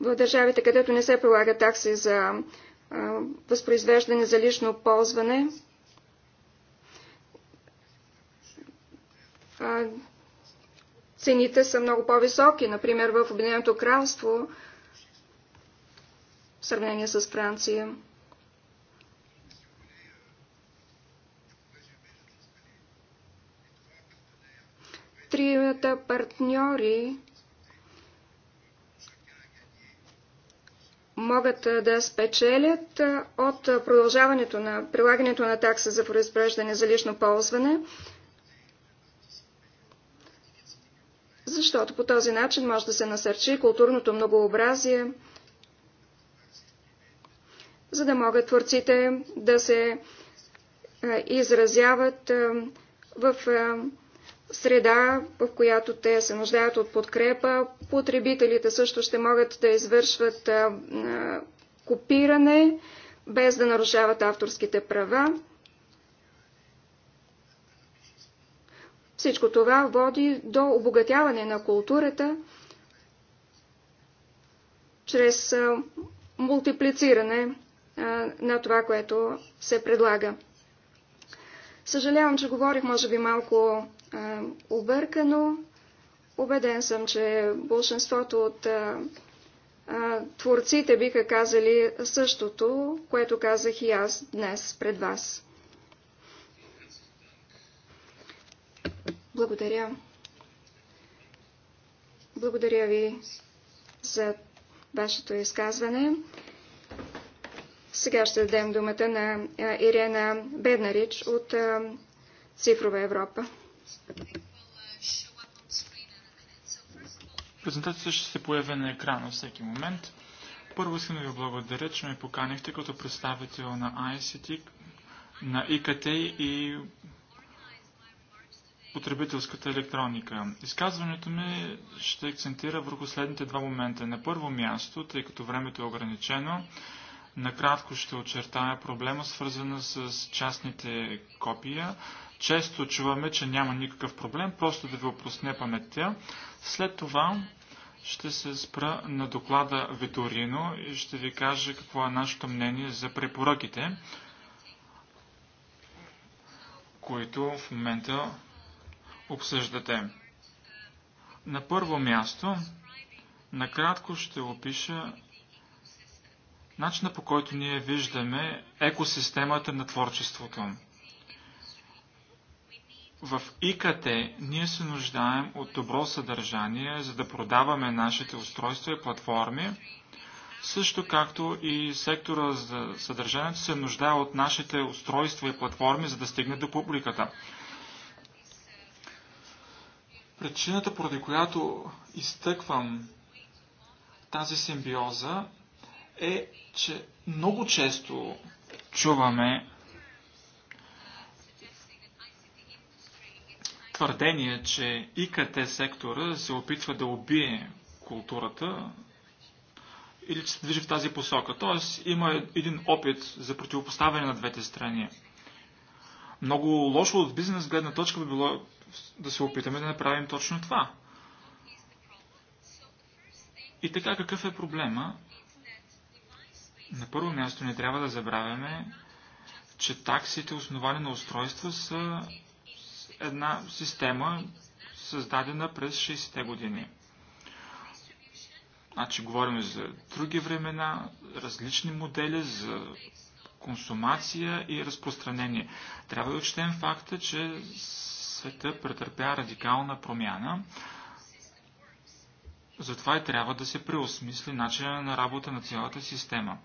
В държавите, където не се прилага такси за възпроизвеждане за лично ползване, цените са много по-високи. Например, в Обединеното кралство, в сравнение с Франция. тримата партньори могат да спечелят от продължаването на прилагането на такса за произпреждане за лично ползване, защото по този начин може да се насърчи културното многообразие, за да могат творците да се изразяват в среда, в която те се нуждаят от подкрепа. Потребителите също ще могат да извършват копиране, без да нарушават авторските права. Всичко това води до обогатяване на културата чрез мултиплициране на това, което се предлага. Съжалявам, че говорих може би малко объркано. Обеден съм, че большинството от творците биха казали същото, което казах и аз днес пред вас. Благодаря. Благодаря ви за вашето изказване. Сега ще дадем думата на Ирена Беднарич от Цифрова Европа. Презентацията ще се появи на екрана всеки момент. Първо искам да ви благодаря, че ме поканихте като представител на ICT, на ИКТ и потребителската електроника. Изказването ми ще акцентира върху следните два момента. На първо място, тъй като времето е ограничено, накратко ще очертая проблема, свързана с частните копия често чуваме, че няма никакъв проблем, просто да ви опросне паметта. След това ще се спра на доклада Виторино и ще ви кажа какво е нашето мнение за препоръките, които в момента обсъждате. На първо място, накратко ще опиша начина по който ние виждаме екосистемата на творчеството. В ИКТ ние се нуждаем от добро съдържание, за да продаваме нашите устройства и платформи, също както и сектора за съдържанието се нуждае от нашите устройства и платформи, за да стигне до публиката. Причината, поради която изтъквам тази симбиоза, е, че много често чуваме твърдение, че ИКТ сектора се опитва да убие културата или че се движи в тази посока. Тоест има един опит за противопоставяне на двете страни. Много лошо от бизнес гледна точка би било да се опитаме да направим точно това. И така, какъв е проблема? На първо място не трябва да забравяме, че таксите, основани на устройства, са една система, създадена през 60-те години. Значи говорим за други времена, различни модели за консумация и разпространение. Трябва да учтем факта, че света претърпя радикална промяна. Затова и трябва да се преосмисли начина на работа на цялата система.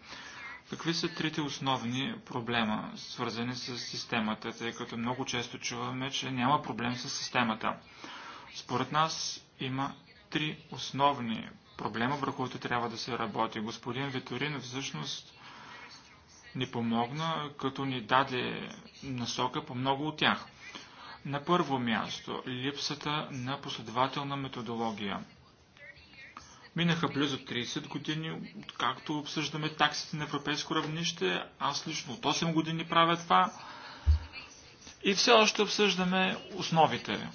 Какви са трите основни проблема, свързани с системата, тъй като много често чуваме, че няма проблем с системата? Според нас има три основни проблема, върху които трябва да се работи. Господин Виторин всъщност ни помогна, като ни даде насока по много от тях. На първо място, липсата на последователна методология – Минаха близо 30 години, откакто обсъждаме таксите на европейско равнище. Аз лично от 8 години правя това. И все още обсъждаме основите,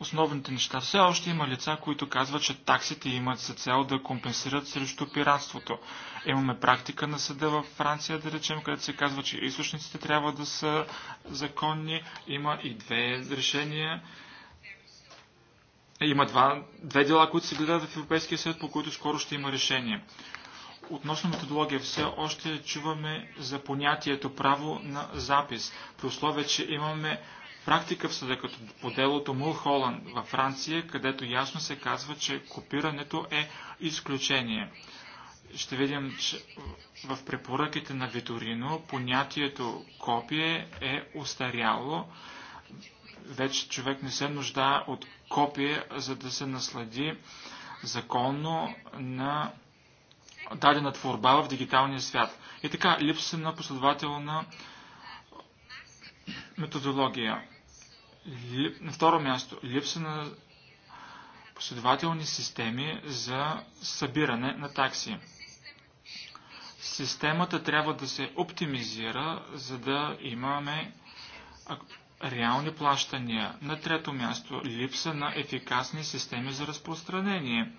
основните неща. Все още има лица, които казват, че таксите имат за цел да компенсират срещу пиратството. Имаме практика на съда в Франция, да речем, където се казва, че източниците трябва да са законни. Има и две решения е, има два, две дела, които се гледат в Европейския съд, по които скоро ще има решение. Относно методология, все още чуваме за понятието право на запис, при условие, че имаме практика в съда, като по делото Мулхолан във Франция, където ясно се казва, че копирането е изключение. Ще видим, че в препоръките на Виторино понятието копие е устаряло. Вече човек не се нуждае от копие, за да се наслади законно на дадена творба в дигиталния свят. И така, липса на последователна методология. Лип... На второ място, липса на последователни системи за събиране на такси. Системата трябва да се оптимизира, за да имаме реални плащания. На трето място, липса на ефикасни системи за разпространение.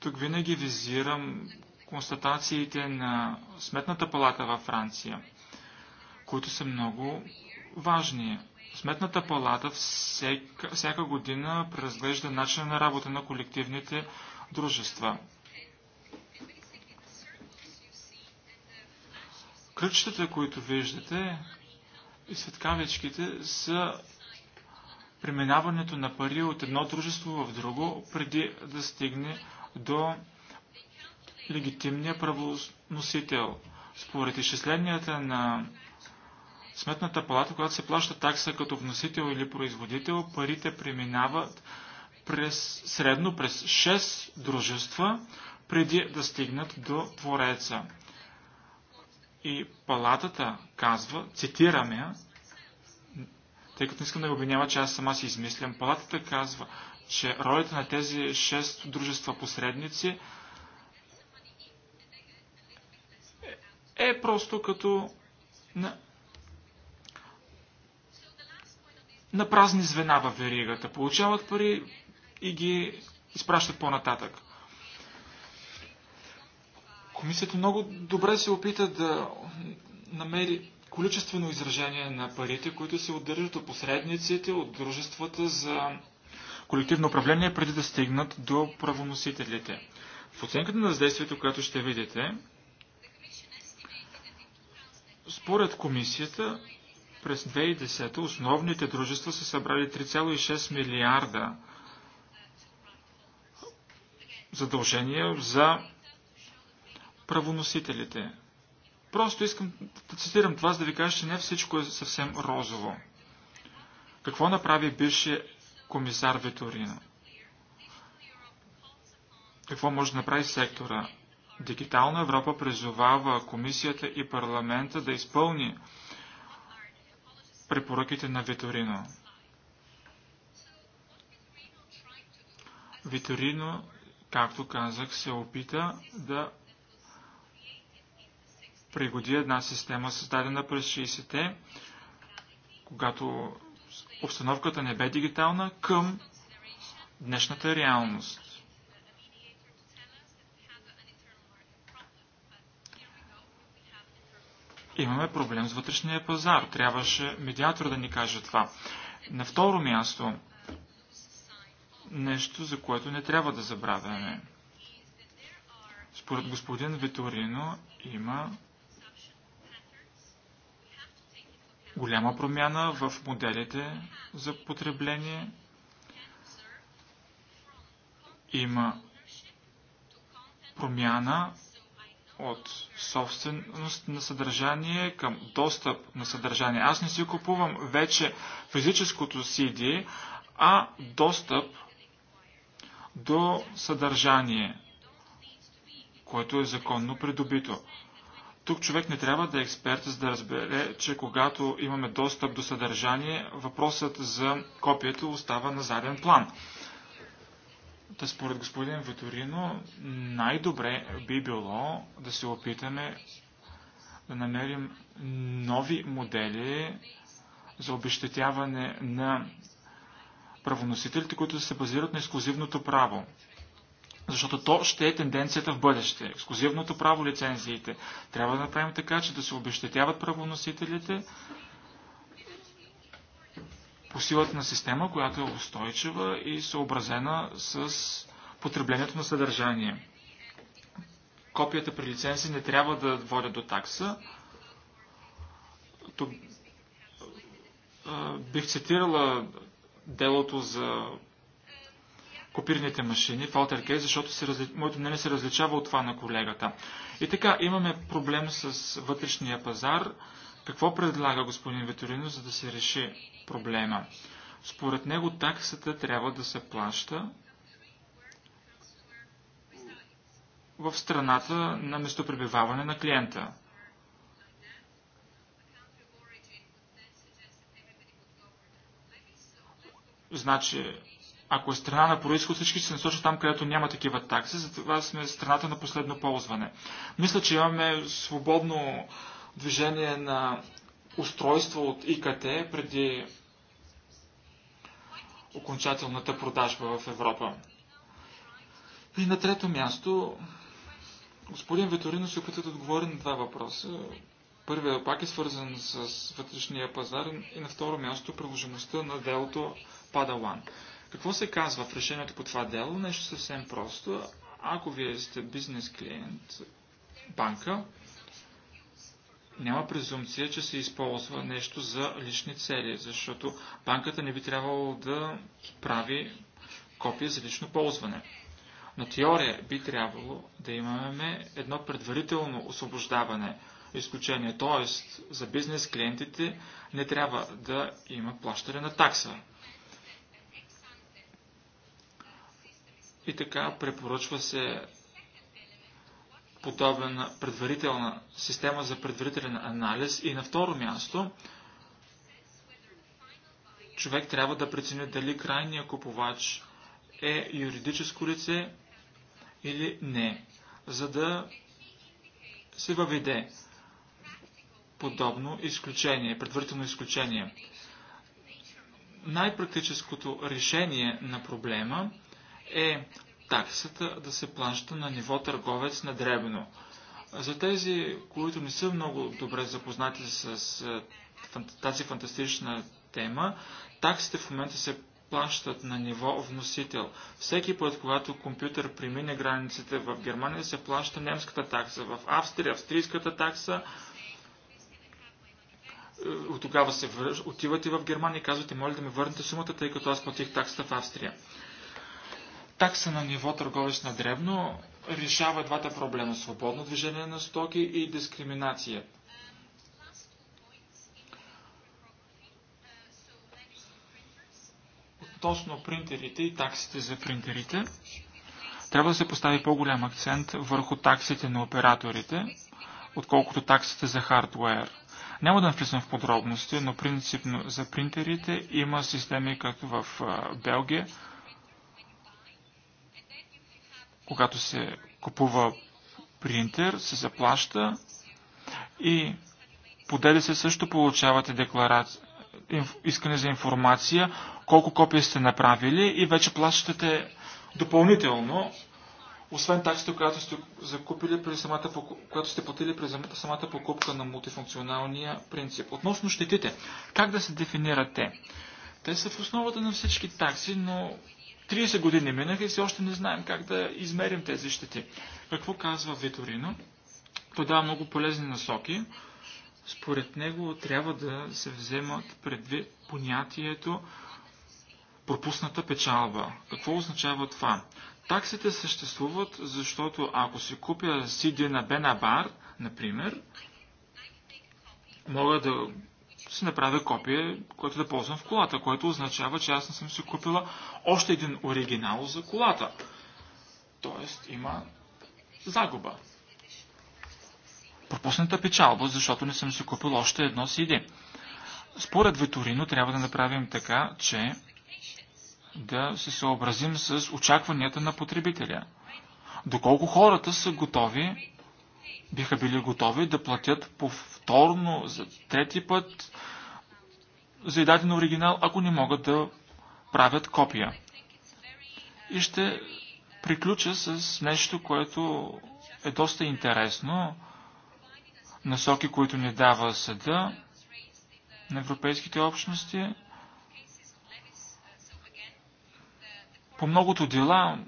Тук винаги визирам констатациите на Сметната палата във Франция, които са много важни. Сметната палата всека, всяка година преразглежда начина на работа на колективните дружества. Кръчетата, които виждате, и след са преминаването на пари от едно дружество в друго, преди да стигне до легитимния правоносител. Според изчисленията на Сметната палата, когато се плаща такса като вносител или производител, парите преминават през, средно през 6 дружества, преди да стигнат до твореца. И палатата казва, цитираме, тъй като не искам да го обвинява, че аз сама си измислям, палатата казва, че ролята на тези шест дружества посредници е, е просто като на, на празни звена в веригата. Получават пари и ги изпращат по-нататък. Комисията много добре се опита да намери количествено изражение на парите, които се отдържат от посредниците, от дружествата за колективно управление, преди да стигнат до правоносителите. В оценката на въздействието, което ще видите, според комисията, през 2010 основните дружества са събрали 3,6 милиарда задължения за правоносителите. Просто искам да цитирам това, за да ви кажа, че не всичко е съвсем розово. Какво направи бившия комисар Виторино? Какво може да направи сектора? Дигитална Европа призовава комисията и парламента да изпълни препоръките на Виторино. Виторино, както казах, се опита да пригоди една система, създадена през 60-те, когато обстановката не бе дигитална, към днешната реалност. Имаме проблем с вътрешния пазар. Трябваше медиатор да ни каже това. На второ място, нещо, за което не трябва да забравяме. Според господин Виторино има голяма промяна в моделите за потребление. Има промяна от собственост на съдържание към достъп на съдържание. Аз не си купувам вече физическото CD, а достъп до съдържание, което е законно придобито. Тук човек не трябва да е експерт, за да разбере, че когато имаме достъп до съдържание, въпросът за копието остава на заден план. Та според господин Виторино, най-добре би било да се опитаме да намерим нови модели за обещетяване на правоносителите, които се базират на ексклюзивното право защото то ще е тенденцията в бъдеще. Ексклюзивното право, лицензиите. Трябва да направим така, че да се обещетяват правоносителите по силата на система, която е устойчива и съобразена с потреблението на съдържание. Копията при лицензи не трябва да водят до такса. Тук бих цитирала делото за копирните машини в Altercase, защото се разли... моето мнение се различава от това на колегата. И така, имаме проблем с вътрешния пазар. Какво предлага господин Ветерино, за да се реши проблема? Според него таксата трябва да се плаща в страната на местопребиваване на клиента. Значи, ако е страна на происход, всички се насочат там, където няма такива такси, затова сме страната на последно ползване. Мисля, че имаме свободно движение на устройство от ИКТ преди окончателната продажба в Европа. И на трето място, господин Веторино се опита да отговори на два въпроса. Първият пак е свързан с вътрешния пазар и на второ място приложимостта на делото Падалан. Какво се казва в решението по това дело? Нещо съвсем просто. Ако вие сте бизнес клиент, банка, няма презумпция, че се използва нещо за лични цели, защото банката не би трябвало да прави копия за лично ползване. На теория би трябвало да имаме едно предварително освобождаване, изключение, т.е. за бизнес клиентите не трябва да има плащане на такса И така препоръчва се подобна предварителна система за предварителен анализ. И на второ място, човек трябва да прецени дали крайният купувач е юридическо лице или не, за да се въведе подобно изключение, предварително изключение. Най-практическото решение на проблема е таксата да се плаща на ниво търговец на дребно. За тези, които не са много добре запознати с е, тази фантастична тема, таксите в момента се плащат на ниво вносител. Всеки път, когато компютър премине границите в Германия, се плаща немската такса, в Австрия австрийската такса. Е, От тогава се връж... отивате в Германия и казвате, моля да ми върнете сумата, тъй като аз платих таксата в Австрия такса на ниво търговец на дребно решава двата проблема – свободно движение на стоки и дискриминация. Относно принтерите и таксите за принтерите, трябва да се постави по-голям акцент върху таксите на операторите, отколкото таксите за хардуер. Няма да навлизам в подробности, но принципно за принтерите има системи като в Белгия – когато се купува принтер, се заплаща и по ДДС също получавате декларация, искане за информация, колко копия сте направили и вече плащате допълнително, освен таксата, която сте закупили при самата, която сте платили при самата покупка на мултифункционалния принцип. Относно щетите, как да се дефинират Те са в основата на всички такси, но 30 години минаха и все още не знаем как да измерим тези щети. Какво казва Виторино? Той дава много полезни насоки. Според него трябва да се вземат предвид понятието пропусната печалба. Какво означава това? Таксите съществуват, защото ако си купя CD на Бенабар, например, мога да си направя копие, което да ползвам в колата, което означава, че аз не съм си купила още един оригинал за колата. Тоест има загуба. Пропусната печалба, защото не съм си купил още едно CD. Според Виторино трябва да направим така, че да се съобразим с очакванията на потребителя. Доколко хората са готови биха били готови да платят повторно за трети път за даден оригинал, ако не могат да правят копия. И ще приключа с нещо, което е доста интересно. Насоки, които ни дава съда на европейските общности. По многото дела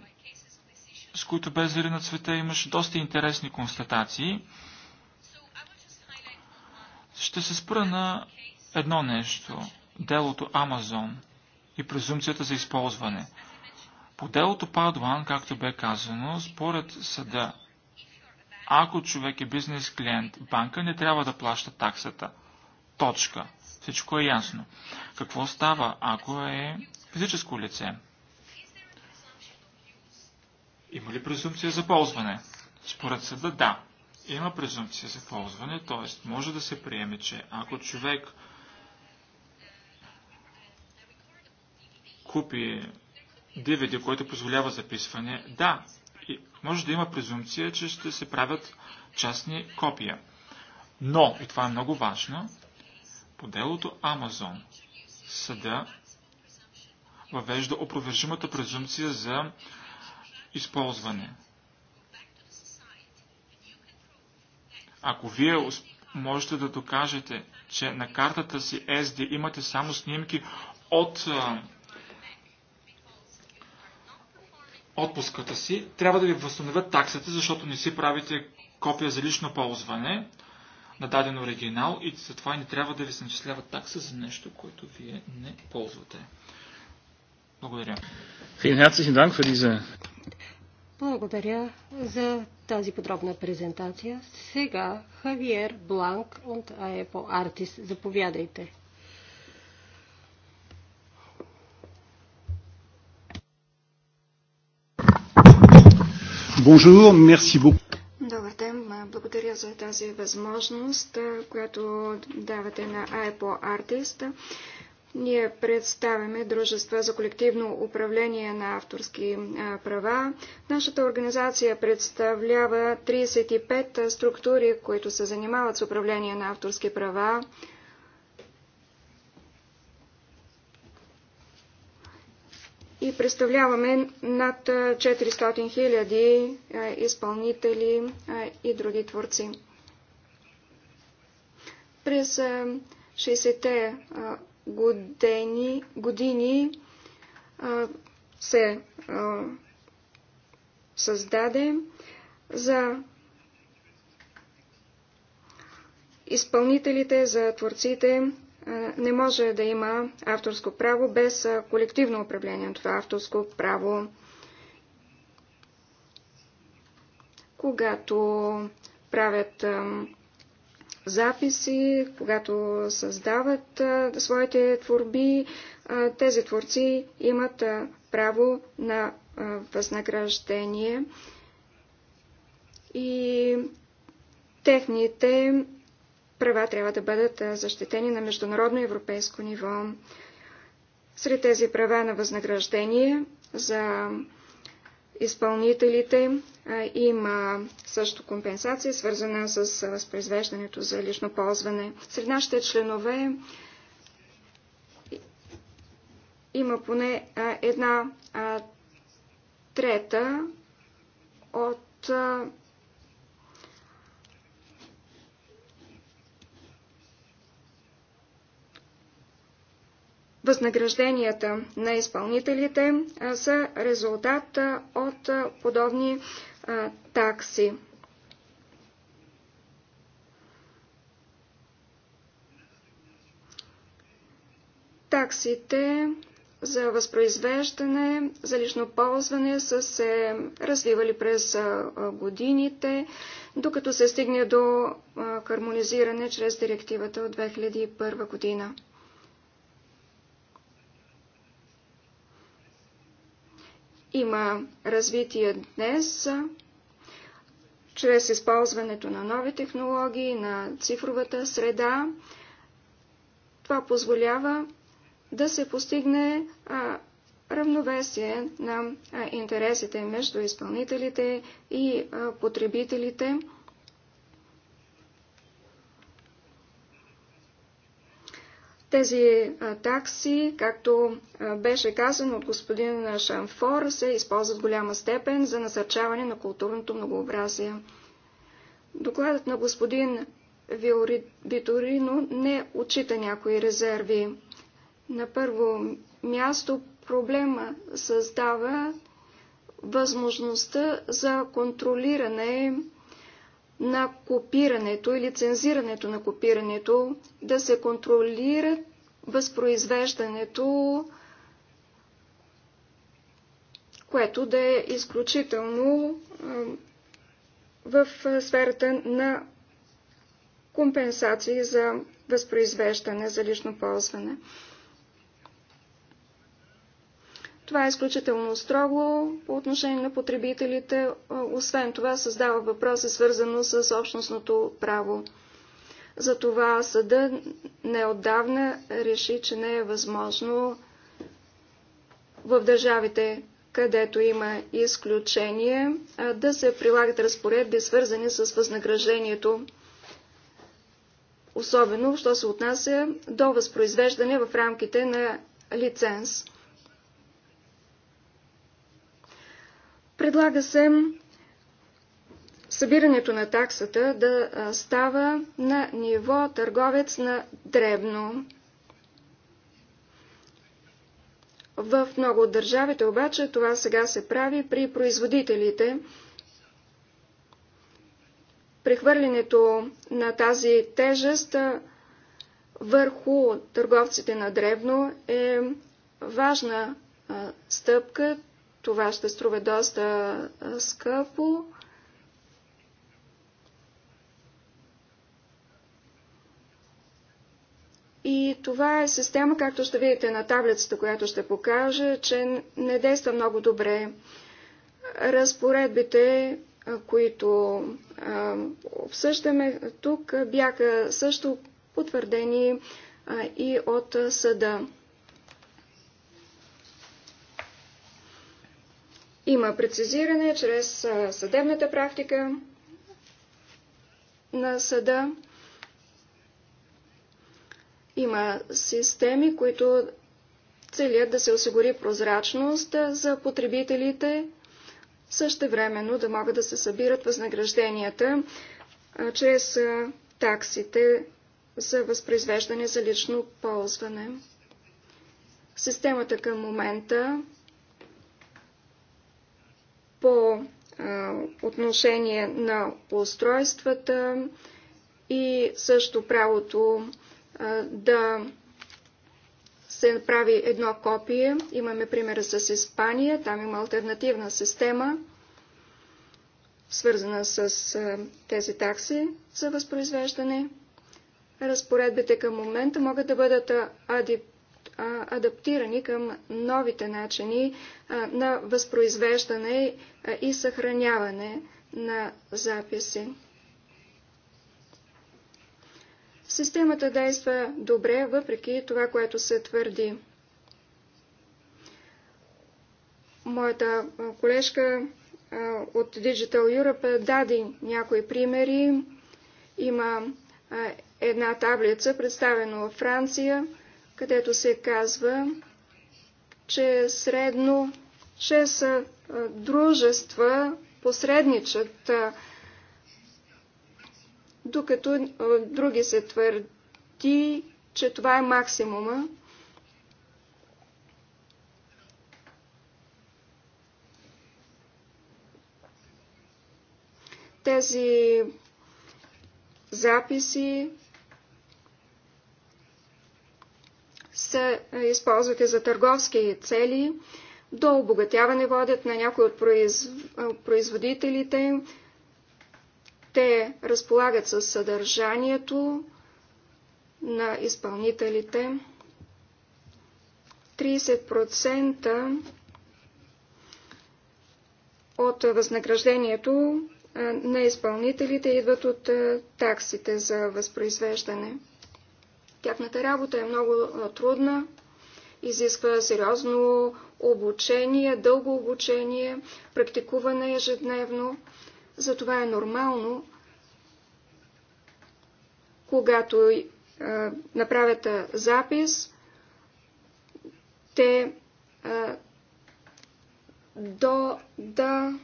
с които бе на цвета имаш доста интересни констатации. Ще се спра на едно нещо – делото Амазон и презумцията за използване. По делото Падуан, както бе казано, според съда, ако човек е бизнес клиент, банка не трябва да плаща таксата. Точка. Всичко е ясно. Какво става, ако е физическо лице? Има ли презумпция за ползване? Според съда да. Има презумпция за ползване, т.е. може да се приеме, че ако човек купи DVD, който позволява записване, да, може да има презумпция, че ще се правят частни копия. Но, и това е много важно, по делото Амазон съда въвежда опровержимата презумпция за използване. Ако вие можете да докажете, че на картата си SD имате само снимки от отпуската си, трябва да ви възстановят таксата, защото не си правите копия за лично ползване на даден оригинал и затова не трябва да ви се начислява такса за нещо, което вие не ползвате. Благодаря. Благодаря за тази подробна презентация. Сега Хавиер Бланк от АЕПО Артис. Заповядайте. Добър ден, благодаря за тази възможност, която давате на АЕПО Артист. Ние представяме дружества за колективно управление на авторски права. Нашата организация представлява 35 структури, които се занимават с управление на авторски права. И представляваме над 400 хиляди изпълнители и други творци. През 60-те години, години а, се а, създаде за изпълнителите, за творците. А, не може да има авторско право без колективно управление на това авторско право. Когато правят а, записи, когато създават а, своите творби, а, тези творци имат а, право на а, възнаграждение и техните права трябва да бъдат защитени на международно европейско ниво. Сред тези права на възнаграждение за изпълнителите има също компенсация, свързана с възпроизвеждането за лично ползване. Сред нашите членове има поне една трета от възнагражденията на изпълнителите са резултат от подобни а, такси. Таксите за възпроизвеждане, за лично ползване са се развивали през годините, докато се стигне до хармонизиране чрез директивата от 2001 година. има развитие днес чрез използването на нови технологии, на цифровата среда. Това позволява да се постигне а, равновесие на а, интересите между изпълнителите и а, потребителите. Тези такси, както беше казано от господин Шамфор, се използват в голяма степен за насърчаване на културното многообразие. Докладът на господин Виторино не отчита някои резерви. На първо място проблема създава възможността за контролиране на копирането и лицензирането на копирането, да се контролира възпроизвеждането, което да е изключително в сферата на компенсации за възпроизвеждане за лично ползване. Това е изключително строго по отношение на потребителите. Е, освен това създава въпроси, свързано с общностното право. Затова съда неотдавна реши, че не е възможно в държавите, където има изключение, е, да се прилагат разпоредби, свързани с възнаграждението, особено, що се отнася до възпроизвеждане в рамките на лиценз. Предлага се събирането на таксата да става на ниво търговец на дребно. В много от държавите обаче това сега се прави при производителите. Прехвърлянето на тази тежест върху търговците на дребно е важна стъпка. Това ще струва доста скъпо. И това е система, както ще видите на таблицата, която ще покажа, че не действа много добре. Разпоредбите, които обсъждаме тук, бяха също потвърдени и от съда. Има прецизиране чрез съдебната практика на съда. Има системи, които целят да се осигури прозрачност за потребителите, също времено да могат да се събират възнагражденията чрез таксите за възпроизвеждане за лично ползване. Системата към момента по отношение на устройствата и също правото да се направи едно копие. Имаме примера с Испания, там има альтернативна система, свързана с тези такси за възпроизвеждане. Разпоредбите към момента могат да бъдат адаптирани към новите начини на възпроизвеждане и съхраняване на записи. Системата действа добре, въпреки това, което се твърди. Моята колежка от Digital Europe даде някои примери. Има една таблица, представена в Франция, където се казва, че средно 6 дружества посредничат, докато други се твърди, че това е максимума. Тези записи се е, използват и за търговски цели, до обогатяване водят на някои от е, производителите. Те разполагат със съдържанието на изпълнителите. 30% от възнаграждението е, на изпълнителите идват от таксите за възпроизвеждане. Тяхната работа е много трудна, изисква сериозно обучение, дълго обучение, практикуване ежедневно. Затова е нормално, когато е, направят запис, те е, до да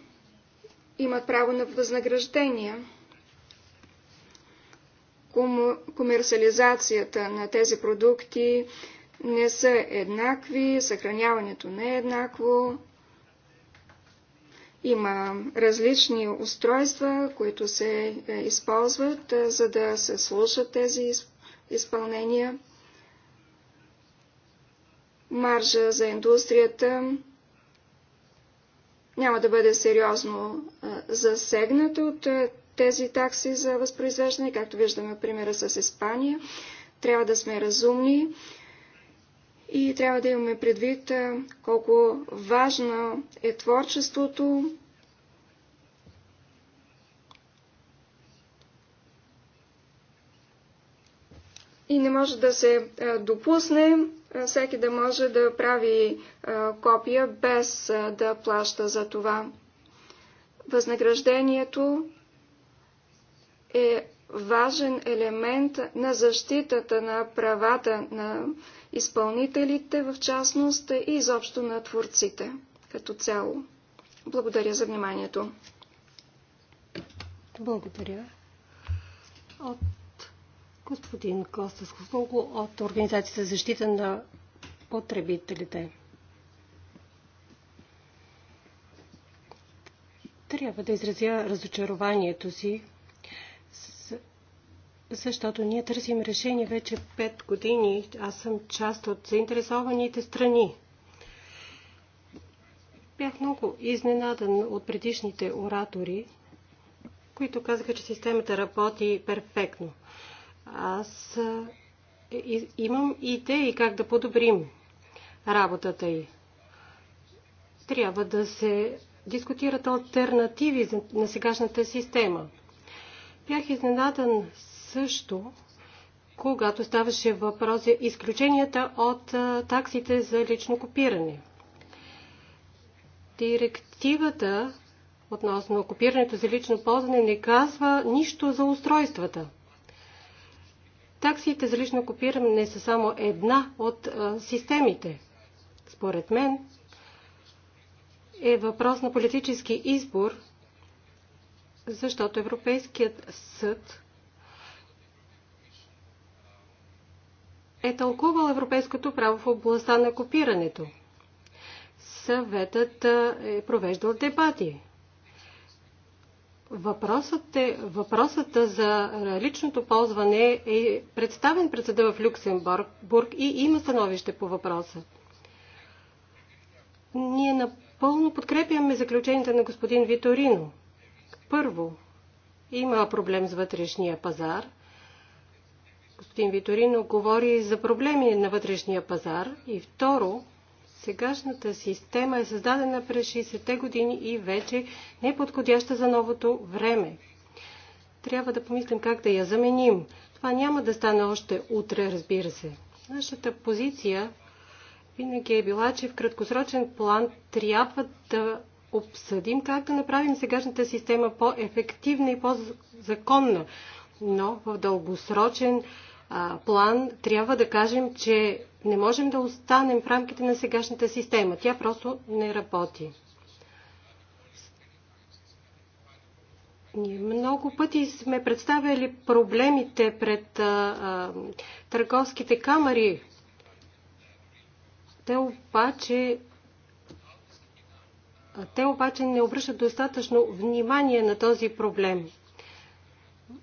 имат право на възнаграждение комерциализацията на тези продукти не са еднакви, съхраняването не е еднакво. Има различни устройства, които се е, използват, е, за да се слушат тези изпълнения. Маржа за индустрията няма да бъде сериозно е, засегната от тези такси за възпроизвеждане, както виждаме примера с Испания. Трябва да сме разумни и трябва да имаме предвид колко важно е творчеството, и не може да се допусне всеки да може да прави копия без да плаща за това. Възнаграждението е важен елемент на защитата на правата на изпълнителите, в частност и изобщо на творците като цяло. Благодаря за вниманието. Благодаря. От господин Костас Кослуго от Организацията за защита на потребителите. Трябва да изразя разочарованието си защото ние търсим решение вече 5 години. Аз съм част от заинтересованите страни. Бях много изненадан от предишните оратори, които казаха, че системата работи перфектно. Аз имам идеи как да подобрим работата й. Трябва да се дискутират альтернативи на сегашната система. Бях изненадан също, когато ставаше въпрос за изключенията от таксите за лично копиране. Директивата относно копирането за лично ползване не казва нищо за устройствата. Таксите за лично копиране не са само една от системите. Според мен е въпрос на политически избор, защото Европейският съд е тълкувал европейското право в областта на копирането. Съветът е провеждал дебати. Въпросът, е, въпросът за личното ползване е представен пред съда в Люксембург и има становище по въпроса. Ние напълно подкрепяме заключенията на господин Виторино. Първо, има проблем с вътрешния пазар господин Виторино говори за проблеми на вътрешния пазар. И второ, сегашната система е създадена през 60-те години и вече не е подходяща за новото време. Трябва да помислим как да я заменим. Това няма да стане още утре, разбира се. Нашата позиция винаги е била, че в краткосрочен план трябва да обсъдим как да направим сегашната система по-ефективна и по-законна. Но в дългосрочен план план, трябва да кажем, че не можем да останем в рамките на сегашната система. Тя просто не работи. Ние много пъти сме представяли проблемите пред а, а, търговските камери. Те обаче те обаче не обръщат достатъчно внимание на този проблем.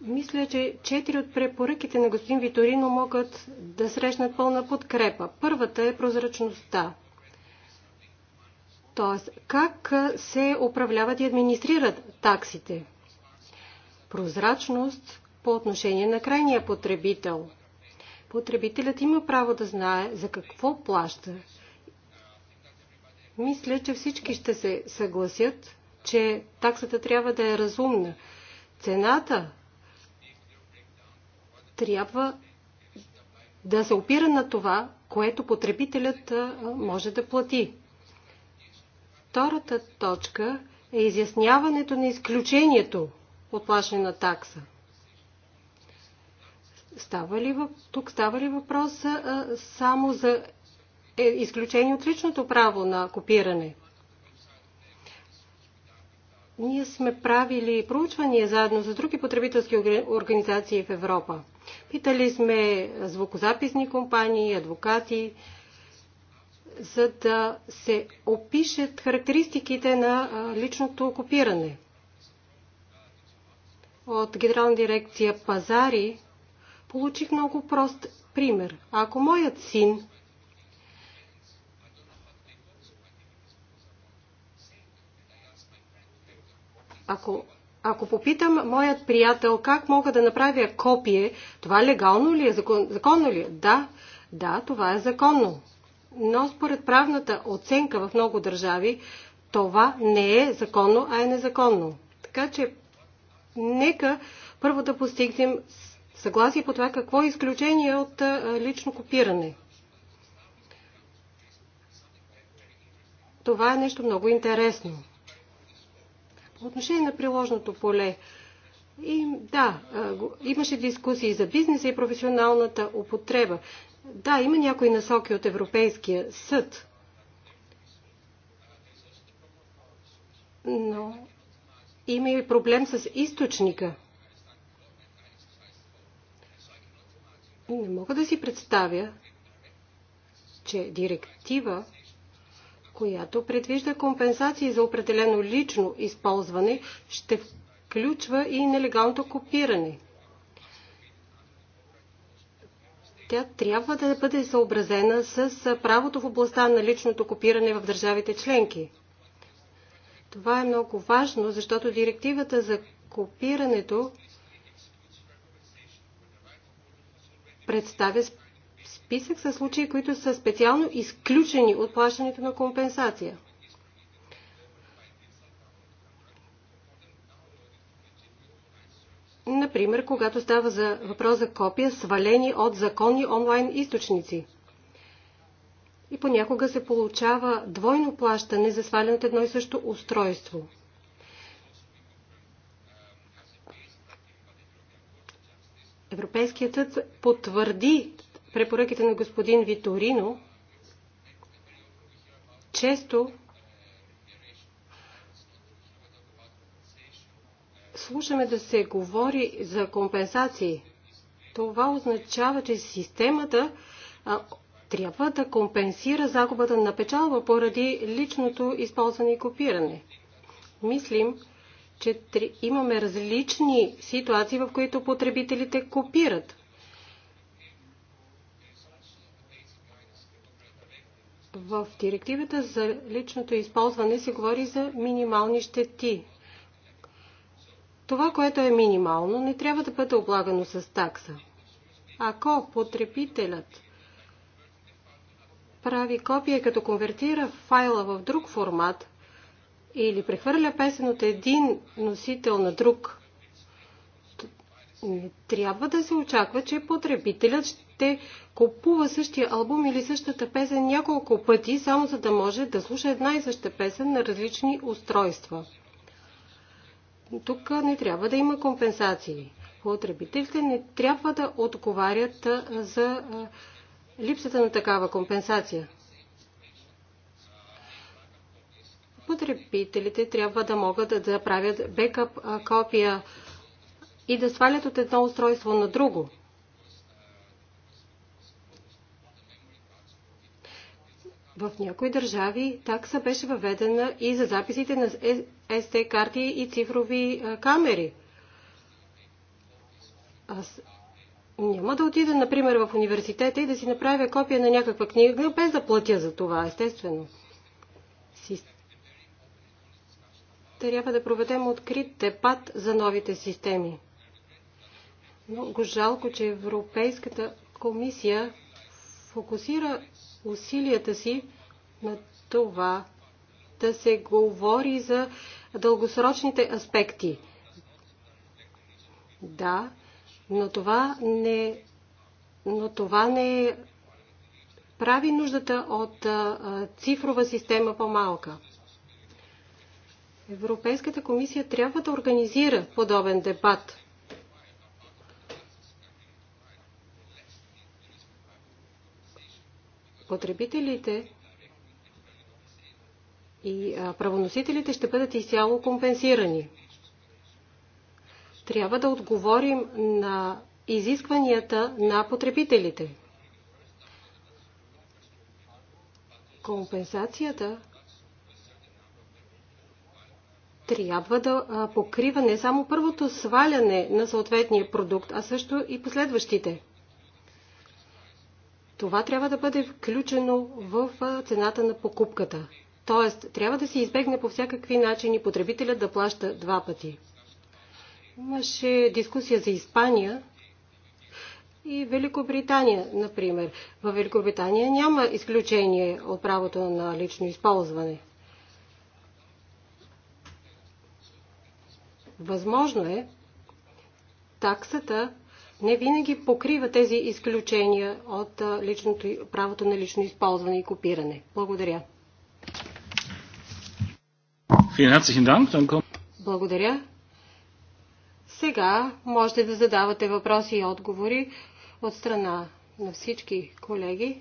Мисля, че четири от препоръките на господин Виторино могат да срещнат пълна подкрепа. Първата е прозрачността. Тоест, как се управляват и администрират таксите? Прозрачност по отношение на крайния потребител. Потребителят има право да знае за какво плаща. Мисля, че всички ще се съгласят, че таксата трябва да е разумна. Цената трябва да се опира на това, което потребителят може да плати. Втората точка е изясняването на изключението от плащане на такса. Става ли, тук става ли въпрос само за е, изключение от личното право на копиране? Ние сме правили проучвания заедно с други потребителски организации в Европа. Питали сме звукозаписни компании, адвокати, за да се опишат характеристиките на личното копиране. От Генерална дирекция Пазари получих много прост пример. Ако моят син Ако, ако попитам моят приятел как мога да направя копие, това легално ли е, закон, законно ли е? Да, да, това е законно. Но според правната оценка в много държави, това не е законно, а е незаконно. Така че, нека първо да постигнем съгласие по това какво е изключение от лично копиране. Това е нещо много интересно. По отношение на приложното поле, и, да, имаше дискусии за бизнеса и професионалната употреба. Да, има някои насоки от Европейския съд, но има и проблем с източника. Не мога да си представя, че директива която предвижда компенсации за определено лично използване, ще включва и нелегалното копиране. Тя трябва да бъде съобразена с правото в областта на личното копиране в държавите членки. Това е много важно, защото директивата за копирането представя списък са случаи, които са специално изключени от плащането на компенсация. Например, когато става за въпрос за копия, свалени от законни онлайн източници. И понякога се получава двойно плащане за сваляне от едно и също устройство. Европейският съд потвърди препоръките на господин Виторино, често слушаме да се говори за компенсации. Това означава, че системата а, трябва да компенсира загубата на печалба поради личното използване и копиране. Мислим, че имаме различни ситуации, в които потребителите копират. В директивата за личното използване се говори за минимални щети. Това, което е минимално, не трябва да бъде облагано с такса. Ако потребителят прави копия, като конвертира файла в друг формат или прехвърля песен от един носител на друг, трябва да се очаква, че потребителят ще. Те купува същия албум или същата песен няколко пъти, само за да може да слуша една и съща песен на различни устройства. Тук не трябва да има компенсации. Потребителите не трябва да отговарят за липсата на такава компенсация. Потребителите трябва да могат да правят бекап копия и да свалят от едно устройство на друго. В някои държави такса беше въведена и за записите на SD карти и цифрови камери. Аз няма да отида, например, в университета и да си направя копия на някаква книга, без да платя за това, естествено. Трябва да проведем открит депат за новите системи. Много жалко, че Европейската комисия фокусира усилията си на това да се говори за дългосрочните аспекти. Да, но това не, но това не прави нуждата от цифрова система по-малка. Европейската комисия трябва да организира подобен дебат – потребителите и правоносителите ще бъдат изцяло компенсирани. Трябва да отговорим на изискванията на потребителите. Компенсацията трябва да покрива не само първото сваляне на съответния продукт, а също и последващите. Това трябва да бъде включено в цената на покупката. Тоест, трябва да се избегне по всякакви начини потребителят да плаща два пъти. Имаше дискусия за Испания и Великобритания, например. В Великобритания няма изключение от правото на лично използване. Възможно е таксата не винаги покрива тези изключения от личното, правото на лично използване и копиране. Благодаря. Благодаря. Сега можете да задавате въпроси и отговори от страна на всички колеги.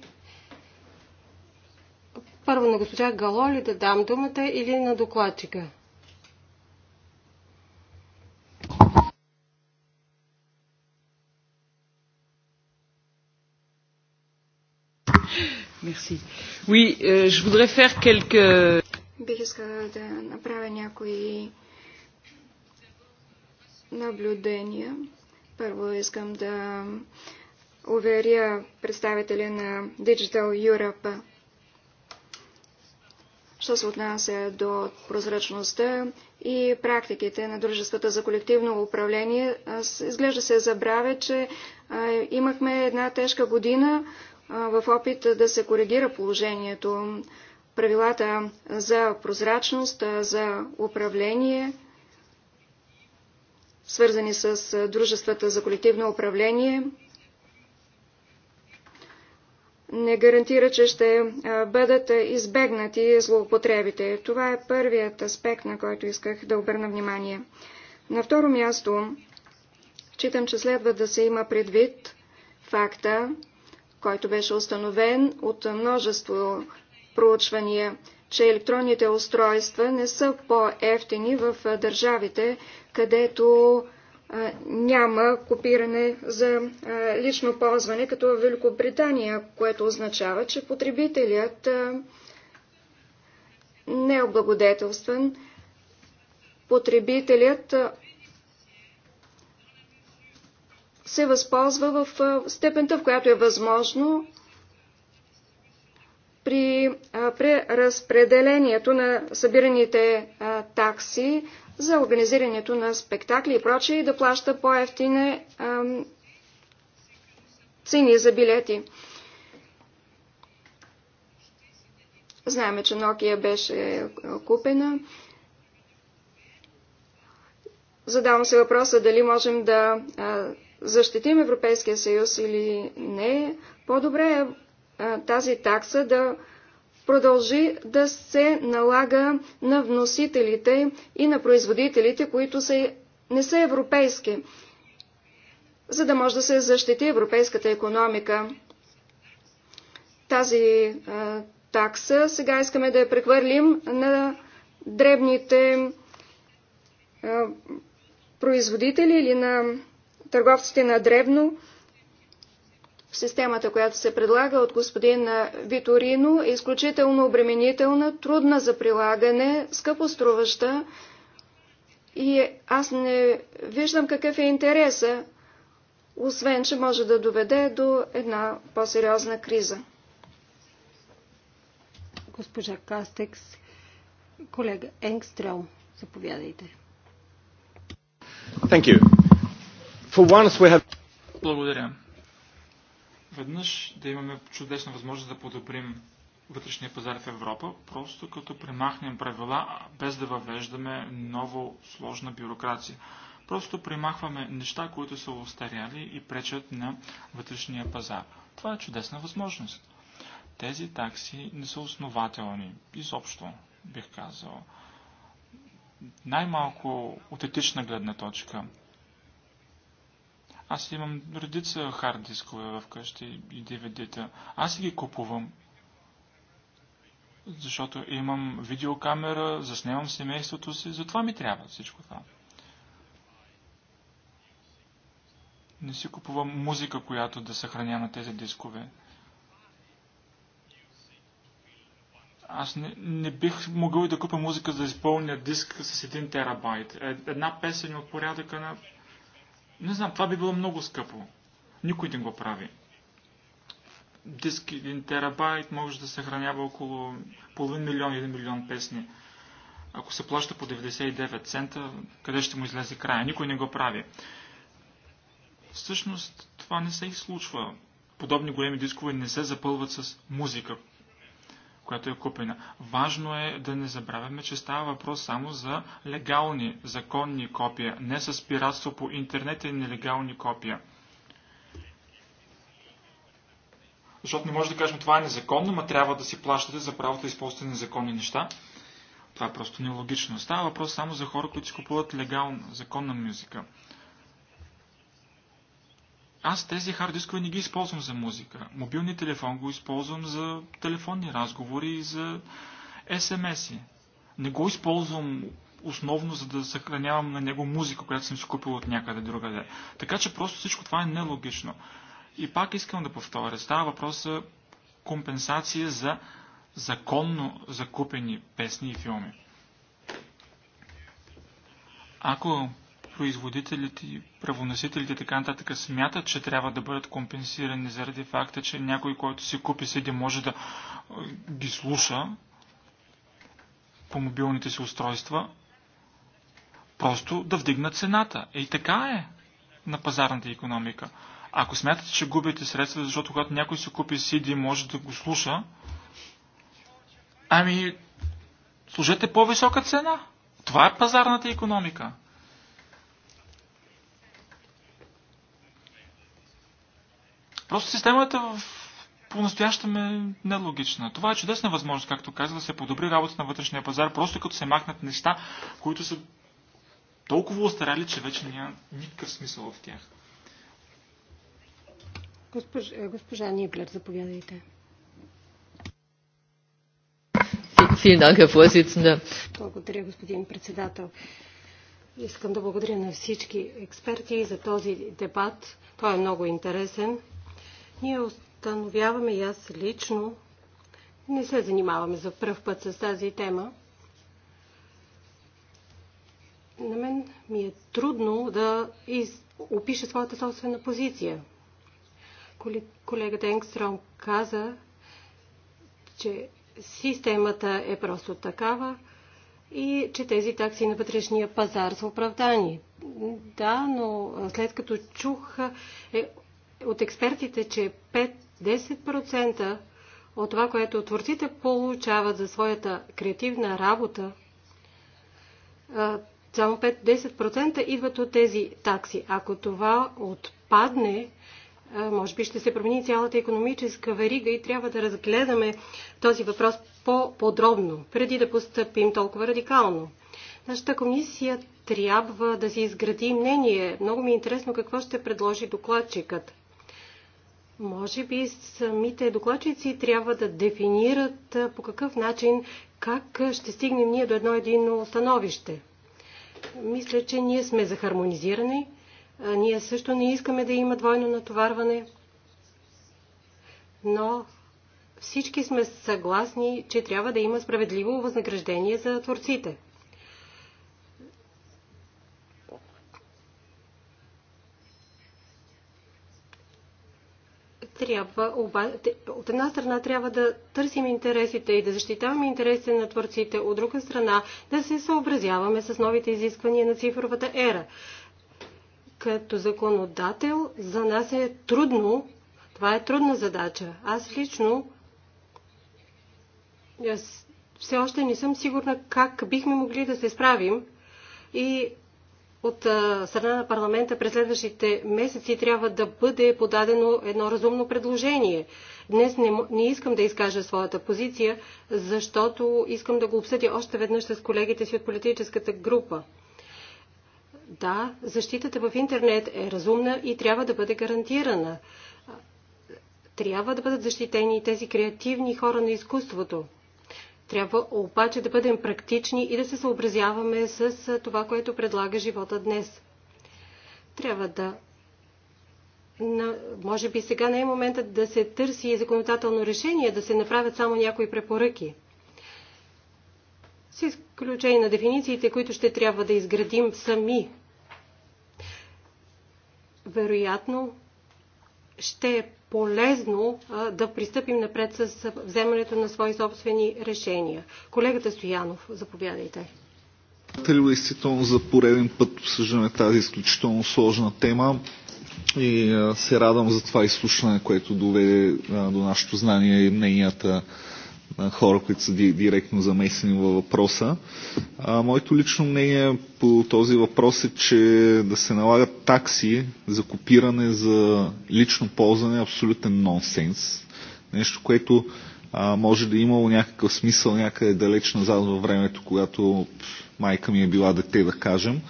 Първо на госпожа Галоли да дам думата или на докладчика. Oui, euh, je voudrais faire quelques... Бих искала да направя някои наблюдения. Първо искам да уверя представители на Digital Europe. Що се отнася до прозрачността и практиките на дружествата за колективно управление, изглежда се забравя, че имахме една тежка година, в опит да се коригира положението. Правилата за прозрачност, за управление, свързани с дружествата за колективно управление, не гарантира, че ще бъдат избегнати злоупотребите. Това е първият аспект, на който исках да обърна внимание. На второ място, читам, че следва да се има предвид факта, който беше установен от множество проучвания, че електронните устройства не са по-ефтини в държавите, където няма копиране за лично ползване, като в Великобритания, което означава, че потребителят не е облагодетелстван. Потребителят се възползва в степента, в която е възможно при преразпределението на събираните такси за организирането на спектакли и прочее и да плаща по-ефтине цени за билети. Знаеме, че Nokia беше купена. Задавам се въпроса дали можем да защитим Европейския съюз или не, по-добре е тази такса да продължи да се налага на вносителите и на производителите, които са, не са европейски, за да може да се защити европейската економика. Тази а, такса сега искаме да я прехвърлим на дребните производители или на търговците на дребно. Системата, която се предлага от господин Виторино, е изключително обременителна, трудна за прилагане, скъпоструваща и аз не виждам какъв е интереса, освен, че може да доведе до една по-сериозна криза. Госпожа Кастекс, колега Енгстрел, заповядайте. Thank you have... Благодаря. Веднъж да имаме чудесна възможност да подобрим вътрешния пазар в Европа, просто като примахнем правила, без да въвеждаме ново сложна бюрокрация. Просто примахваме неща, които са устаряли и пречат на вътрешния пазар. Това е чудесна възможност. Тези такси не са основателни, изобщо, бих казал. Най-малко от етична гледна точка. Аз имам редица хард дискове вкъщи и DVD-та. Аз ги купувам. Защото имам видеокамера, заснемам семейството си, затова ми трябва всичко това. Не си купувам музика, която да съхраня на тези дискове. Аз не, не бих могъл да купя музика за да изпълня диск с 1 терабайт. Е, една песен от порядъка на не знам, това би било много скъпо. Никой не го прави. Диск 1 терабайт може да съхранява около половин милион, 1 милион песни. Ако се плаща по 99 цента, къде ще му излезе края? Никой не го прави. Всъщност това не се и случва. Подобни големи дискове не се запълват с музика, която е купена. Важно е да не забравяме, че става въпрос само за легални, законни копия, не с пиратство по интернет и нелегални копия. Защото не може да кажем, това е незаконно, ма трябва да си плащате за правото да използвате незаконни неща. Това е просто нелогично. Става въпрос само за хора, които си купуват легална, законна музика. Аз тези хард дискове не ги използвам за музика. Мобилния телефон го използвам за телефонни разговори и за СМС-и. Не го използвам основно, за да съхранявам на него музика, която съм си купил от някъде другаде. Така че просто всичко това е нелогично. И пак искам да повторя. Става въпрос за компенсация за законно закупени песни и филми. Ако производителите и правоносителите така нататък смятат, че трябва да бъдат компенсирани заради факта, че някой, който си купи седи, може да ги слуша по мобилните си устройства, просто да вдигнат цената. и така е на пазарната економика. Ако смятате, че губите средства, защото когато някой си купи CD, може да го слуша, ами, служете по-висока цена. Това е пазарната економика. Просто системата в... по-настоящем е нелогична. Това е чудесна възможност, както каза, да се подобри работа на вътрешния пазар, просто като се махнат неща, които са толкова остаряли, че вече няма никакъв смисъл в тях. Госпожа, госпожа Ниблер, заповядайте. Благодаря, господин председател. Искам да благодаря на всички експерти за този дебат. Той е много интересен. Ние установяваме и аз лично не се занимаваме за пръв път с тази тема. На мен ми е трудно да из... опиша своята собствена позиция. Колегата Енгстром каза, че системата е просто такава и че тези такси на вътрешния пазар са оправдани. Да, но след като чух е от експертите, че 5-10% от това, което творците получават за своята креативна работа, само 5-10% идват от тези такси. Ако това отпадне, може би ще се промени цялата економическа верига и трябва да разгледаме този въпрос по-подробно, преди да постъпим толкова радикално. Нашата комисия трябва да си изгради мнение. Много ми е интересно какво ще предложи докладчикът. Може би самите докладчици трябва да дефинират по какъв начин, как ще стигнем ние до едно единно становище. Мисля, че ние сме за хармонизиране. Ние също не искаме да има двойно натоварване. Но всички сме съгласни, че трябва да има справедливо възнаграждение за творците. трябва, от една страна трябва да търсим интересите и да защитаваме интересите на творците, от друга страна да се съобразяваме с новите изисквания на цифровата ера. Като законодател за нас е трудно, това е трудна задача. Аз лично все още не съм сигурна как бихме могли да се справим и от страна на парламента през следващите месеци трябва да бъде подадено едно разумно предложение. Днес не, не искам да изкажа своята позиция, защото искам да го обсъдя още веднъж с колегите си от политическата група. Да, защитата в интернет е разумна и трябва да бъде гарантирана. Трябва да бъдат защитени тези креативни хора на изкуството. Трябва обаче да бъдем практични и да се съобразяваме с това, което предлага живота днес. Трябва да. На, може би сега не е моментът да се търси законодателно решение, да се направят само някои препоръки. С изключение на дефинициите, които ще трябва да изградим сами. Вероятно, ще е полезно да пристъпим напред с вземането на свои собствени решения. Колегата Стоянов, заповядайте. Трябва действително за пореден път обсъждаме тази изключително сложна тема и се радвам за това изслушване, което доведе до нашето знание и мненията на хора, които са директно замесени във въпроса. А, моето лично мнение по този въпрос е, че да се налагат такси за копиране за лично ползване е абсолютен нонсенс. Нещо, което а, може да е имало някакъв смисъл някъде далеч назад във времето, когато майка ми е била дете, да кажем.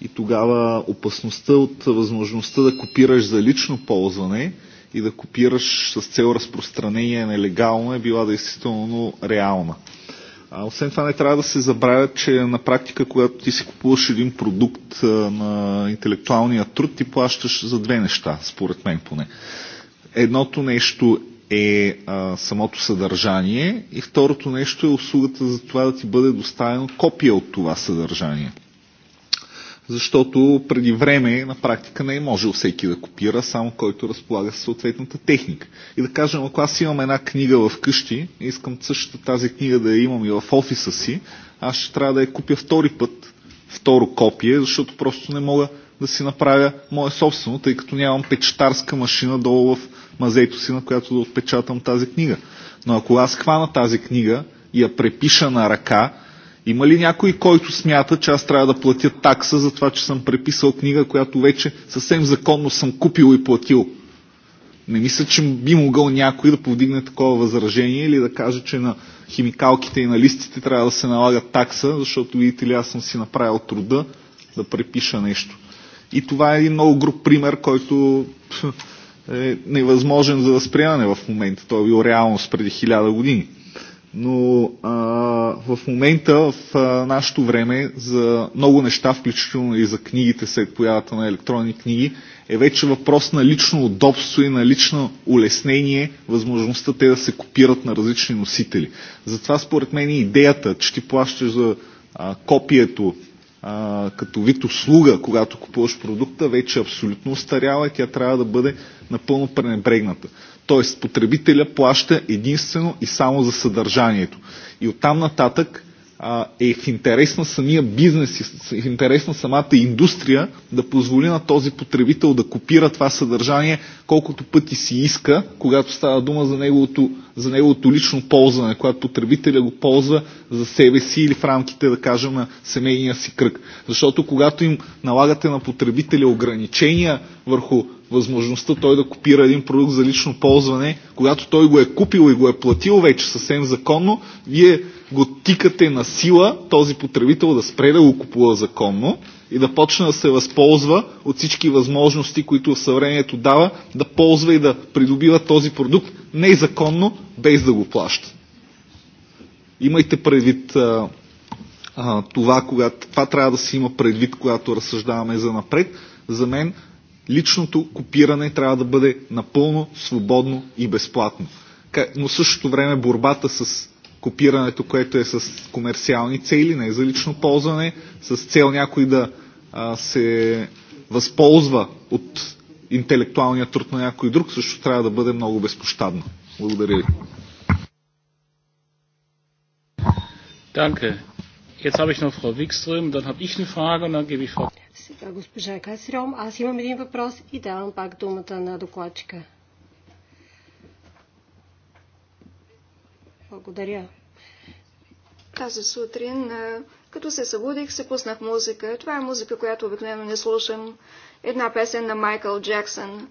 И тогава опасността от възможността да копираш за лично ползване – и да копираш с цел разпространение е нелегално е била действително реална. А, освен това не трябва да се забравя, че на практика, когато ти си купуваш един продукт а, на интелектуалния труд, ти плащаш за две неща, според мен поне. Едното нещо е а, самото съдържание и второто нещо е услугата за това да ти бъде доставено копия от това съдържание защото преди време на практика не е можел всеки да копира, само който разполага с съответната техника. И да кажем, ако аз имам една книга в къщи и искам същата тази книга да я имам и в офиса си, аз ще трябва да я купя втори път, второ копие, защото просто не мога да си направя мое собствено, тъй като нямам печатарска машина долу в мазето си, на която да отпечатам тази книга. Но ако аз хвана тази книга и я препиша на ръка, има ли някой, който смята, че аз трябва да платя такса за това, че съм преписал книга, която вече съвсем законно съм купил и платил? Не мисля, че би могъл някой да повдигне такова възражение или да каже, че на химикалките и на листите трябва да се налага такса, защото видите ли аз съм си направил труда да препиша нещо. И това е един много груп пример, който е невъзможен за възприемане в момента. Той е бил реалност преди хиляда години. Но а, в момента, в а, нашето време, за много неща, включително и за книгите след появата на електронни книги, е вече въпрос на лично удобство и на лично улеснение възможността те да се копират на различни носители. Затова според мен идеята, че ти плащаш за а, копието а, като вид услуга, когато купуваш продукта, вече е абсолютно устаряла и тя трябва да бъде напълно пренебрегната. Т.е. потребителя плаща единствено и само за съдържанието. И оттам нататък а, е в интерес на самия бизнес и в интерес на самата индустрия да позволи на този потребител да копира това съдържание колкото пъти си иска, когато става дума за неговото за неговото лично ползване, когато потребителя го ползва за себе си или в рамките, да кажем, на семейния си кръг. Защото когато им налагате на потребителя ограничения върху възможността той да копира един продукт за лично ползване, когато той го е купил и го е платил вече съвсем законно, вие го тикате на сила този потребител да спре да го купува законно и да почне да се възползва от всички възможности, които в съвременето дава, да ползва и да придобива този продукт незаконно, без да го плаща. Имайте предвид а, а, това, когато, това трябва да се има предвид, когато разсъждаваме за напред. За мен личното копиране трябва да бъде напълно, свободно и безплатно. Но в същото време борбата с копирането, което е с комерциални цели, не е за лично ползване, с цел някой да а, се възползва от интелектуалния труд на някой друг, също трябва да бъде много безпощадно. Благодаря ви. Danke. Jetzt habe ich noch Frau Wikström, dann habe ich eine Frage und dann gebe ich Frau. Сега госпожа аз имам един въпрос и давам пак думата на докладчика. Благодаря. Тази сутрин като се събудих, се пуснах музика. Това е музика, която обикновено не слушам. Една песен на Майкъл Джексън.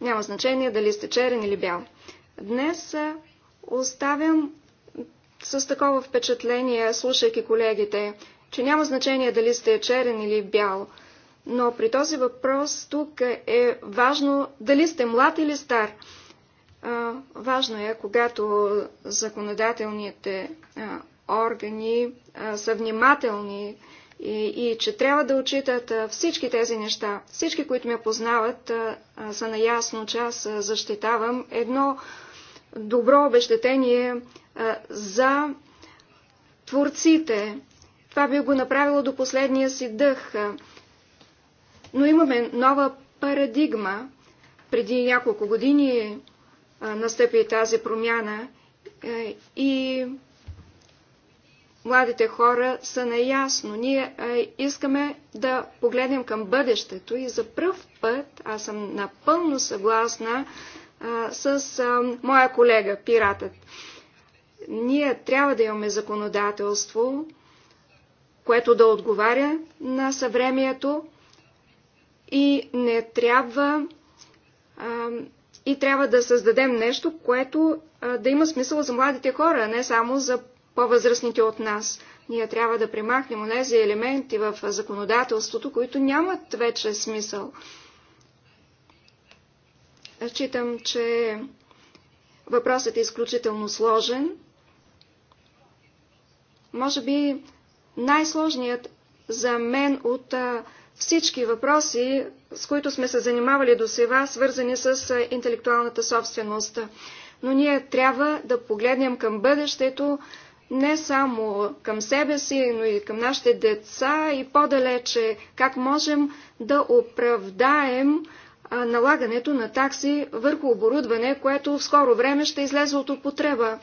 Няма значение дали сте черен или бял. Днес оставям с такова впечатление, слушайки колегите, че няма значение дали сте черен или бял. Но при този въпрос тук е важно дали сте млад или стар. важно е, когато законодателните органи са внимателни и, и че трябва да отчитат всички тези неща. Всички, които ме познават, са наясно, че аз защитавам едно добро обещетение за творците. Това би го направило до последния си дъх. Но имаме нова парадигма. Преди няколко години настъпи тази промяна е, и младите хора са наясно. Ние а, искаме да погледнем към бъдещето и за пръв път аз съм напълно съгласна а, с а, моя колега, пиратът. Ние трябва да имаме законодателство, което да отговаря на съвремието и не трябва а, и трябва да създадем нещо, което а, да има смисъл за младите хора, а не само за по-възрастните от нас. Ние трябва да примахнем онези елементи в законодателството, които нямат вече смисъл. Считам, че въпросът е изключително сложен. Може би най-сложният за мен от всички въпроси, с които сме се занимавали до сега, свързани с интелектуалната собственост. Но ние трябва да погледнем към бъдещето, не само към себе си, но и към нашите деца и по-далече как можем да оправдаем налагането на такси върху оборудване, което в скоро време ще излезе от употреба.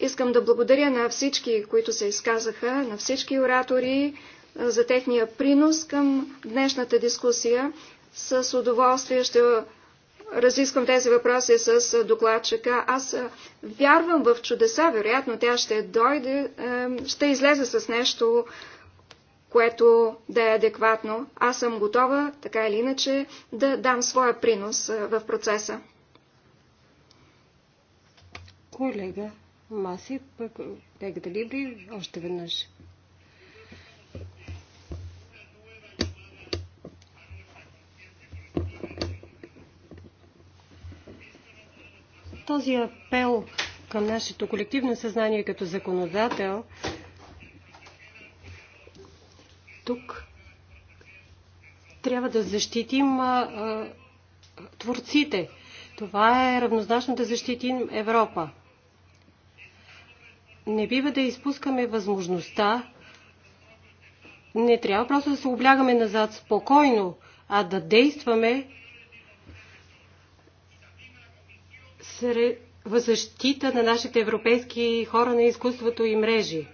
Искам да благодаря на всички, които се изказаха, на всички оратори за техния принос към днешната дискусия. С удоволствие ще разисквам тези въпроси с докладчика. Аз вярвам в чудеса, вероятно тя ще дойде, ще излезе с нещо, което да е адекватно. Аз съм готова, така или иначе, да дам своя принос в процеса. Колега Маси, пък дали Далибри, още веднъж. Този апел към нашето колективно съзнание като законодател тук трябва да защитим а, а, творците. Това е равнозначно да защитим Европа. Не бива да изпускаме възможността. Не трябва просто да се облягаме назад спокойно, а да действаме в защита на нашите европейски хора на изкуството и мрежи.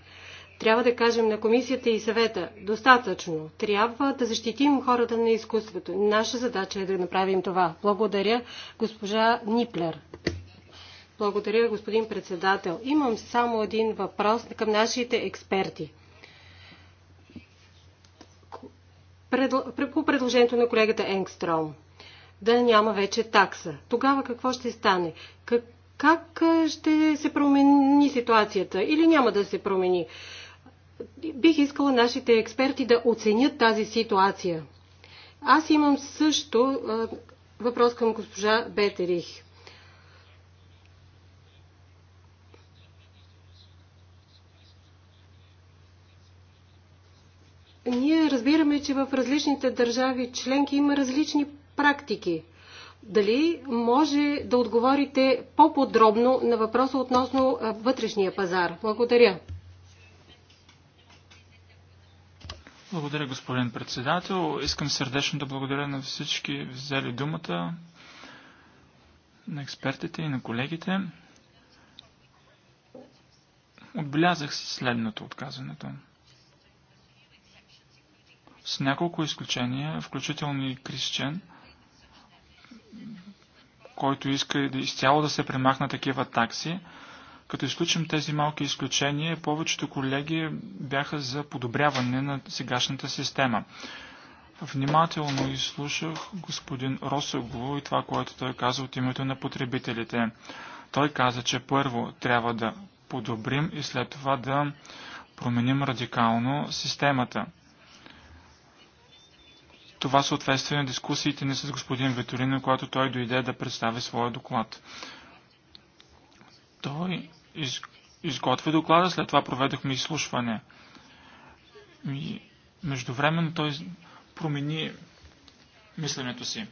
Трябва да кажем на комисията и съвета достатъчно. Трябва да защитим хората на изкуството. Наша задача е да направим това. Благодаря, госпожа Ниплер. Благодаря, господин председател. Имам само един въпрос към нашите експерти. По предложението на колегата Енгстром да няма вече такса. Тогава какво ще стане? Как, как ще се промени ситуацията или няма да се промени? Бих искала нашите експерти да оценят тази ситуация. Аз имам също въпрос към госпожа Бетерих. Ние разбираме, че в различните държави членки има различни практики. Дали може да отговорите по-подробно на въпроса относно вътрешния пазар? Благодаря. Благодаря, господин председател. Искам сърдечно да благодаря на всички взели думата, на експертите и на колегите. Отбелязах си следното отказването. С няколко изключения, включително и Крисчен – който иска изцяло да се премахна такива такси. Като изключим тези малки изключения, повечето колеги бяха за подобряване на сегашната система. Внимателно изслушах господин Росогло и това, което той каза от името на потребителите. Той каза, че първо трябва да подобрим и след това да променим радикално системата. Това съответствие на дискусиите ни с господин Веторино, когато той дойде да представи своя доклад. Той из... изготви доклада, след това проведохме изслушване. И междувременно той промени мисленето си.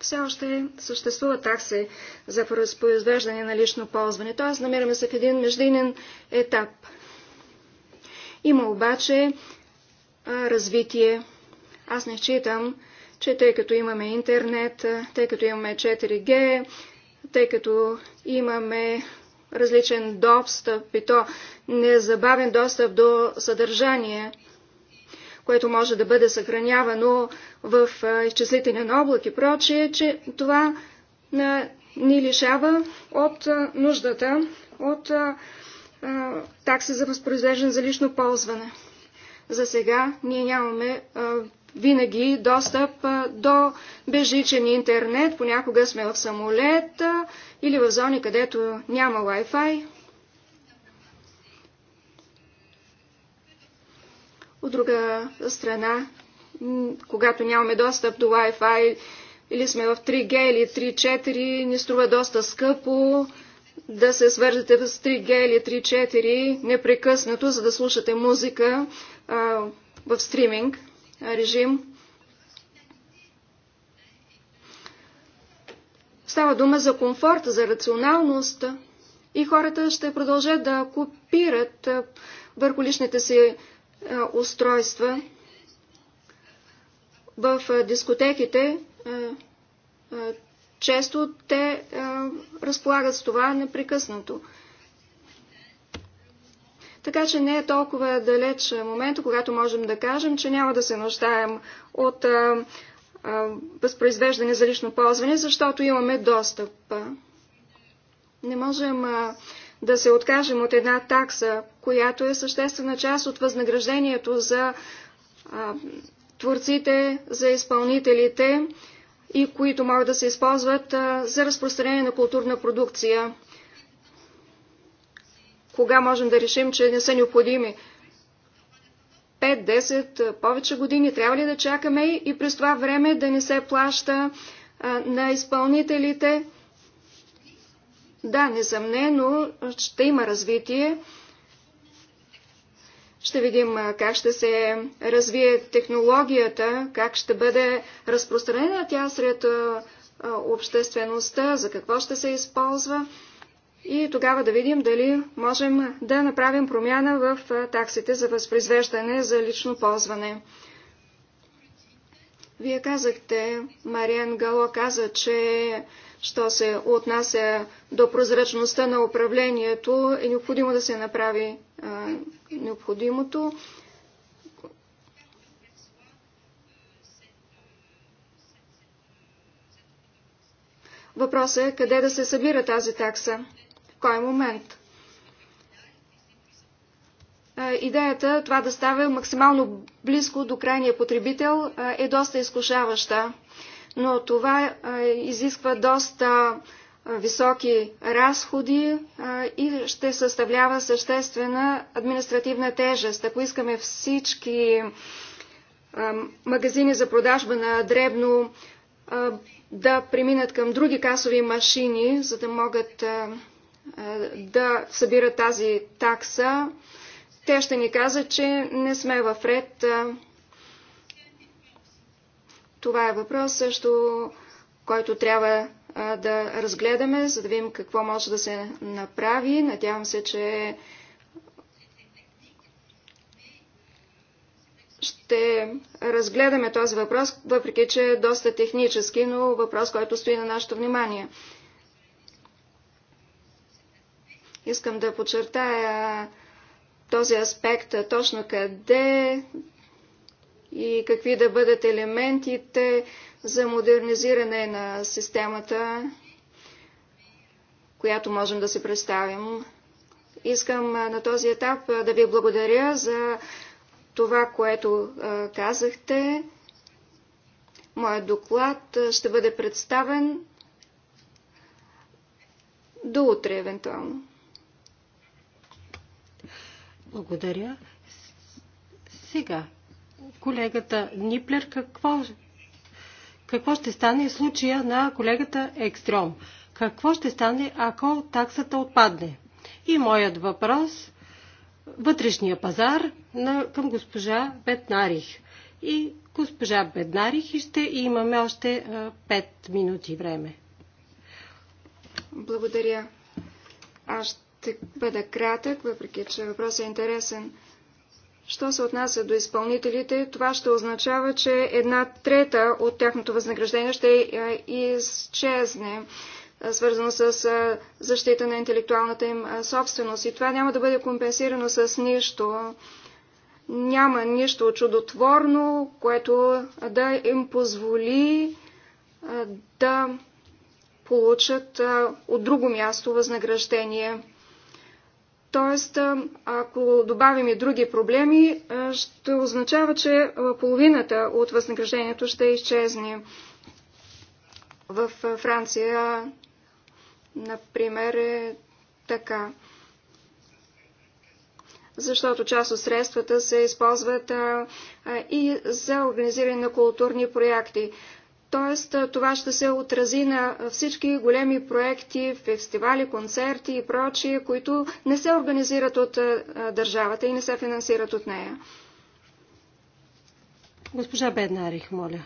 Все още съществува такси за произвеждане на лично ползване, т.е. намираме се в един междинен етап. Има обаче развитие. Аз не считам, че тъй като имаме интернет, тъй като имаме 4G, тъй като имаме различен достъп и то незабавен достъп до съдържание, което може да бъде съхранявано в изчислителен облак и прочие, че това ни лишава от нуждата от такси за възпроизвеждане за лично ползване. За сега ние нямаме винаги достъп до безжичен интернет, понякога сме в самолет или в зони, където няма Wi-Fi. От друга страна, когато нямаме достъп до Wi-Fi или сме в 3G или 3.4, ни струва доста скъпо да се свържете с 3G или 3.4 непрекъснато, за да слушате музика в стриминг режим. Става дума за комфорт, за рационалност и хората ще продължат да копират върху личните си устройства. В дискотеките често те разполагат с това непрекъснато. Така че не е толкова далеч момента, когато можем да кажем, че няма да се нуждаем от а, а, възпроизвеждане за лично ползване, защото имаме достъп. Не можем а, да се откажем от една такса, която е съществена част от възнаграждението за а, творците, за изпълнителите и които могат да се използват а, за разпространение на културна продукция кога можем да решим, че не са необходими. 5-10 повече години трябва ли да чакаме и през това време да не се плаща а, на изпълнителите? Да, несъмнено ще има развитие. Ще видим как ще се развие технологията, как ще бъде разпространена тя сред обществеността, за какво ще се използва и тогава да видим дали можем да направим промяна в таксите за възпроизвеждане за лично ползване. Вие казахте, Мариан Гало каза, че що се отнася до прозрачността на управлението, е необходимо да се направи а, необходимото. Въпросът е къде да се събира тази такса кой е момент. Е, идеята това да става максимално близко до крайния потребител е, е доста изкушаваща, но това изисква доста високи разходи и ще съставлява съществена административна тежест. Ако искаме всички магазини за продажба на дребно да преминат към други касови машини, за да могат е, да събират тази такса, те ще ни казат, че не сме в ред. Е, това е въпрос също, който трябва е, да разгледаме, за да видим какво може да се направи. Надявам се, че ще разгледаме този въпрос, въпреки че е доста технически, но въпрос, който стои на нашето внимание. Искам да подчертая този аспект, точно къде и какви да бъдат елементите за модернизиране на системата, която можем да се представим. Искам на този етап да ви благодаря за това, което казахте. Моят доклад ще бъде представен до утре, евентуално. Благодаря. Сега, колегата Ниплер, какво, какво ще стане в случая на колегата Екстрем? Какво ще стане, ако таксата отпадне? И моят въпрос вътрешния пазар на, към госпожа Бетнарих. И госпожа Беднарих и ще имаме още 5 минути време. Благодаря. Аз ще бъда кратък, въпреки че въпросът е интересен. Що се отнася до изпълнителите, това ще означава, че една трета от тяхното възнаграждение ще изчезне, свързано с защита на интелектуалната им собственост. И това няма да бъде компенсирано с нищо. Няма нищо чудотворно, което да им позволи да получат от друго място възнаграждение. Тоест, ако добавим и други проблеми, ще означава, че половината от възнаграждението ще изчезне. В Франция, например, е така. Защото част от средствата се използват и за организиране на културни проекти. Тоест, това ще се отрази на всички големи проекти, фестивали, концерти и прочие, които не се организират от държавата и не се финансират от нея. Госпожа Беднарих, моля.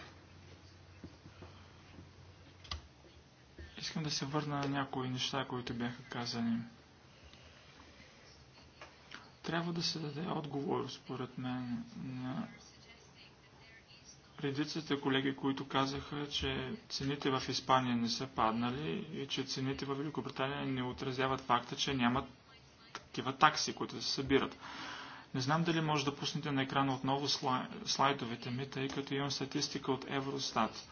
Искам да се върна на някои неща, които бяха казани. Трябва да се даде отговор, според мен, на редицата колеги, които казаха, че цените в Испания не са паднали и че цените в Великобритания не отразяват факта, че нямат такива такси, които се събират. Не знам дали може да пуснете на екрана отново слай... слайдовете ми, тъй като имам статистика от Евростат.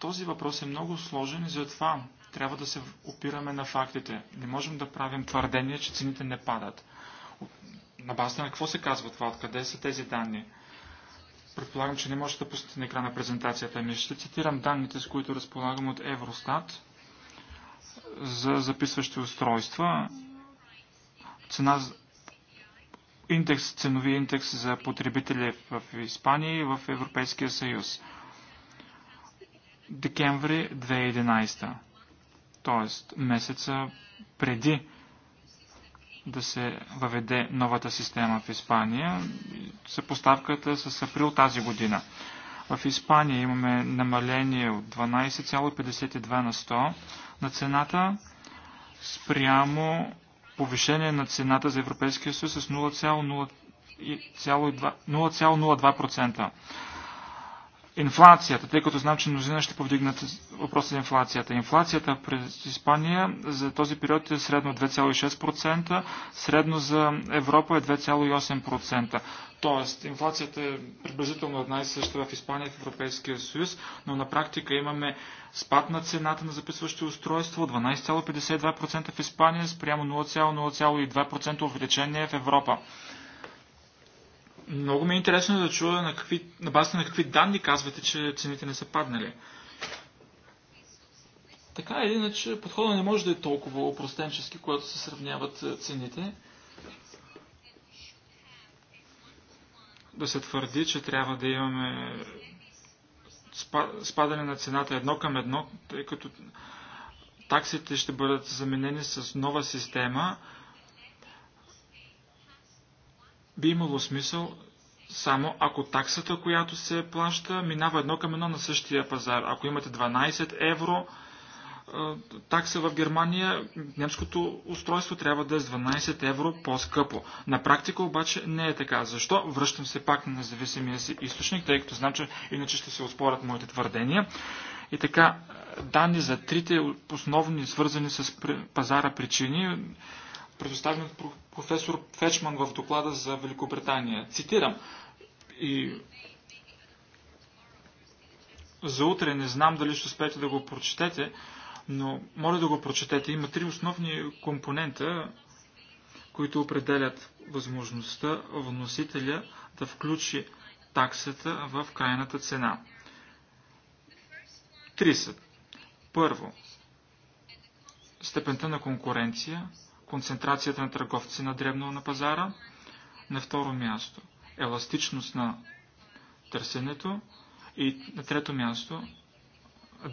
Този въпрос е много сложен и затова трябва да се опираме на фактите. Не можем да правим твърдение, че цените не падат. На базата на какво се казва това? Откъде са тези данни? Предполагам, че не можете да пуснете на екрана презентацията ми. Ще цитирам данните, с които разполагам от Евростат за записващи устройства. Цена индекс, ценови индекс за потребители в Испания и в Европейския съюз. Декември 2011, т.е. месеца преди да се въведе новата система в Испания. Съпоставката с април тази година. В Испания имаме намаление от 12,52 на 100 на цената спрямо повишение на цената за Европейския съюз с 0,02% инфлацията, тъй като знам, че мнозина ще повдигнат въпроса за инфлацията. Инфлацията през Испания за този период е средно 2,6%, средно за Европа е 2,8%. Тоест, инфлацията е приблизително една и съща в Испания и в Европейския съюз, но на практика имаме спад на цената на записващи устройства 12,52% в Испания спрямо 0,02% увеличение в Европа. Много ми е интересно да чуя на, какви, на базата на какви данни казвате, че цените не са паднали. Така или иначе, подходът не може да е толкова опростенчески, когато се сравняват е, цените. Да се твърди, че трябва да имаме спадане на цената едно към едно, тъй като таксите ще бъдат заменени с нова система, би имало смисъл само ако таксата, която се плаща, минава едно към едно на същия пазар. Ако имате 12 евро такса в Германия, немското устройство трябва да е с 12 евро по-скъпо. На практика обаче не е така. Защо? Връщам се пак на независимия си източник, тъй като знам, че иначе ще се оспорят моите твърдения. И така, данни за трите основни, свързани с пазара причини, предоставен от професор Фечман в доклада за Великобритания. Цитирам. И за утре не знам дали ще успеете да го прочетете, но моля да го прочетете. Има три основни компонента, които определят възможността вносителя да включи таксата в крайната цена. Три са. Първо, степента на конкуренция, концентрацията на търговци на дребно на пазара. На второ място еластичност на търсенето. И на трето място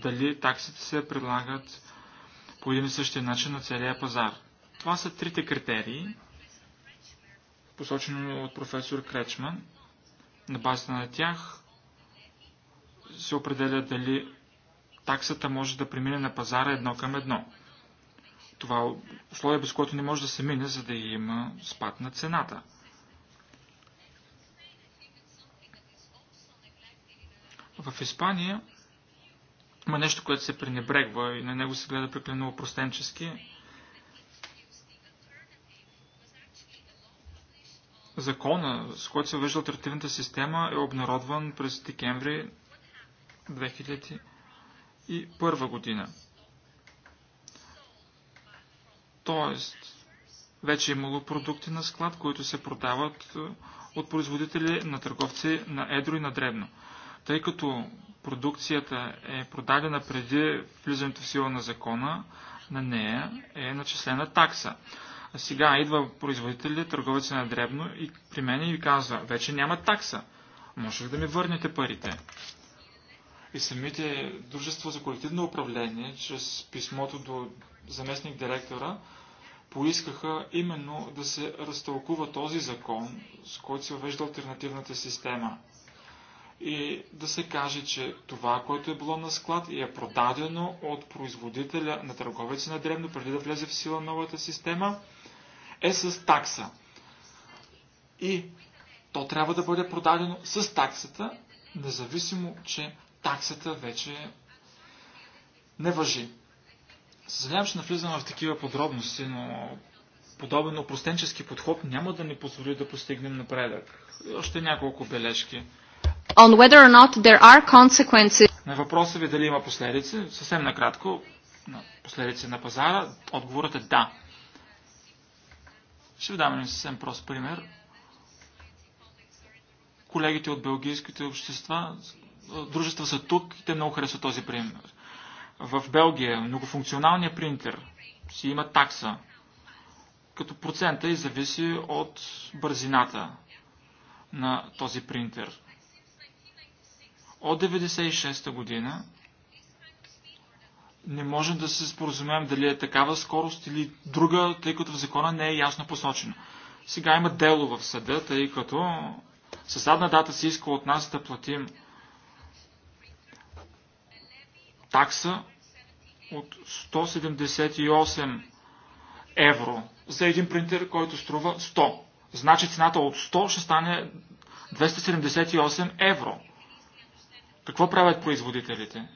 дали таксите се предлагат по един и същия начин на целия пазар. Това са трите критерии, посочени от професор Кречман. На базата на тях се определя дали таксата може да премине на пазара едно към едно. Това условие, без което не може да се мине, за да има спад на цената. В Испания има нещо, което се пренебрегва и на него се гледа преклено простенчески. Закона, с който се въвежда альтернативната система, е обнародван през декември 2001 година. Тоест, вече е имало продукти на склад, които се продават е, от производители на търговци на едро и на дребно. Тъй като продукцията е продадена преди влизането в сила на закона, на нея е начислена такса. А сега идва производители, търговец на дребно и при мен и казва, вече няма такса. Може ли да ми върнете парите? И самите дружества за колективно управление, чрез писмото до заместник директора, поискаха именно да се разтълкува този закон, с който се въвежда альтернативната система. И да се каже, че това, което е било на склад и е продадено от производителя на търговеца на древно, преди да влезе в сила новата система, е с такса. И то трябва да бъде продадено с таксата, независимо, че таксата вече не въжи. Съжалявам, че навлизам в такива подробности, но подобен опростенчески подход няма да ни позволи да постигнем напредък. Още няколко бележки. On whether or not there are consequences. На въпроса ви дали има последици, съвсем накратко, на последици на пазара, отговорът е да. Ще ви дам един съвсем прост пример. Колегите от белгийските общества, дружества са тук и те много харесват този пример в Белгия многофункционалният принтер си има такса, като процента и зависи от бързината на този принтер. От 1996 година не можем да се споразумеем дали е такава скорост или друга, тъй като в закона не е ясно посочено. Сега има дело в съда, тъй като със задна дата се иска от нас да платим такса от 178 евро за един принтер, който струва 100. Значи цената от 100 ще стане 278 евро. Какво правят производителите?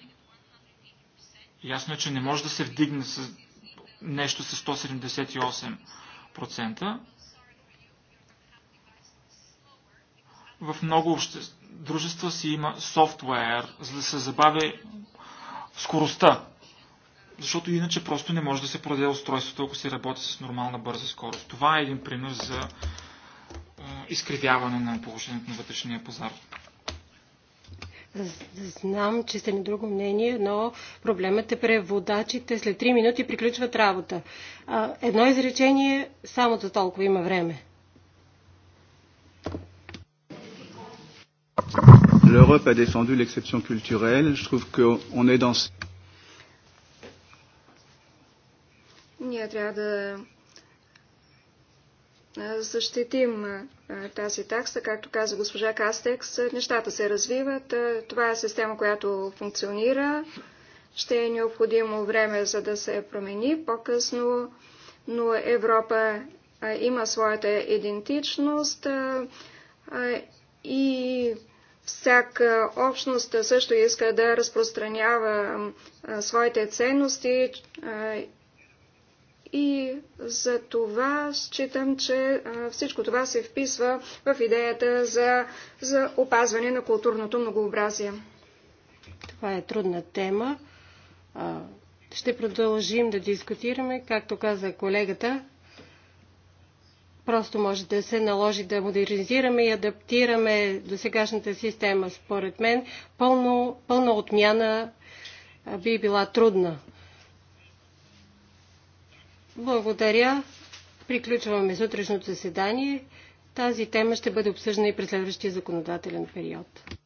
Ясно е, че не може да се вдигне с нещо с 178%. В много обще... дружества си има софтуер, за да се забави скоростта. Защото иначе просто не може да се продаде устройството, ако се работи с нормална бърза скорост. Това е един пример за е, изкривяване на положението на вътрешния пазар. Знам, че сте на друго мнение, но проблемът е преводачите след 3 минути приключват работа. Едно изречение, само за толкова има време. L'Europe a défendu l'exception culturelle. Je trouve qu'on est dans... Ние трябва да защитим тази такса. Както каза госпожа Кастекс, нещата се развиват. Това е система, която функционира. Ще е необходимо време, за да се промени по-късно, но Европа има своята идентичност и всяка общност също иска да разпространява своите ценности и за това считам, че всичко това се вписва в идеята за, за опазване на културното многообразие. Това е трудна тема. Ще продължим да дискутираме, както каза колегата. Просто може да се наложи да модернизираме и адаптираме до сегашната система. Според мен пълно, пълна отмяна би била трудна. Благодаря. Приключваме сутрешното заседание. Тази тема ще бъде обсъждана и през следващия законодателен период.